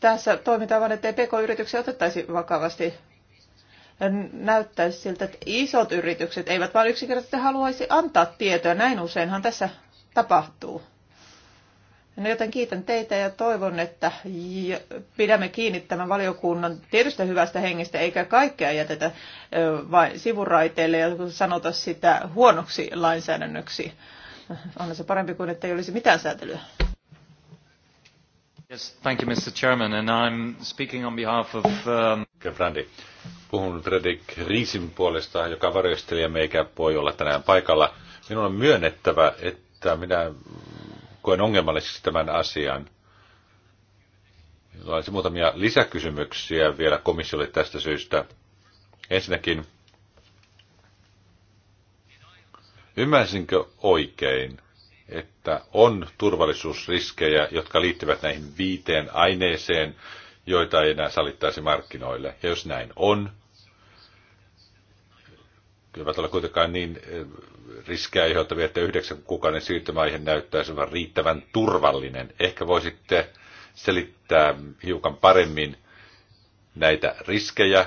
Tässä toimitaan vain, ettei pk-yrityksiä otettaisi vakavasti. Näyttäisi siltä, että isot yritykset eivät vain yksinkertaisesti haluaisi antaa tietoa. Näin useinhan tässä tapahtuu. No joten kiitän teitä ja toivon, että pidämme kiinni tämän valiokunnan tietystä hyvästä hengestä, eikä kaikkea jätetä vain sivuraiteille ja sanota sitä huonoksi lainsäädännöksi. On se parempi kuin, että ei olisi mitään säätelyä. Yes, thank you, Mr. Chairman, and I'm speaking on behalf of... Um... Puhun Fredrik Riisin puolesta, joka varjostelijamme eikä voi olla tänään paikalla. Minun on myönnettävä, että minä koen ongelmalliseksi tämän asian. olisi muutamia lisäkysymyksiä vielä komissiolle tästä syystä. Ensinnäkin, ymmärsinkö oikein, että on turvallisuusriskejä, jotka liittyvät näihin viiteen aineeseen, joita ei enää salittaisi markkinoille? Ja jos näin on, eivät ole kuitenkaan niin eh, riskejä aiheuttavia, että yhdeksän kuukauden siirtymäaihe näyttäisi vaan riittävän turvallinen. Ehkä voisitte selittää hiukan paremmin näitä riskejä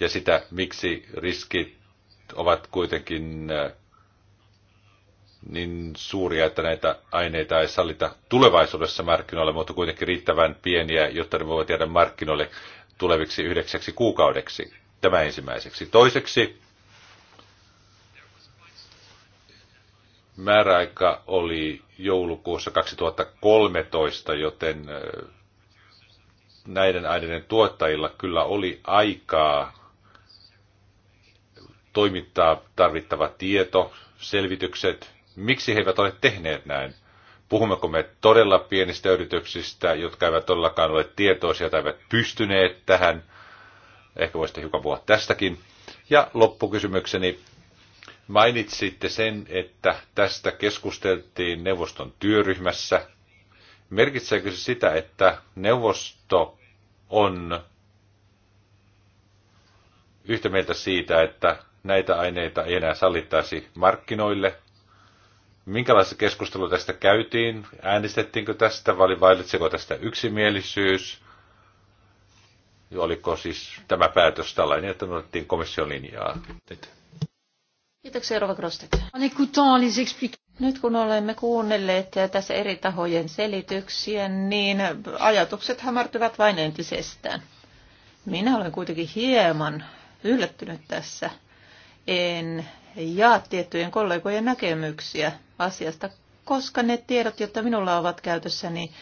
ja sitä, miksi riskit ovat kuitenkin eh, niin suuria, että näitä aineita ei sallita tulevaisuudessa markkinoille, mutta kuitenkin riittävän pieniä, jotta ne voivat jäädä markkinoille tuleviksi yhdeksäksi kuukaudeksi. Tämä ensimmäiseksi. Toiseksi määräaika oli joulukuussa 2013, joten näiden aineiden tuottajilla kyllä oli aikaa toimittaa tarvittava tieto, selvitykset. Miksi he eivät ole tehneet näin? Puhummeko me todella pienistä yrityksistä, jotka eivät todellakaan ole tietoisia tai eivät pystyneet tähän – Ehkä voisitte hiukan puhua tästäkin. Ja loppukysymykseni. Mainitsitte sen, että tästä keskusteltiin neuvoston työryhmässä. Merkitseekö se sitä, että neuvosto on yhtä mieltä siitä, että näitä aineita ei enää sallittaisi markkinoille? Minkälaista keskustelua tästä käytiin? Äänestettiinkö tästä vai vailitseko tästä yksimielisyys? Niin oliko siis tämä päätös tällainen, että noudattiin komission linjaa? Kiitoksia, Rova Krostet. Nyt kun olemme kuunnelleet tässä eri tahojen selityksiä, niin ajatukset hämärtyvät vain entisestään. Minä olen kuitenkin hieman yllättynyt tässä. En jaa tiettyjen kollegojen näkemyksiä asiasta, koska ne tiedot, jotka minulla ovat käytössäni, niin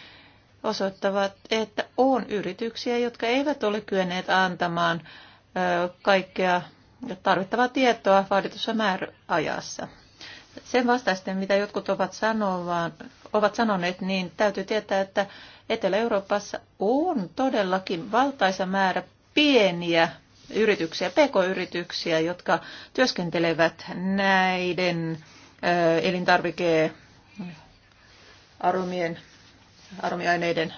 osoittavat, että on yrityksiä, jotka eivät ole kyenneet antamaan kaikkea tarvittavaa tietoa vaaditussa määräajassa. Sen vastaisten, mitä jotkut ovat, sanovaan, ovat sanoneet, niin täytyy tietää, että Etelä-Euroopassa on todellakin valtaisa määrä pieniä yrityksiä, pk-yrityksiä, jotka työskentelevät näiden elintarvike aromien aromiaineiden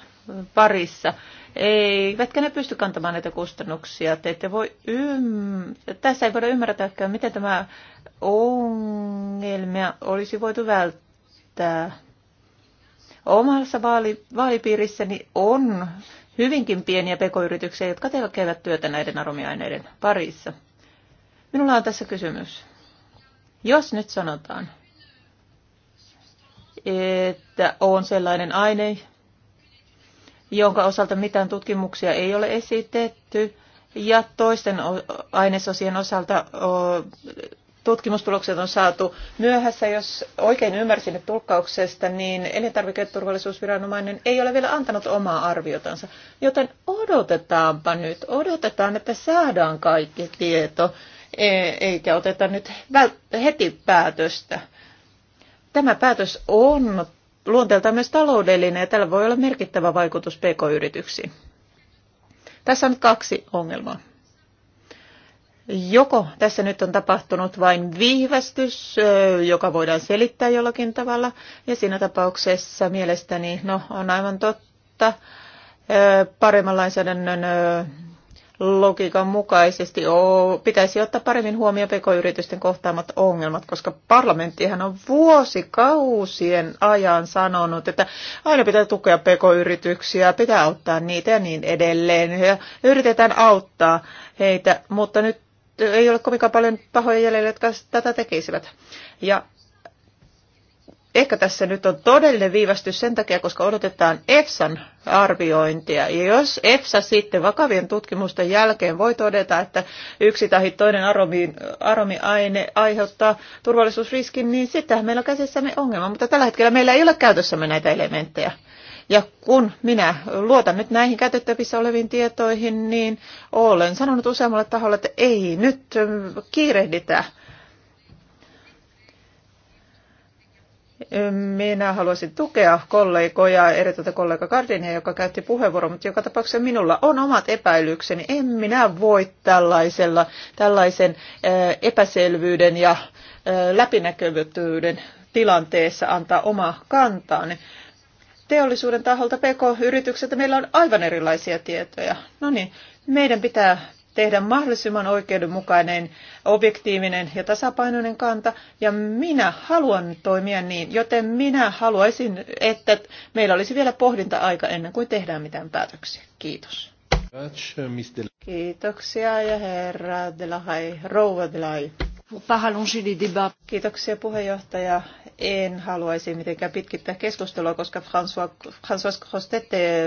parissa, eivätkä ne pysty kantamaan näitä kustannuksia. Te ette voi ymm... Tässä ei voida ymmärtääkään, miten tämä ongelmia olisi voitu välttää. Omassa vaali, vaalipiirissäni on hyvinkin pieniä pekoyrityksiä, jotka tekevät työtä näiden aromiaineiden parissa. Minulla on tässä kysymys. Jos nyt sanotaan, että on sellainen aine, jonka osalta mitään tutkimuksia ei ole esitetty, ja toisten ainesosien osalta tutkimustulokset on saatu myöhässä. Jos oikein ymmärsin nyt tulkkauksesta, niin elintarviketurvallisuusviranomainen ei ole vielä antanut omaa arviotansa. Joten odotetaanpa nyt, odotetaan, että saadaan kaikki tieto, e- eikä oteta nyt heti päätöstä. Tämä päätös on luonteeltaan myös taloudellinen ja tällä voi olla merkittävä vaikutus pk-yrityksiin. Tässä on kaksi ongelmaa. Joko tässä nyt on tapahtunut vain viivästys, joka voidaan selittää jollakin tavalla, ja siinä tapauksessa mielestäni no, on aivan totta paremman lainsäädännön logiikan mukaisesti oo, pitäisi ottaa paremmin huomioon pk-yritysten kohtaamat ongelmat, koska parlamenttihan on vuosikausien ajan sanonut, että aina pitää tukea pk-yrityksiä, pitää auttaa niitä ja niin edelleen. Ja yritetään auttaa heitä, mutta nyt ei ole kovinkaan paljon pahoja jäljellä, jotka tätä tekisivät. Ja ehkä tässä nyt on todellinen viivästys sen takia, koska odotetaan EFSAn arviointia. Ja jos EFSA sitten vakavien tutkimusten jälkeen voi todeta, että yksi tai toinen aromi, aromiaine aiheuttaa turvallisuusriskin, niin sitähän meillä on käsissämme ongelma. Mutta tällä hetkellä meillä ei ole käytössämme näitä elementtejä. Ja kun minä luotan nyt näihin käytettävissä oleviin tietoihin, niin olen sanonut useammalle taholle, että ei nyt kiirehditä Minä haluaisin tukea kollegoja, erityisesti tuota kollega Gardinia, joka käytti puheenvuoron, mutta joka tapauksessa minulla on omat epäilykseni. En minä voi tällaisella, tällaisen eh, epäselvyyden ja eh, läpinäkyvyyden tilanteessa antaa omaa kantaani. Teollisuuden taholta, PK-yritykseltä meillä on aivan erilaisia tietoja. No niin, meidän pitää tehdä mahdollisimman oikeudenmukainen, objektiivinen ja tasapainoinen kanta. Ja minä haluan toimia niin, joten minä haluaisin, että meillä olisi vielä pohdinta-aika ennen kuin tehdään mitään päätöksiä. Kiitos. Kiitoksia ja herra Delahai, rouva Delahai. Kiitoksia puheenjohtaja. En haluaisi mitenkään pitkittää keskustelua, koska François, François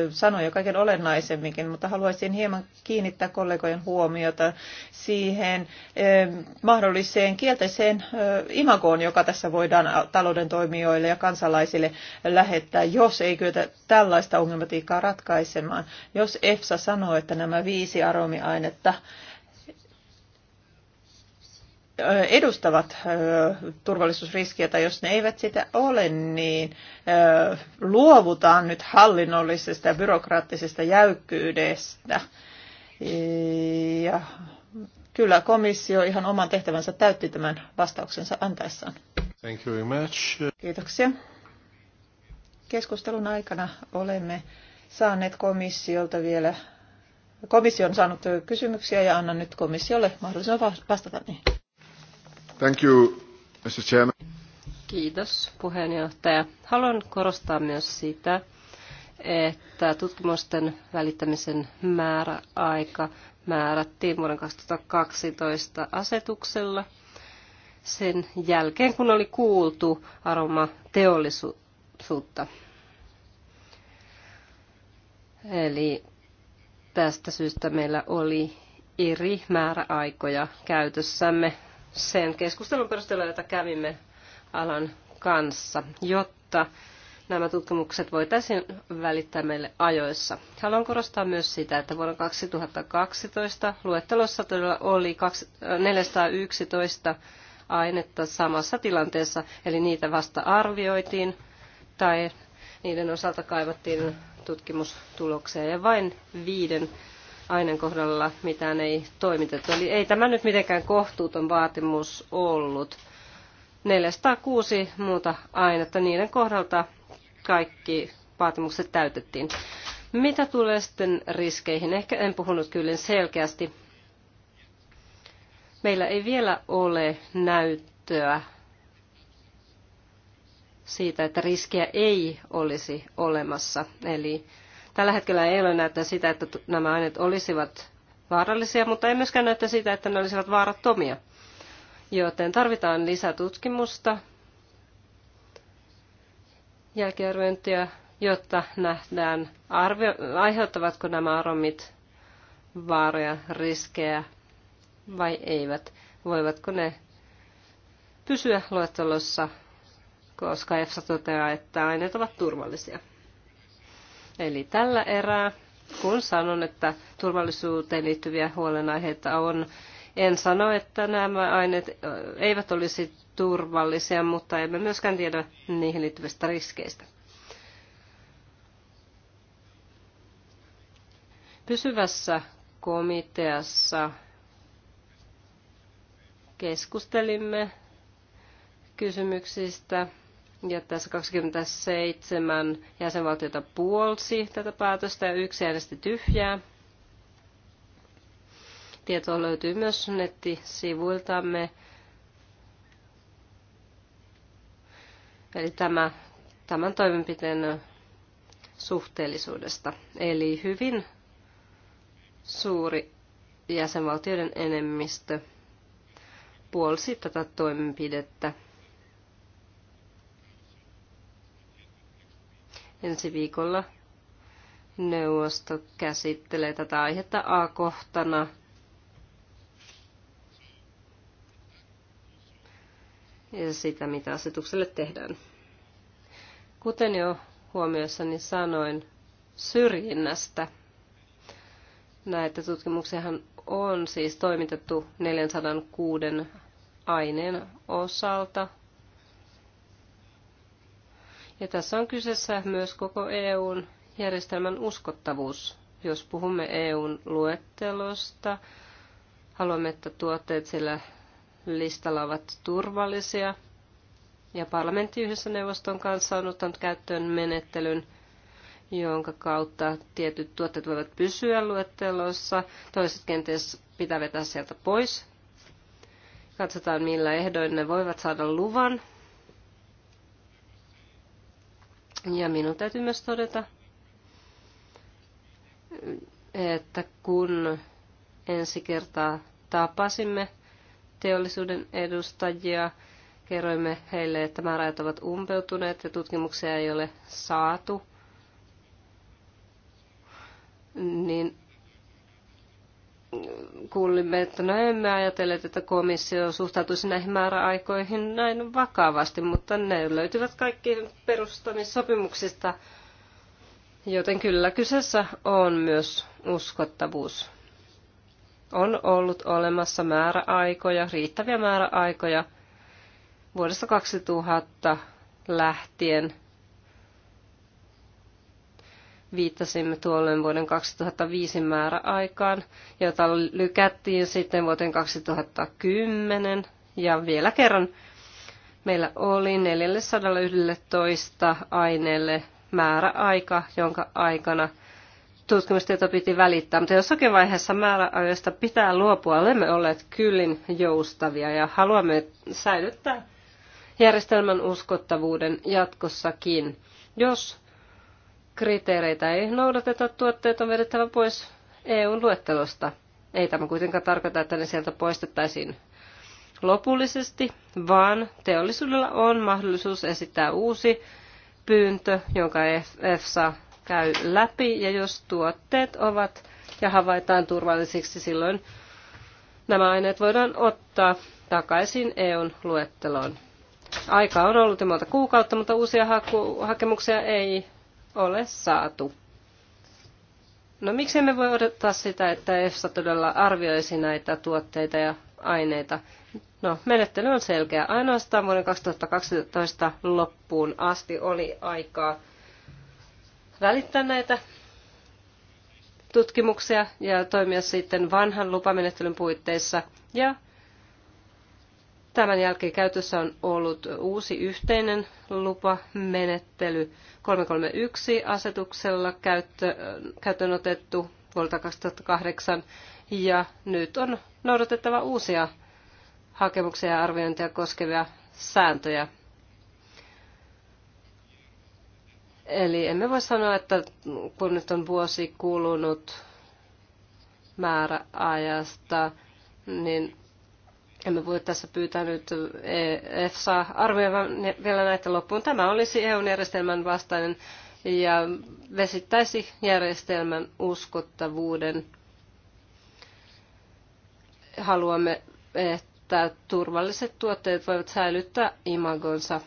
sanoi jo kaiken olennaisemminkin, mutta haluaisin hieman kiinnittää kollegojen huomiota siihen eh, mahdolliseen kielteiseen eh, imagoon, joka tässä voidaan talouden toimijoille ja kansalaisille lähettää, jos ei kyetä tällaista ongelmatiikkaa ratkaisemaan. Jos EFSA sanoo, että nämä viisi aromiainetta edustavat turvallisuusriskiä, tai jos ne eivät sitä ole, niin luovutaan nyt hallinnollisesta ja byrokraattisesta jäykkyydestä. Ja kyllä komissio ihan oman tehtävänsä täytti tämän vastauksensa antaessaan. Thank you very much. Kiitoksia. Keskustelun aikana olemme saaneet komissiolta vielä, komissio on saanut kysymyksiä ja annan nyt komissiolle mahdollisuuden vastata niihin. Thank you, Mr. Chairman. Kiitos puheenjohtaja. Haluan korostaa myös sitä, että tutkimusten välittämisen määräaika määrättiin vuoden 2012 asetuksella sen jälkeen, kun oli kuultu aromateollisuutta. Eli tästä syystä meillä oli eri määräaikoja käytössämme sen keskustelun perusteella, jota kävimme alan kanssa, jotta nämä tutkimukset voitaisiin välittää meille ajoissa. Haluan korostaa myös sitä, että vuonna 2012 luettelossa todella oli 411 äh, ainetta samassa tilanteessa, eli niitä vasta arvioitiin tai niiden osalta kaivattiin tutkimustuloksia ja vain viiden aineen kohdalla mitään ei toimitettu. Eli ei tämä nyt mitenkään kohtuuton vaatimus ollut. 406 muuta ainetta, niiden kohdalta kaikki vaatimukset täytettiin. Mitä tulee sitten riskeihin? Ehkä en puhunut kyllä selkeästi. Meillä ei vielä ole näyttöä siitä, että riskiä ei olisi olemassa. Eli Tällä hetkellä ei ole näyttää sitä, että nämä aineet olisivat vaarallisia, mutta ei myöskään näyttää sitä, että ne olisivat vaarattomia. Joten tarvitaan lisätutkimusta, jälkiarviointia, jotta nähdään, arvio, aiheuttavatko nämä aromit vaaroja, riskejä vai eivät. Voivatko ne pysyä luettelossa, koska EFSA toteaa, että aineet ovat turvallisia. Eli tällä erää, kun sanon, että turvallisuuteen liittyviä huolenaiheita on, en sano, että nämä aineet eivät olisi turvallisia, mutta emme myöskään tiedä niihin liittyvistä riskeistä. Pysyvässä komiteassa keskustelimme kysymyksistä ja tässä 27 jäsenvaltiota puolsi tätä päätöstä ja yksi äänesti tyhjää. Tietoa löytyy myös nettisivuiltamme. Eli tämä, tämän toimenpiteen suhteellisuudesta. Eli hyvin suuri jäsenvaltioiden enemmistö puolsi tätä toimenpidettä. Ensi viikolla neuvosto käsittelee tätä aihetta A-kohtana. Ja sitä, mitä asetukselle tehdään. Kuten jo huomioissani sanoin syrjinnästä, näitä tutkimuksiahan on siis toimitettu 406 aineen osalta ja tässä on kyseessä myös koko EUn järjestelmän uskottavuus. Jos puhumme EUn luettelosta, haluamme, että tuotteet sillä listalla ovat turvallisia. Ja parlamentti yhdessä neuvoston kanssa on ottanut käyttöön menettelyn, jonka kautta tietyt tuotteet voivat pysyä luettelossa, toiset kenties pitää vetää sieltä pois. Katsotaan, millä ehdoin ne voivat saada luvan Ja minun täytyy myös todeta, että kun ensi kertaa tapasimme teollisuuden edustajia, kerroimme heille, että määräajat ovat umpeutuneet ja tutkimuksia ei ole saatu, niin kuulimme, että no emme ajatelleet, että komissio suhtautuisi näihin määräaikoihin näin vakavasti, mutta ne löytyvät kaikki perustamissopimuksista, joten kyllä kyseessä on myös uskottavuus. On ollut olemassa määräaikoja, riittäviä määräaikoja vuodesta 2000 lähtien – Viittasimme tuolloin vuoden 2005 määräaikaan, jota lykättiin sitten vuoteen 2010. Ja vielä kerran meillä oli 411 aineelle määräaika, jonka aikana tutkimustieto piti välittää, mutta jossakin vaiheessa määräajoista pitää luopua. Olemme olleet kyllin joustavia ja haluamme säilyttää järjestelmän uskottavuuden jatkossakin. Jos kriteereitä ei noudateta, tuotteet on vedettävä pois EUn luettelosta. Ei tämä kuitenkaan tarkoita, että ne sieltä poistettaisiin lopullisesti, vaan teollisuudella on mahdollisuus esittää uusi pyyntö, jonka EFSA käy läpi, ja jos tuotteet ovat ja havaitaan turvallisiksi, silloin nämä aineet voidaan ottaa takaisin EUn luetteloon. Aika on ollut jo monta kuukautta, mutta uusia haku- hakemuksia ei ole saatu. No miksi me voi odottaa sitä, että EFSA todella arvioisi näitä tuotteita ja aineita? No, menettely on selkeä. Ainoastaan vuoden 2012 loppuun asti oli aikaa välittää näitä tutkimuksia ja toimia sitten vanhan lupamenettelyn puitteissa. Ja Tämän jälkeen käytössä on ollut uusi yhteinen lupamenettely 331 asetuksella käyttö, käyttöön otettu vuodelta 2008 ja nyt on noudatettava uusia hakemuksia ja arviointia koskevia sääntöjä. Eli emme voi sanoa, että kun nyt on vuosi kulunut määräajasta, niin emme voi tässä pyytää nyt eh, EFSA arvioimaan vielä näitä loppuun. Tämä olisi EUn järjestelmän vastainen ja vesittäisi järjestelmän uskottavuuden. Haluamme, että turvalliset tuotteet voivat säilyttää imagonsa.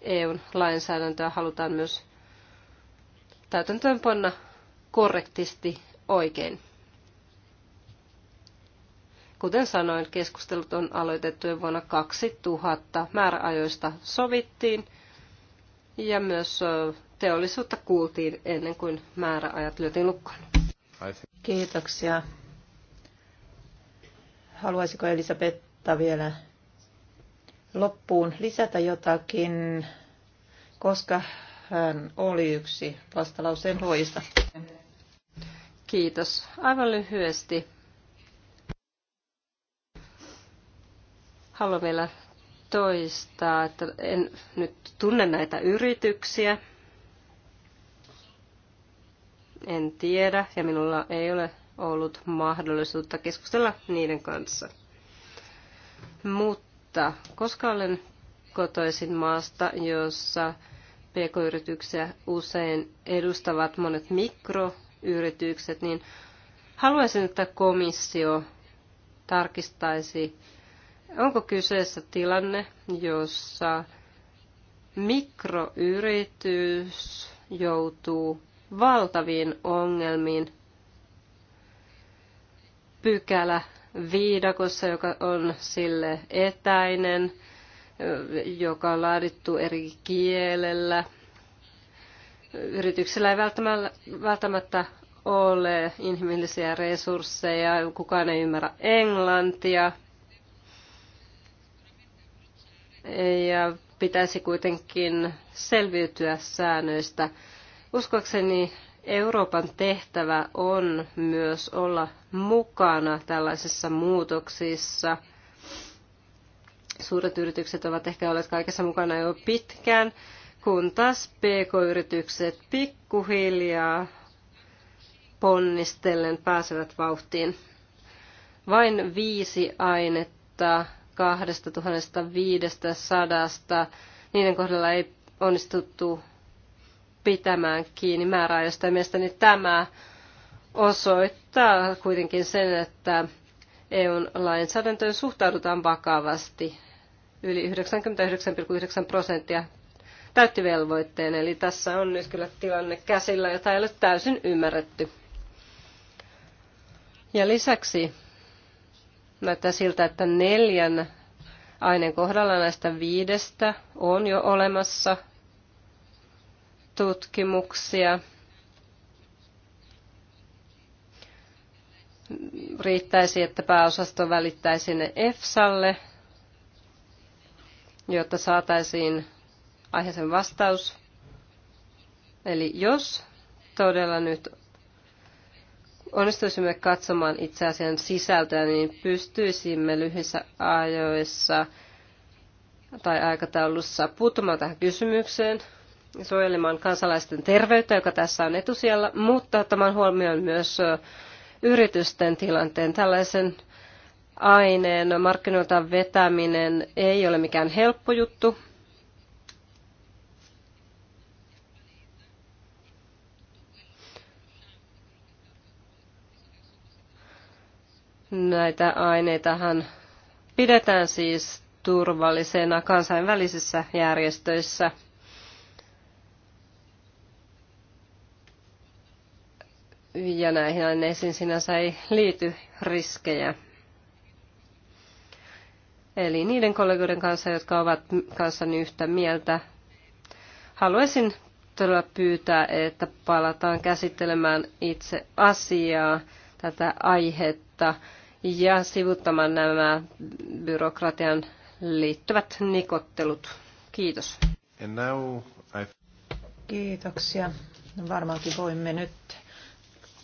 EUn lainsäädäntöä halutaan myös täytäntöönpanna korrektisti oikein. Kuten sanoin, keskustelut on aloitettu jo vuonna 2000. Määräajoista sovittiin ja myös teollisuutta kuultiin ennen kuin määräajat lyötiin lukkoon. Kiitoksia. Haluaisiko Elisabetta vielä loppuun lisätä jotakin, koska hän oli yksi vastalauseen luojista? Kiitos. Aivan lyhyesti. Haluan vielä toistaa, että en nyt tunne näitä yrityksiä. En tiedä ja minulla ei ole ollut mahdollisuutta keskustella niiden kanssa. Mutta koska olen kotoisin maasta, jossa pk-yrityksiä usein edustavat monet mikroyritykset, niin haluaisin, että komissio tarkistaisi Onko kyseessä tilanne, jossa mikroyritys joutuu valtaviin ongelmiin pykälä viidakossa, joka on sille etäinen, joka on laadittu eri kielellä. Yrityksellä ei välttämättä ole inhimillisiä resursseja, kukaan ei ymmärrä englantia, ja pitäisi kuitenkin selviytyä säännöistä. Uskoakseni Euroopan tehtävä on myös olla mukana tällaisissa muutoksissa. Suuret yritykset ovat ehkä olleet kaikessa mukana jo pitkään, kun taas pk-yritykset pikkuhiljaa ponnistellen pääsevät vauhtiin. Vain viisi ainetta 2500 niiden kohdalla ei onnistuttu pitämään kiinni määräajoista. mielestäni tämä osoittaa kuitenkin sen, että EUn lainsäädäntöön suhtaudutaan vakavasti. Yli 99,9 prosenttia täytti velvoitteen, eli tässä on nyt kyllä tilanne käsillä, jota ei ole täysin ymmärretty. Ja lisäksi Näyttää siltä, että neljän aineen kohdalla näistä viidestä on jo olemassa tutkimuksia. Riittäisi, että pääosasto välittäisi ne EFSAlle, jotta saataisiin aiheeseen vastaus. Eli jos todella nyt onnistuisimme katsomaan itse asian sisältöä, niin pystyisimme lyhyissä ajoissa tai aikataulussa puuttumaan tähän kysymykseen ja suojelemaan kansalaisten terveyttä, joka tässä on etusijalla, mutta ottamaan huomioon myös yritysten tilanteen. Tällaisen aineen markkinoilta vetäminen ei ole mikään helppo juttu, Näitä aineitahan pidetään siis turvallisena kansainvälisissä järjestöissä. Ja näihin aineisiin sinänsä ei liity riskejä. Eli niiden kollegoiden kanssa, jotka ovat kanssani yhtä mieltä, haluaisin todella pyytää, että palataan käsittelemään itse asiaa, tätä aihetta ja sivuttamaan nämä byrokratian liittyvät nikottelut. Kiitos. Kiitoksia. No, varmaankin voimme nyt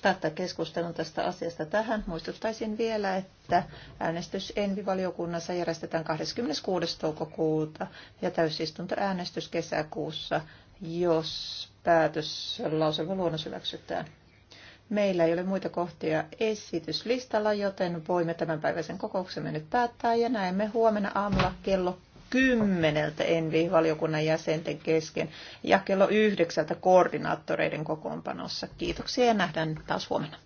päättää keskustelun tästä asiasta tähän. Muistuttaisin vielä, että äänestys Envi-valiokunnassa järjestetään 26. toukokuuta ja täysistuntoäänestys kesäkuussa, jos päätös lauselma luonnos hyväksytään. Meillä ei ole muita kohtia esityslistalla, joten voimme päiväisen kokouksemme nyt päättää ja näemme huomenna aamulla kello kymmeneltä Envi-valiokunnan jäsenten kesken ja kello yhdeksältä koordinaattoreiden kokoonpanossa. Kiitoksia ja nähdään taas huomenna.